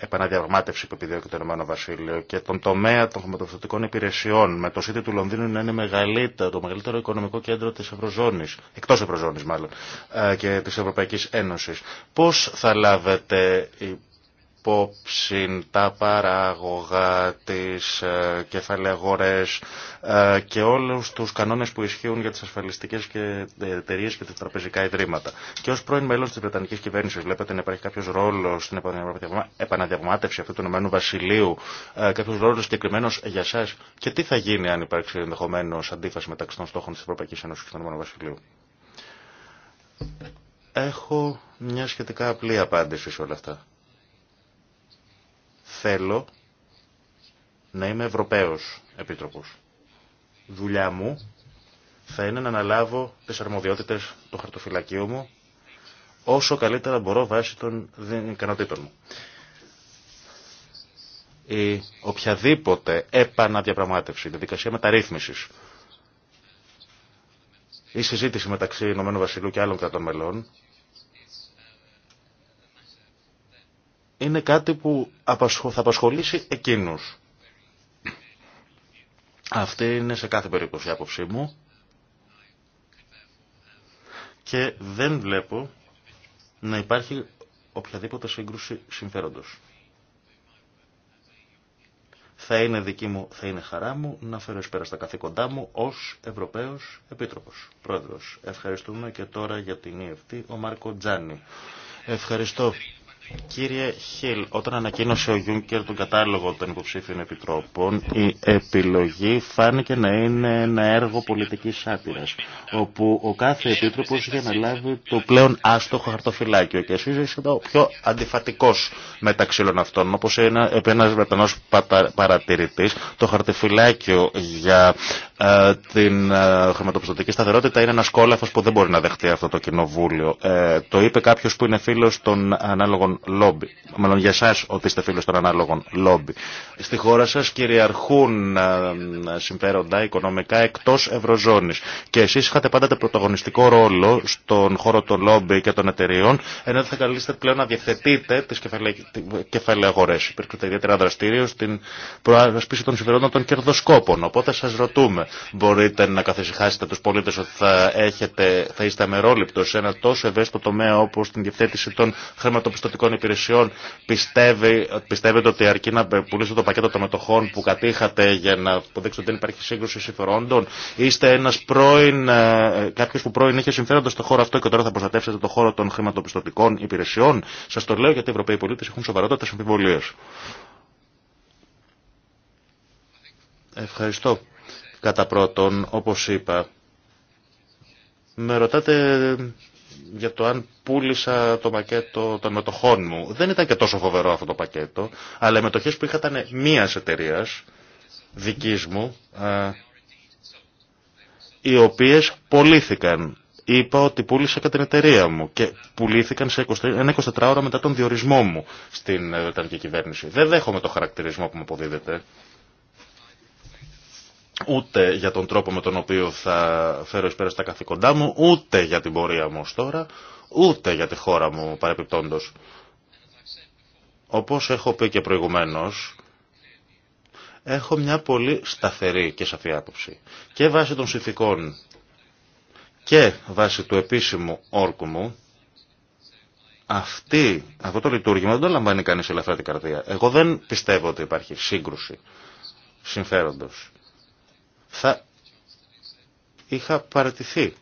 Speaker 1: επαναδιαγμάτευση που επιδιώκει το Ηνωμένο Βασίλειο και τον τομέα των χρηματοπιστωτικών υπηρεσιών με το ΣΥΤΙ του Λονδίνου να είναι μεγαλύτερο, το μεγαλύτερο οικονομικό κέντρο τη Ευρωζώνης, εκτό Ευρωζώνης μάλλον, ε, και της Ευρωπαϊκής Ένωσης. Πώ Πώς θα λάβετε υπόψη τα παράγωγα, τις ε, κεφαλαίες ε, και όλους τους κανόνες που ισχύουν για τις ασφαλιστικές και ε, εταιρείε και τα τραπεζικά ιδρύματα. Και ως πρώην μέλος της Βρετανικής κυβέρνησης βλέπετε να υπάρχει κάποιος ρόλος στην επαναδιαπραγμάτευση αυτού του Ηνωμένου Βασιλείου, ε, κάποιος ρόλος συγκεκριμένο για εσά και τι θα γίνει αν υπάρξει ενδεχομένω αντίφαση μεταξύ των στόχων της Ευρωπαϊκής Ένωσης και του Ηνωμένου Βασιλείου. Έχω μια σχετικά απλή απάντηση σε όλα αυτά. Θέλω να είμαι Ευρωπαίος Επίτροπος. Δουλειά μου θα είναι να αναλάβω τις αρμοδιότητες του χαρτοφυλακίου μου όσο καλύτερα μπορώ βάσει των ικανοτήτων μου. Η οποιαδήποτε επαναδιαπραγμάτευση, διαδικασία μεταρρύθμισης, η συζήτηση μεταξύ Ηνωμένου Βασιλού και άλλων κρατών μελών είναι κάτι που θα απασχολήσει εκείνους. Αυτή είναι σε κάθε περίπτωση η άποψή μου και δεν βλέπω να υπάρχει οποιαδήποτε σύγκρουση συμφέροντος. Θα είναι δική μου, θα είναι χαρά μου να φέρω εσπέρα στα καθήκοντά μου ως Ευρωπαίος Επίτροπος. Πρόεδρος, ευχαριστούμε και τώρα για την EFT ο Μάρκο Τζάνι. Ευχαριστώ Κύριε Χιλ, όταν ανακοίνωσε ο Γιούνκερ τον κατάλογο των υποψήφιων επιτρόπων, η επιλογή φάνηκε να είναι ένα έργο πολιτική άπειρα, όπου ο κάθε επίτροπο είχε αναλάβει το πλέον άστοχο χαρτοφυλάκιο και εσεί είστε ο πιο αντιφατικό μεταξύ όλων αυτών. Όπω ένα Βρετανό παρατηρητή, το χαρτοφυλάκιο για ε, την ε, χρηματοπιστωτική σταθερότητα είναι ένα κόλαφο που δεν μπορεί να δεχτεί αυτό το κοινοβούλιο. Ε, το είπε κάποιο που είναι φίλο των ανάλογων λόμπι. Μάλλον για εσά ότι είστε φίλο των ανάλογων λόμπι. Στη χώρα σα κυριαρχούν ε, ε, συμφέροντα οικονομικά εκτό Ευρωζώνη. Και εσεί είχατε πάντα το πρωταγωνιστικό ρόλο στον χώρο των λόμπι και των εταιριών, ενώ θα καλείστε πλέον να διευθετείτε τι κεφαλαίε αγορέ. το ιδιαίτερα δραστήριο στην προάσπιση των συμφερόντων των κερδοσκόπων. Οπότε σα ρωτούμε, μπορείτε να καθησυχάσετε του πολίτε ότι θα, έχετε, θα είστε αμερόληπτο σε ένα τόσο ευαίσθητο τομέα όπω την διευθέτηση των χρηματοπιστωτικών κοινωνικών υπηρεσιών πιστεύει, πιστεύετε ότι αρκεί να πουλήσετε το πακέτο των μετοχών που κατήχατε για να αποδείξετε ότι δεν υπάρχει σύγκρουση συμφερόντων. Είστε ένα πρώην, ε, κάποιο που πρώην είχε συμφέροντα στο χώρο αυτό και τώρα θα προστατεύσετε το χώρο των χρηματοπιστωτικών υπηρεσιών. σα το λέω γιατί οι Ευρωπαίοι πολίτε έχουν σοβαρότατε αμφιβολίε. Ευχαριστώ. Κατά πρώτον, όπως είπα, με ρωτάτε για το αν πούλησα το πακέτο των μετοχών μου. Δεν ήταν και τόσο φοβερό αυτό το πακέτο, αλλά οι μετοχές που είχα ήταν μίας εταιρεία δικής μου, οι οποίες πουλήθηκαν. Είπα ότι πούλησα κατά την εταιρεία μου και πουλήθηκαν σε 24 ώρα μετά τον διορισμό μου στην ε, Βρετανική κυβέρνηση. Δεν δέχομαι το χαρακτηρισμό που μου αποδίδεται ούτε για τον τρόπο με τον οποίο θα φέρω εις πέρα στα καθήκοντά μου, ούτε για την πορεία μου ως τώρα, ούτε για τη χώρα μου παρεπιπτόντος. Όπως έχω πει και προηγουμένως, έχω μια πολύ σταθερή και σαφή άποψη. Και βάσει των συνθηκών και βάσει του επίσημου όρκου μου, αυτή, αυτό το λειτουργήμα δεν το λαμβάνει κανείς ελαφρά την καρδία. Εγώ δεν πιστεύω ότι υπάρχει σύγκρουση συμφέροντος θα είχα παρατηθεί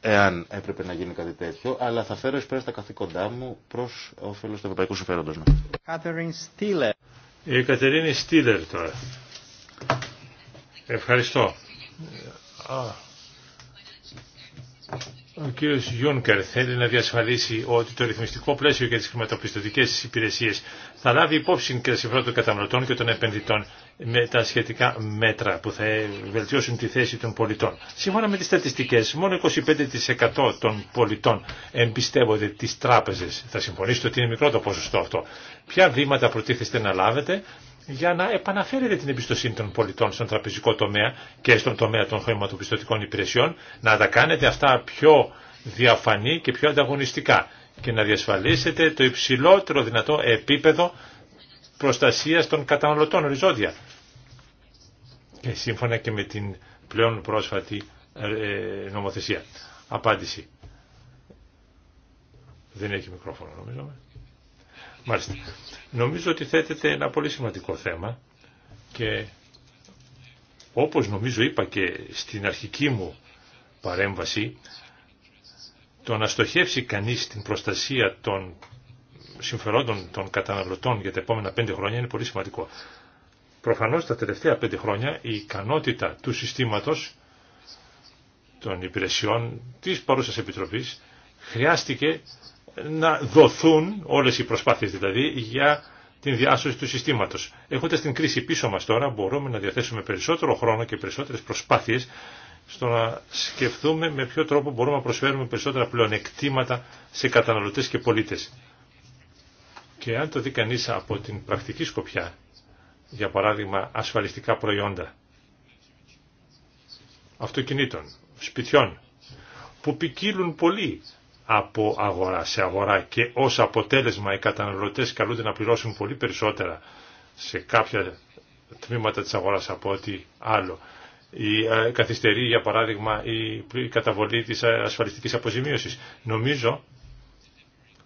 Speaker 1: εάν έπρεπε να γίνει κάτι τέτοιο, αλλά θα φέρω εις πέρα στα καθήκοντά μου προς όφελος του ευρωπαϊκού συμφέροντος μου.
Speaker 2: Η Κατερίνη Στίλερ τώρα. Ευχαριστώ. Ο κύριος Γιούνκερ θέλει να διασφαλίσει ότι το ρυθμιστικό πλαίσιο για τις χρηματοπιστωτικές υπηρεσίες θα λάβει υπόψη και τα συμφέροντα των καταναλωτών και των επενδυτών με τα σχετικά μέτρα που θα βελτιώσουν τη θέση των πολιτών. Σύμφωνα με τις στατιστικές, μόνο 25% των πολιτών εμπιστεύονται τις τράπεζες. Θα συμφωνήσετε ότι είναι μικρό το ποσοστό αυτό. Ποια βήματα προτίθεστε να λάβετε για να επαναφέρετε την εμπιστοσύνη των πολιτών στον τραπεζικό τομέα και στον τομέα των χρηματοπιστωτικών υπηρεσιών, να τα κάνετε αυτά πιο διαφανή και πιο ανταγωνιστικά και να διασφαλίσετε το υψηλότερο δυνατό επίπεδο προστασίας των καταναλωτών οριζόντια. Και σύμφωνα και με την πλέον πρόσφατη ε, νομοθεσία. Απάντηση. Δεν έχει μικρόφωνο νομίζω. Μάλιστα. Νομίζω ότι θέτεται ένα πολύ σημαντικό θέμα και όπως νομίζω είπα και στην αρχική μου παρέμβαση, το να στοχεύσει κανείς την προστασία των συμφερόντων των καταναλωτών για τα επόμενα πέντε χρόνια είναι πολύ σημαντικό. Προφανώς τα τελευταία πέντε χρόνια η ικανότητα του συστήματος των υπηρεσιών της παρούσας επιτροπής χρειάστηκε να δοθούν όλες οι προσπάθειες δηλαδή για την διάσωση του συστήματος. Έχοντας την κρίση πίσω μας τώρα μπορούμε να διαθέσουμε περισσότερο χρόνο και περισσότερες προσπάθειες στο να σκεφτούμε με ποιο τρόπο μπορούμε να προσφέρουμε περισσότερα πλεονεκτήματα σε καταναλωτές και πολίτες. Και αν το δει κανεί από την πρακτική σκοπιά, για παράδειγμα ασφαλιστικά προϊόντα, αυτοκινήτων, σπιτιών, που ποικίλουν πολύ από αγορά σε αγορά και ως αποτέλεσμα οι καταναλωτές καλούνται να πληρώσουν πολύ περισσότερα σε κάποια τμήματα της αγοράς από ό,τι άλλο. Η ε, καθυστερή για παράδειγμα η καταβολή της ε, ασφαλιστικής αποζημίωσης. Νομίζω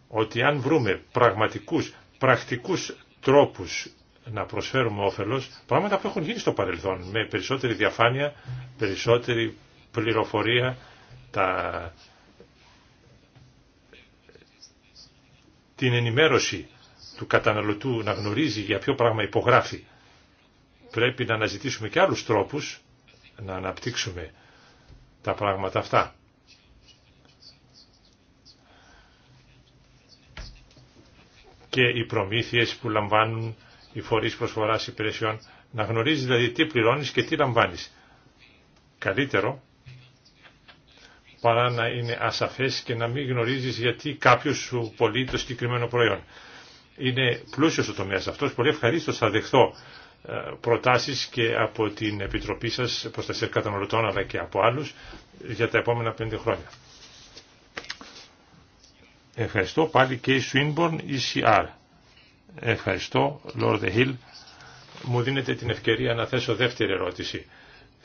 Speaker 2: ότι αν βρούμε πραγματικούς, πρακτικούς τρόπους να προσφέρουμε όφελος, πράγματα που έχουν γίνει στο παρελθόν, με περισσότερη διαφάνεια, περισσότερη πληροφορία, τα την ενημέρωση του καταναλωτού να γνωρίζει για ποιο πράγμα υπογράφει. Πρέπει να αναζητήσουμε και άλλους τρόπους να αναπτύξουμε τα πράγματα αυτά. Και οι προμήθειες που λαμβάνουν οι φορείς προσφοράς υπηρεσιών, να γνωρίζει δηλαδή τι πληρώνεις και τι λαμβάνεις. Καλύτερο παρά να είναι ασαφές και να μην γνωρίζεις γιατί κάποιος σου πωλεί το συγκεκριμένο προϊόν. Είναι πλούσιος ο τομέας αυτός, πολύ ευχαριστώ θα δεχθώ ε, προτάσεις και από την Επιτροπή σας Προστασία Καταναλωτών αλλά και από άλλους για τα επόμενα πέντε χρόνια. Ευχαριστώ πάλι και η Σουίνμπορν ECR. Ευχαριστώ, Lord Hill. Μου δίνετε την ευκαιρία να θέσω δεύτερη ερώτηση.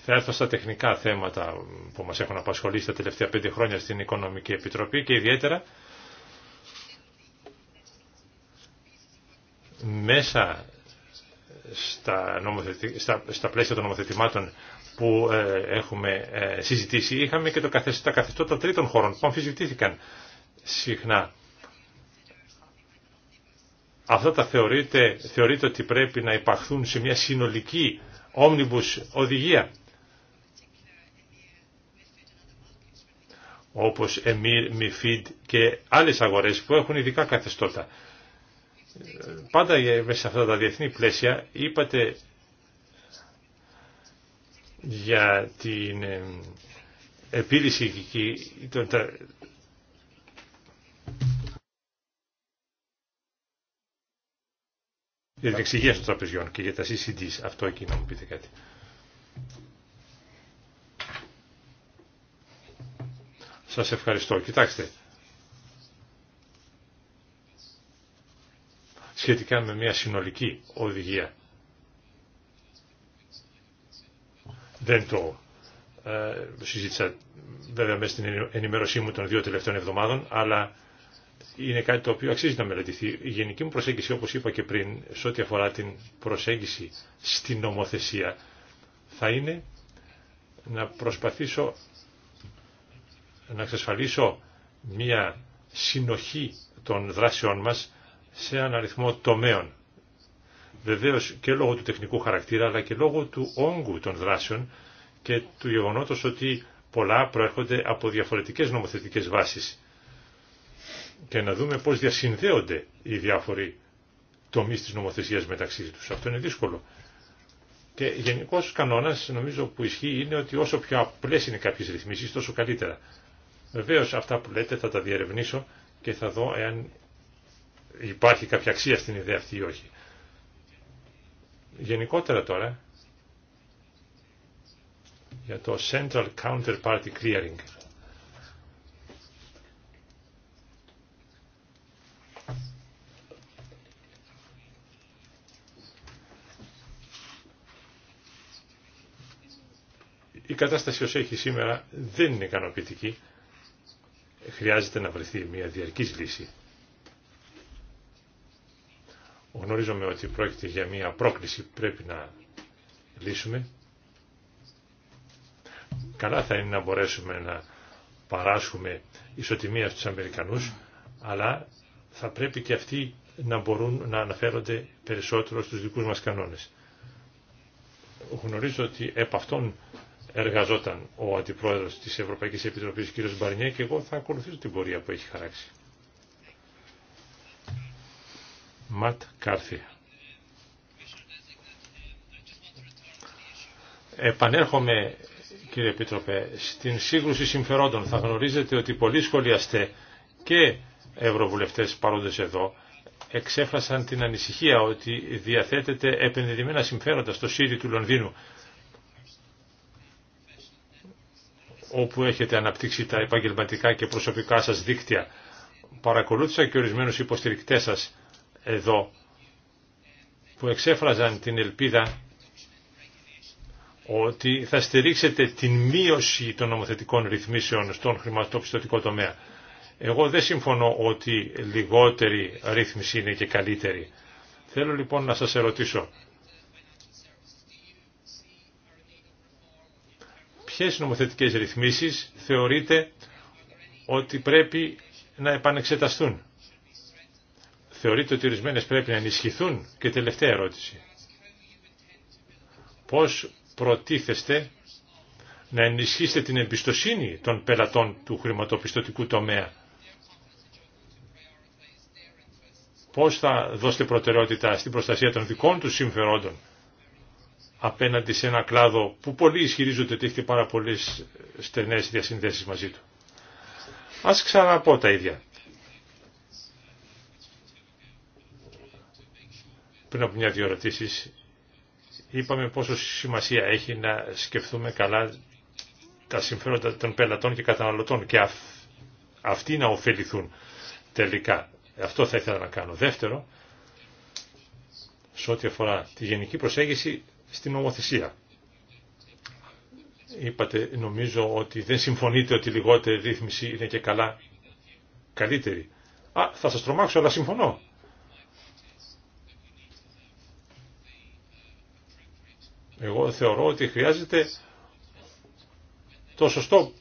Speaker 2: Θα έρθω στα τεχνικά θέματα που μας έχουν απασχολήσει τα τελευταία πέντε χρόνια στην Οικονομική Επιτροπή και ιδιαίτερα μέσα στα, νομοθετη... στα... στα πλαίσια των νομοθετημάτων που ε, έχουμε ε, συζητήσει είχαμε και το τα καθεστώτα τρίτων χωρών που αμφισβητήθηκαν συχνά. Αυτά τα θεωρείτε, θεωρείτε ότι πρέπει να υπαχθούν σε μια συνολική όμνιμπους οδηγία. όπως Εμίρ, Μιφίντ και άλλες αγορές που έχουν ειδικά καθεστώτα. Πάντα μέσα σε αυτά τα διεθνή πλαίσια είπατε για την ε, επίλυση για την εξηγία των τραπεζιών και για τα CCDs. Αυτό εκεί να μου πείτε κάτι. Σας ευχαριστώ. Κοιτάξτε. Σχετικά με μια συνολική οδηγία. Δεν το ε, συζήτησα βέβαια μέσα στην ενημέρωσή μου των δύο τελευταίων εβδομάδων, αλλά είναι κάτι το οποίο αξίζει να μελετηθεί. Η γενική μου προσέγγιση, όπως είπα και πριν, σε ό,τι αφορά την προσέγγιση στην νομοθεσία, θα είναι να προσπαθήσω να εξασφαλίσω μια συνοχή των δράσεών μας σε έναν αριθμό τομέων. Βεβαίως και λόγω του τεχνικού χαρακτήρα αλλά και λόγω του όγκου των δράσεων και του γεγονότος ότι πολλά προέρχονται από διαφορετικές νομοθετικές βάσεις και να δούμε πώς διασυνδέονται οι διάφοροι τομείς της νομοθεσίας μεταξύ τους. Αυτό είναι δύσκολο. Και γενικός κανόνας νομίζω που ισχύει, είναι ότι όσο πιο απλές είναι κάποιες ρυθμίσεις τόσο καλύτερα. Βεβαίως αυτά που λέτε θα τα διερευνήσω και θα δω εάν υπάρχει κάποια αξία στην ιδέα αυτή ή όχι. Γενικότερα τώρα για το Central Counterparty Clearing. Η κατάσταση όσο έχει σήμερα δεν είναι ικανοποιητική χρειάζεται να βρεθεί μια διαρκής λύση. Γνωρίζομαι ότι πρόκειται για μια πρόκληση που πρέπει να λύσουμε. Καλά θα είναι να μπορέσουμε να παράσχουμε ισοτιμία στους Αμερικανούς, αλλά θα πρέπει και αυτοί να μπορούν να αναφέρονται περισσότερο στους δικούς μας κανόνες. Γνωρίζω ότι επ' αυτών εργαζόταν ο Αντιπρόεδρος της Ευρωπαϊκής Επιτροπής κ. Μπαρνιέ και εγώ θα ακολουθήσω την πορεία που έχει χαράξει. Ματ Κάρθι. Επανέρχομαι κύριε Επίτροπε στην σύγκρουση συμφερόντων. Θα γνωρίζετε ότι πολλοί σχολιαστέ και ευρωβουλευτές παρόντες εδώ εξέφρασαν την ανησυχία ότι διαθέτεται επενδυμένα συμφέροντα στο ΣΥΡΙ του Λονδίνου όπου έχετε αναπτύξει τα επαγγελματικά και προσωπικά σας δίκτυα. Παρακολούθησα και ορισμένους υποστηρικτές σας εδώ που εξέφραζαν την ελπίδα ότι θα στηρίξετε την μείωση των νομοθετικών ρυθμίσεων στον χρηματοπιστωτικό τομέα. Εγώ δεν συμφωνώ ότι λιγότερη ρύθμιση είναι και καλύτερη. Θέλω λοιπόν να σας ερωτήσω, ποιες νομοθετικές ρυθμίσεις θεωρείτε ότι πρέπει να επανεξεταστούν. Θεωρείτε ότι ορισμένε πρέπει να ενισχυθούν. Και τελευταία ερώτηση. Πώς προτίθεστε να ενισχύσετε την εμπιστοσύνη των πελατών του χρηματοπιστωτικού τομέα. Πώς θα δώσετε προτεραιότητα στην προστασία των δικών τους συμφερόντων απέναντι σε ένα κλάδο που πολλοί ισχυρίζονται ότι έχει πάρα πολλέ στενέ διασυνδέσει μαζί του. Α ξαναπώ τα ίδια. Πριν από μια-δυο ερωτήσει, είπαμε πόσο σημασία έχει να σκεφτούμε καλά τα συμφέροντα των πελατών και καταναλωτών και αυτοί να ωφεληθούν τελικά. Αυτό θα ήθελα να κάνω. Δεύτερο, σε ό,τι αφορά τη γενική προσέγγιση, στην νομοθεσία. Είπατε, νομίζω ότι δεν συμφωνείτε ότι λιγότερη ρύθμιση είναι και καλά καλύτερη. Α, θα σας τρομάξω, αλλά συμφωνώ. Εγώ θεωρώ ότι χρειάζεται το σωστό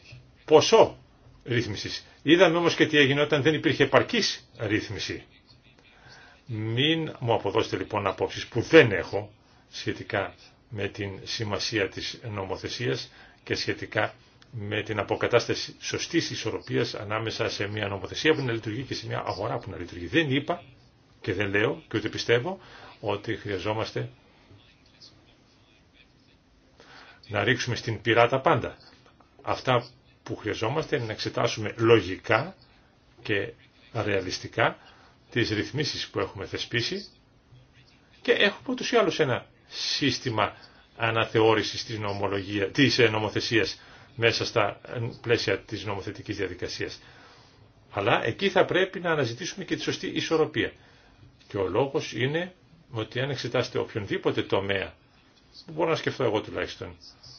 Speaker 2: ποσό ρύθμισης. Είδαμε όμως και τι έγινε όταν δεν υπήρχε επαρκής ρύθμιση. Μην μου αποδώσετε λοιπόν απόψεις που δεν έχω σχετικά με την σημασία της νομοθεσίας και σχετικά με την αποκατάσταση σωστής ισορροπίας ανάμεσα σε μια νομοθεσία που να λειτουργεί και σε μια αγορά που να λειτουργεί. Δεν είπα και δεν λέω και ούτε πιστεύω ότι χρειαζόμαστε να ρίξουμε στην πυρά τα πάντα. Αυτά που χρειαζόμαστε είναι να εξετάσουμε λογικά και ρεαλιστικά τις ρυθμίσεις που έχουμε θεσπίσει και έχουμε ούτως ή άλλως ένα σύστημα αναθεώρησης της, νομολογίας, της ε, νομοθεσίας μέσα στα ε, πλαίσια της νομοθετικής διαδικασίας. Αλλά εκεί θα πρέπει να αναζητήσουμε και τη σωστή ισορροπία. Και ο λόγος είναι ότι αν εξετάσετε οποιονδήποτε τομέα, που μπορώ να σκεφτώ εγώ τουλάχιστον,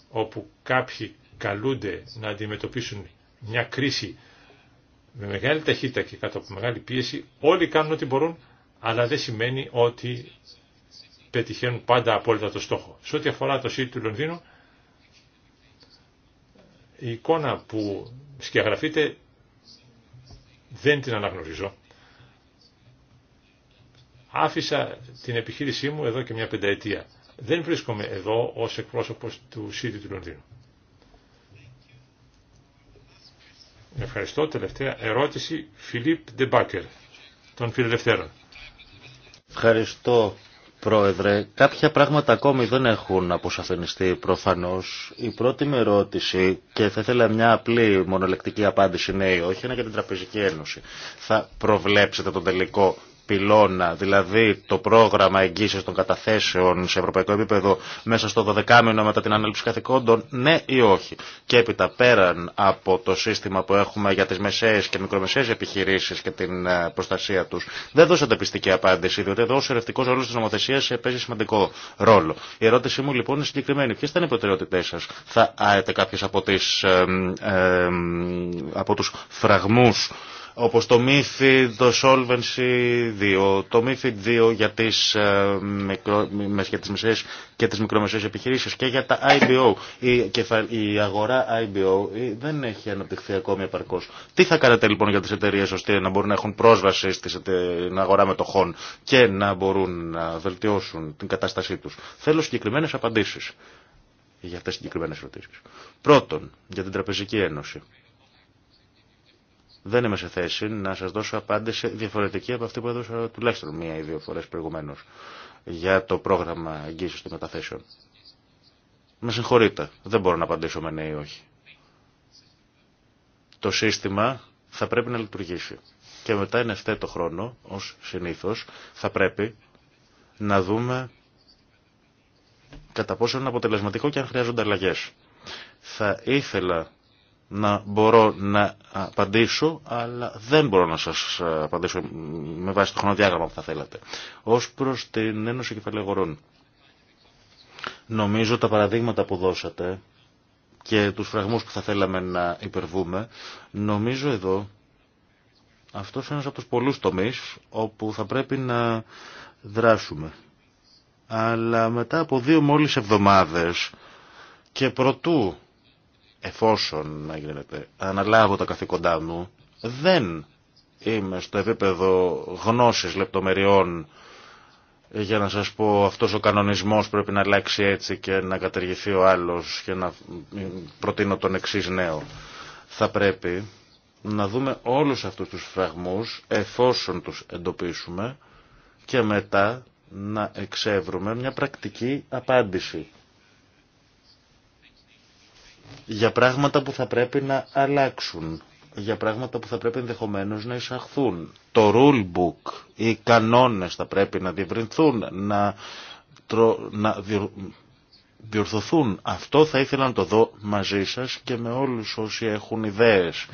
Speaker 2: όπου κάποιοι καλούνται να αντιμετωπίσουν μια κρίση με μεγάλη ταχύτητα και κάτω από μεγάλη πίεση, όλοι κάνουν ό,τι μπορούν, αλλά δεν σημαίνει ότι πετυχαίνουν πάντα απόλυτα το στόχο. Σε ό,τι αφορά το ΣΥΤ του Λονδίνου, η εικόνα που σκιαγραφείτε δεν την αναγνωρίζω. Άφησα την επιχείρησή μου εδώ και μια πενταετία. Δεν βρίσκομαι εδώ ως εκπρόσωπος του ΣΥΤ του Λονδίνου. Ευχαριστώ. Τελευταία ερώτηση. Φιλίπ Ντεμπάκερ των Φιλελευθέρων.
Speaker 1: Ευχαριστώ Πρόεδρε, κάποια πράγματα ακόμη δεν έχουν αποσαφενιστεί προφανώς. Η πρώτη με ερώτηση, και θα ήθελα μια απλή μονολεκτική απάντηση ναι όχι, είναι για την Τραπεζική Ένωση. Θα προβλέψετε τον τελικό πυλώνα, δηλαδή το πρόγραμμα εγγύηση των καταθέσεων σε ευρωπαϊκό επίπεδο μέσα στο 12 μήνο μετά την ανάληψη καθηκόντων, ναι ή όχι. Και έπειτα πέραν από το σύστημα που έχουμε για τι μεσαίε και μικρομεσαίε επιχειρήσει και την ε, προστασία του, δεν δώσατε πιστική απάντηση, διότι εδώ ο σωρευτικό ρόλο τη νομοθεσία παίζει σημαντικό ρόλο. Η ερώτησή μου λοιπόν είναι συγκεκριμένη. Ποιε είναι οι προτεραιότητέ σα, θα άετε κάποιε από, ε, ε, ε, από του φραγμού όπως το MIFID, το Solvency 2, το MIFID 2 για τις, ε, μικρο, για και τις μικρομεσαίες επιχειρήσεις και για τα IBO. Η, η αγορά IBO ε, δεν έχει αναπτυχθεί ακόμη επαρκώς. Τι θα κάνετε λοιπόν για τις εταιρείες ώστε να μπορούν να έχουν πρόσβαση στην αγορά μετοχών και να μπορούν να βελτιώσουν την κατάστασή τους. Θέλω συγκεκριμένες απαντήσεις για αυτές τις συγκεκριμένες ερωτήσεις. Πρώτον, για την Τραπεζική Ένωση δεν είμαι σε θέση να σας δώσω απάντηση διαφορετική από αυτή που έδωσα τουλάχιστον μία ή δύο φορές προηγουμένως για το πρόγραμμα εγγύησης των μεταθέσεων. Με συγχωρείτε, δεν μπορώ να απαντήσω με ναι ή όχι. Το σύστημα θα πρέπει να λειτουργήσει και μετά είναι το χρόνο, ως συνήθως, θα πρέπει να δούμε κατά πόσο είναι αποτελεσματικό και αν χρειάζονται αλλαγέ. Θα ήθελα να μπορώ να απαντήσω, αλλά δεν μπορώ να σας απαντήσω με βάση το χρονοδιάγραμμα που θα θέλατε. Ως προς την Ένωση Κεφαλαίου Νομίζω τα παραδείγματα που δώσατε και τους φραγμούς που θα θέλαμε να υπερβούμε, νομίζω εδώ αυτός είναι ένας από τους πολλούς τομείς όπου θα πρέπει να δράσουμε. Αλλά μετά από δύο μόλις εβδομάδες και προτού εφόσον να γίνεται, αναλάβω τα καθήκοντά μου, δεν είμαι στο επίπεδο γνώσης λεπτομεριών για να σας πω αυτός ο κανονισμός πρέπει να αλλάξει έτσι και να κατεργηθεί ο άλλος και να προτείνω τον εξή νέο. Θα πρέπει να δούμε όλους αυτούς τους φραγμούς εφόσον τους εντοπίσουμε και μετά να εξεύρουμε μια πρακτική απάντηση για πράγματα που θα πρέπει να αλλάξουν, για πράγματα που θα πρέπει ενδεχομένω να εισαχθούν. Το rule book, οι κανόνες θα πρέπει να διευρυνθούν, να, να διορθωθούν. Αυτό θα ήθελα να το δω μαζί σας και με όλους όσοι έχουν ιδέες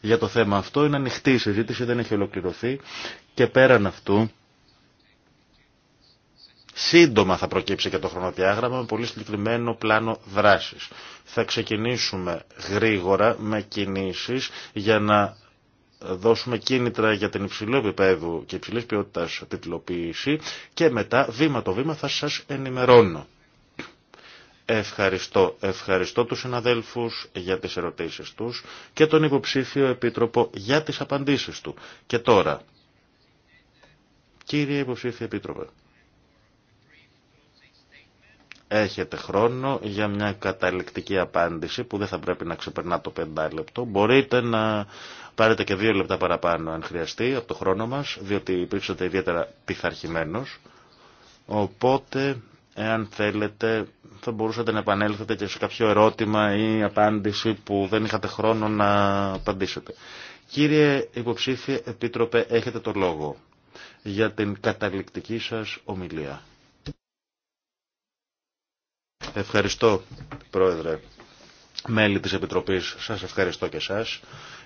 Speaker 1: για το θέμα αυτό. Είναι ανοιχτή η συζήτηση, δεν έχει ολοκληρωθεί και πέραν αυτού Σύντομα θα προκύψει και το χρονοδιάγραμμα με πολύ συγκεκριμένο πλάνο δράσης. Θα ξεκινήσουμε γρήγορα με κινήσεις για να δώσουμε κίνητρα για την υψηλό επίπεδο και υψηλής ποιότητας τιτλοποίηση και μετά βήμα το βήμα θα σας ενημερώνω. Ευχαριστώ. Ευχαριστώ τους συναδέλφους για τις ερωτήσεις τους και τον υποψήφιο επίτροπο για τις απαντήσεις του. Και τώρα, κύριε υποψήφιο επίτροπε. Έχετε χρόνο για μια καταληκτική απάντηση που δεν θα πρέπει να ξεπερνά το πεντάλεπτο. Μπορείτε να πάρετε και δύο λεπτά παραπάνω αν χρειαστεί από το χρόνο μας, διότι υπήρξατε ιδιαίτερα πειθαρχημένος. Οπότε, εάν θέλετε, θα μπορούσατε να επανέλθετε και σε κάποιο ερώτημα ή απάντηση που δεν είχατε χρόνο να απαντήσετε. Κύριε υποψήφιε Επίτροπε, έχετε το λόγο για την καταληκτική σας ομιλία. Ευχαριστώ, Πρόεδρε, μέλη της Επιτροπής. Σας ευχαριστώ και εσάς.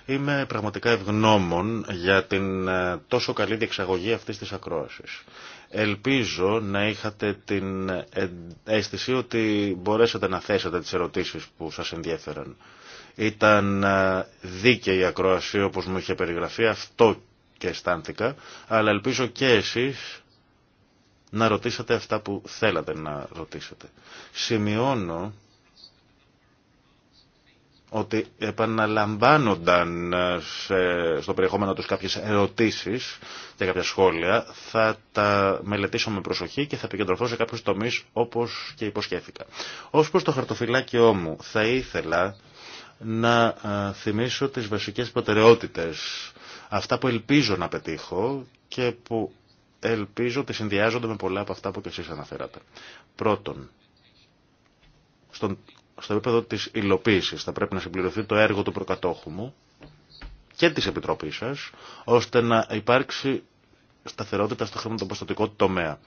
Speaker 1: Είμαι πραγματικά ευγνώμων για την ε, τόσο καλή διεξαγωγή αυτής της ακρόασης. Ελπίζω να είχατε την ε, αίσθηση ότι μπορέσατε να θέσετε τις ερωτήσεις που σας ενδιέφεραν. Ήταν ε, δίκαιη η ακρόαση όπως μου είχε περιγραφεί, αυτό και αισθάνθηκα, αλλά ελπίζω και εσείς να ρωτήσετε αυτά που θέλατε να ρωτήσετε. Σημειώνω ότι επαναλαμβάνονταν ε, στο περιεχόμενο τους κάποιες ερωτήσεις και κάποια σχόλια, θα τα μελετήσω με προσοχή και θα επικεντρωθώ σε κάποιους τομείς όπως και υποσχέθηκα. Ως προς το χαρτοφυλάκιό μου, θα ήθελα να ε, θυμίσω τις βασικές προτεραιότητες, αυτά που ελπίζω να πετύχω και που ελπίζω ότι συνδυάζονται με πολλά από αυτά που και εσείς αναφέρατε. Πρώτον, στον, στο επίπεδο της υλοποίησης θα πρέπει να συμπληρωθεί το έργο του προκατόχου μου και της Επιτροπής σας, ώστε να υπάρξει σταθερότητα στο χρηματοποστατικό τομέα.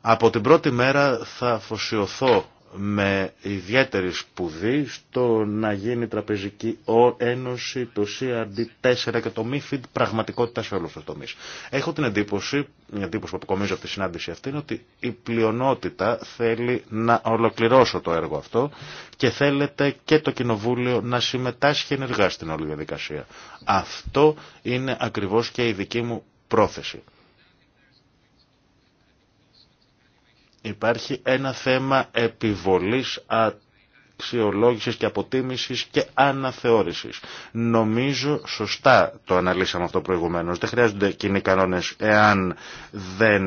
Speaker 1: Από την πρώτη μέρα θα αφοσιωθώ με ιδιαίτερη σπουδή στο να γίνει η Τραπεζική Ένωση, το CRD4 και το MIFID πραγματικότητα σε όλους τους τομείς. Έχω την εντύπωση, μια εντύπωση που αποκομίζω από τη συνάντηση αυτή, είναι ότι η πλειονότητα θέλει να ολοκληρώσω το έργο αυτό και θέλετε και το Κοινοβούλιο να συμμετάσχει ενεργά στην όλη διαδικασία. Αυτό είναι ακριβώς και η δική μου πρόθεση. Υπάρχει ένα θέμα επιβολής αξιολόγησης και αποτίμησης και αναθεώρησης. Νομίζω σωστά το αναλύσαμε αυτό προηγουμένως. Δεν χρειάζονται κοινοί κανόνες εάν δεν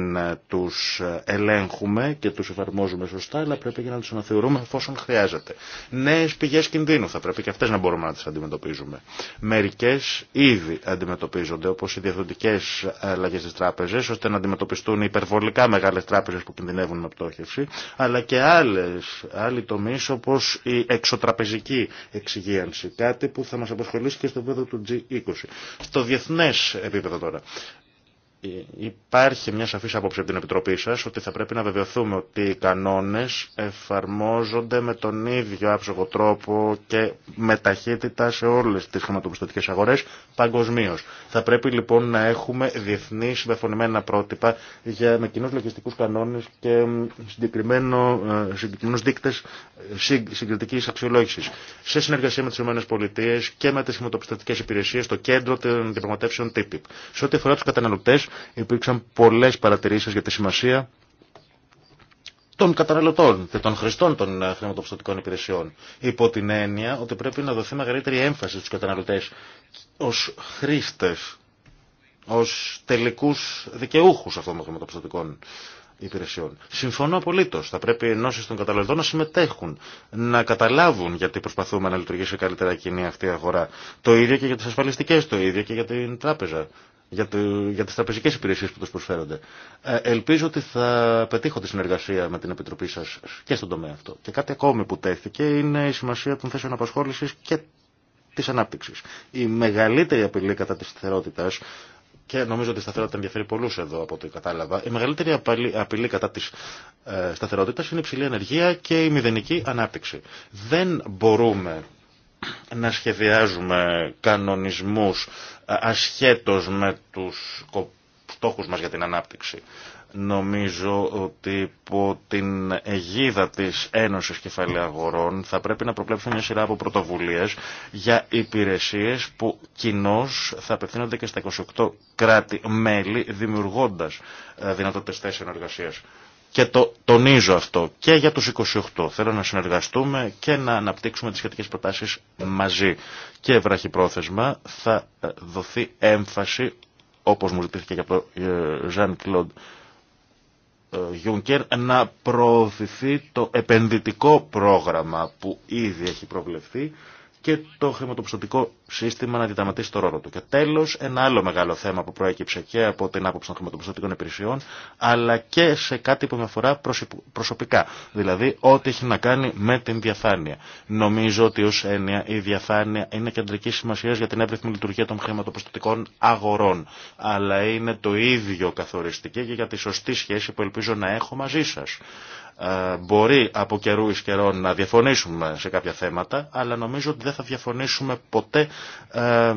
Speaker 1: τους ελέγχουμε και τους εφαρμόζουμε σωστά, αλλά πρέπει και να τους αναθεωρούμε εφόσον χρειάζεται. Νέες πηγές κινδύνου θα πρέπει και αυτές να μπορούμε να τις αντιμετωπίζουμε. Μερικές ήδη αντιμετωπίζονται, όπως οι διευθυντικές αλλαγές της τράπεζας, ώστε να αντιμετωπιστούν οι υπερβολικά μεγάλες τράπεζες που κινδυνεύουν με πτώχευση, αλλά και άλλες, άλλοι τομείς όπως η εξωτραπεζική εξυγίανση. Κάτι που θα μας απασχολήσει και στο επίπεδο του G20. Στο διεθνέ επίπεδο τώρα. Ε, υπάρχει μια σαφής άποψη από την Επιτροπή σας ότι θα πρέπει να βεβαιωθούμε ότι οι κανόνες εφαρμόζονται με τον ίδιο άψογο τρόπο και με ταχύτητα σε όλες τις χρηματοπιστωτικές αγορές παγκοσμίω. Θα πρέπει λοιπόν να έχουμε διεθνή συμπεφωνημένα πρότυπα για, με κοινού λογιστικούς κανόνες και συγκεκριμένο, ε, συγκεκριμένους δείκτες ε, συγκριτικής αξιολόγησης. Σε συνεργασία με τις ΗΠΑ και με τις χρηματοπιστωτικές υπηρεσίες το κέντρο των διαπραγματεύσεων TPIP. Σε ό,τι αφορά τους Υπήρξαν πολλές παρατηρήσεις για τη σημασία των καταναλωτών και των χρηστών των ε, χρηματοπιστωτικών υπηρεσιών. Υπό την έννοια ότι πρέπει να δοθεί μεγαλύτερη έμφαση στους καταναλωτές ως χρήστες, ως τελικούς δικαιούχους αυτών των χρηματοπιστωτικών υπηρεσιών. Συμφωνώ απολύτω. Θα πρέπει οι ενώσει των καταναλωτών να συμμετέχουν, να καταλάβουν γιατί προσπαθούμε να λειτουργήσει καλύτερα κοινή αυτή η αγορά. Το ίδιο και για τι ασφαλιστικέ, το ίδιο και για την τράπεζα για, το, για τις τραπεζικές υπηρεσίες που τους προσφέρονται. Ε, ελπίζω ότι θα πετύχω τη συνεργασία με την Επιτροπή σας και στον τομέα αυτό. Και κάτι ακόμη που τέθηκε είναι η σημασία των θέσεων απασχόλησης και της ανάπτυξης. Η μεγαλύτερη απειλή κατά της σταθερότητας και νομίζω ότι η σταθερότητα ενδιαφέρει πολλού εδώ από ό,τι κατάλαβα. Η μεγαλύτερη απειλή κατά τη ε, σταθερότητα είναι η ψηλή ενεργεία και η μηδενική ανάπτυξη. Δεν μπορούμε να σχεδιάζουμε κανονισμούς ε, ασχέτως με τους στόχους μας για την ανάπτυξη. Νομίζω ότι υπό την αιγίδα της Ένωσης Κεφαλαίου Αγορών θα πρέπει να προβλέψουμε μια σειρά από πρωτοβουλίες για υπηρεσίες που κοινώς θα απευθύνονται και στα 28 κράτη-μέλη δημιουργώντας ε, δυνατότητες θέσεων εργασίας. Και το τονίζω αυτό και για τους 28. Θέλω να συνεργαστούμε και να αναπτύξουμε τις σχετικές προτάσεις μαζί. Και βραχυπρόθεσμα θα ε, δοθεί έμφαση, όπως μου ζητήθηκε και από τον Ζαν Κλοντ Γιούνκερ, να προωθηθεί το επενδυτικό πρόγραμμα που ήδη έχει προβλεφθεί και το χρηματοπιστωτικό σύστημα να διαταματήσει το ρόλο του. Και τέλο, ένα άλλο μεγάλο θέμα που προέκυψε και από την άποψη των χρηματοπιστωτικών υπηρεσιών, αλλά και σε κάτι που με αφορά προσωπικά. Δηλαδή, ό,τι έχει να κάνει με την διαφάνεια. Νομίζω ότι ω έννοια η διαφάνεια είναι κεντρική σημασία για την εύρυθμη λειτουργία των χρηματοπιστωτικών αγορών. Αλλά είναι το ίδιο καθοριστική και για τη σωστή σχέση που ελπίζω να έχω μαζί σα. Ε, μπορεί από καιρού εις καιρό να διαφωνήσουμε σε κάποια θέματα, αλλά νομίζω ότι δεν θα διαφωνήσουμε ποτέ ε,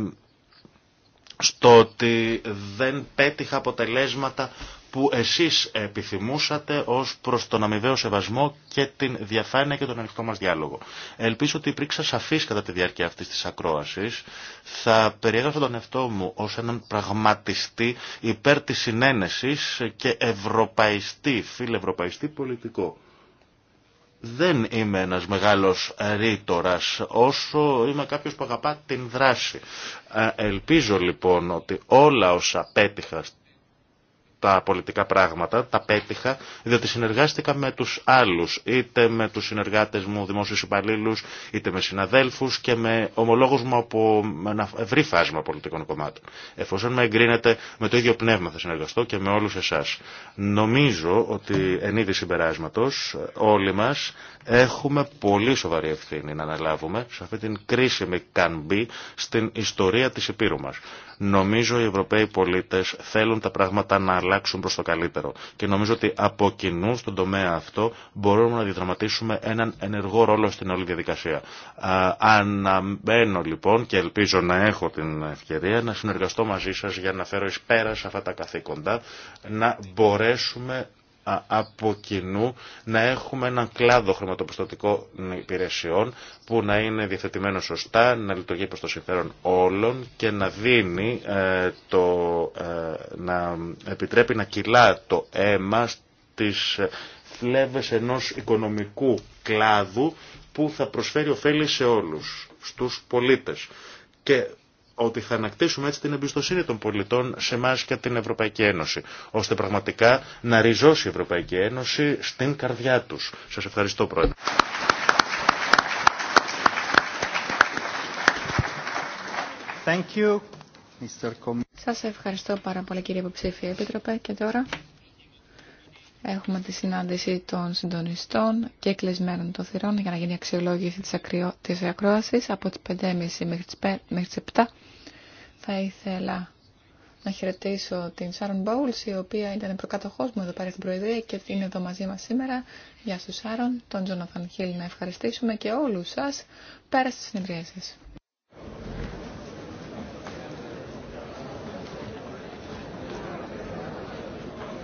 Speaker 1: στο ότι δεν πέτυχα αποτελέσματα που εσείς επιθυμούσατε ως προς τον αμοιβαίο σεβασμό και την διαφάνεια και τον ανοιχτό μας διάλογο. Ελπίζω ότι υπήρξα σαφής κατά τη διάρκεια αυτής της ακρόασης. Θα περιέγραψα τον εαυτό μου ως έναν πραγματιστή υπέρ της συνένεσης και ευρωπαϊστή, φιλευρωπαϊστή πολιτικό. Δεν είμαι ένας μεγάλος ρήτορας όσο είμαι κάποιος που αγαπά την δράση. Ε, ελπίζω λοιπόν ότι όλα όσα πέτυχα τα πολιτικά πράγματα, τα πέτυχα, διότι συνεργάστηκα με τους άλλους, είτε με τους συνεργάτες μου, δημόσιου υπαλλήλους, είτε με συναδέλφους και με ομολόγους μου από ένα ευρύ φάσμα πολιτικών κομμάτων. Εφόσον με εγκρίνετε, με το ίδιο πνεύμα θα συνεργαστώ και με όλους εσάς. Νομίζω ότι εν είδη συμπεράσματος όλοι μας έχουμε πολύ σοβαρή ευθύνη να αναλάβουμε σε αυτή την κρίσιμη καμπή στην ιστορία της Επίρου μας. Νομίζω οι Ευρωπαίοι πολίτες θέλουν τα πράγματα να αλλάξουν αλλάξουν προς το καλύτερο. Και νομίζω ότι από κοινού στον τομέα αυτό μπορούμε να διαδραματίσουμε έναν ενεργό ρόλο στην όλη διαδικασία. αναμένω λοιπόν και ελπίζω να έχω την ευκαιρία να συνεργαστώ μαζί σα για να φέρω ει πέρα σε αυτά τα καθήκοντα, να μπορέσουμε από κοινού να έχουμε έναν κλάδο χρηματοπιστωτικών υπηρεσιών που να είναι διαθετημένο σωστά, να λειτουργεί προς το συμφέρον όλων και να δίνει ε, το, ε, να επιτρέπει να κυλά το αίμα στις φλέβες ενός οικονομικού κλάδου που θα προσφέρει ωφέλη σε όλους, στους πολίτες. Και ότι θα ανακτήσουμε έτσι την εμπιστοσύνη των πολιτών σε εμά και την Ευρωπαϊκή Ένωση, ώστε πραγματικά να ριζώσει η Ευρωπαϊκή Ένωση στην καρδιά τους. Σας ευχαριστώ Πρόεδρε.
Speaker 3: Σα ευχαριστώ πάρα πολύ κύριε υποψήφια επίτροπε και τώρα Έχουμε τη συνάντηση των συντονιστών και κλεισμένων των θυρών για να γίνει αξιολόγηση της, ακριο... της ακρόασης από τις 5.30 μέχρι τις 7. Θα ήθελα να χαιρετήσω την Σάρον Μπόουλς, η οποία ήταν προκατοχός μου εδώ πέρα στην Προεδρία και είναι εδώ μαζί μας σήμερα. Γεια σου Σάρον, τον Τζόναθαν Χίλ να ευχαριστήσουμε και όλους σας πέρα στις συνεδρίες σας.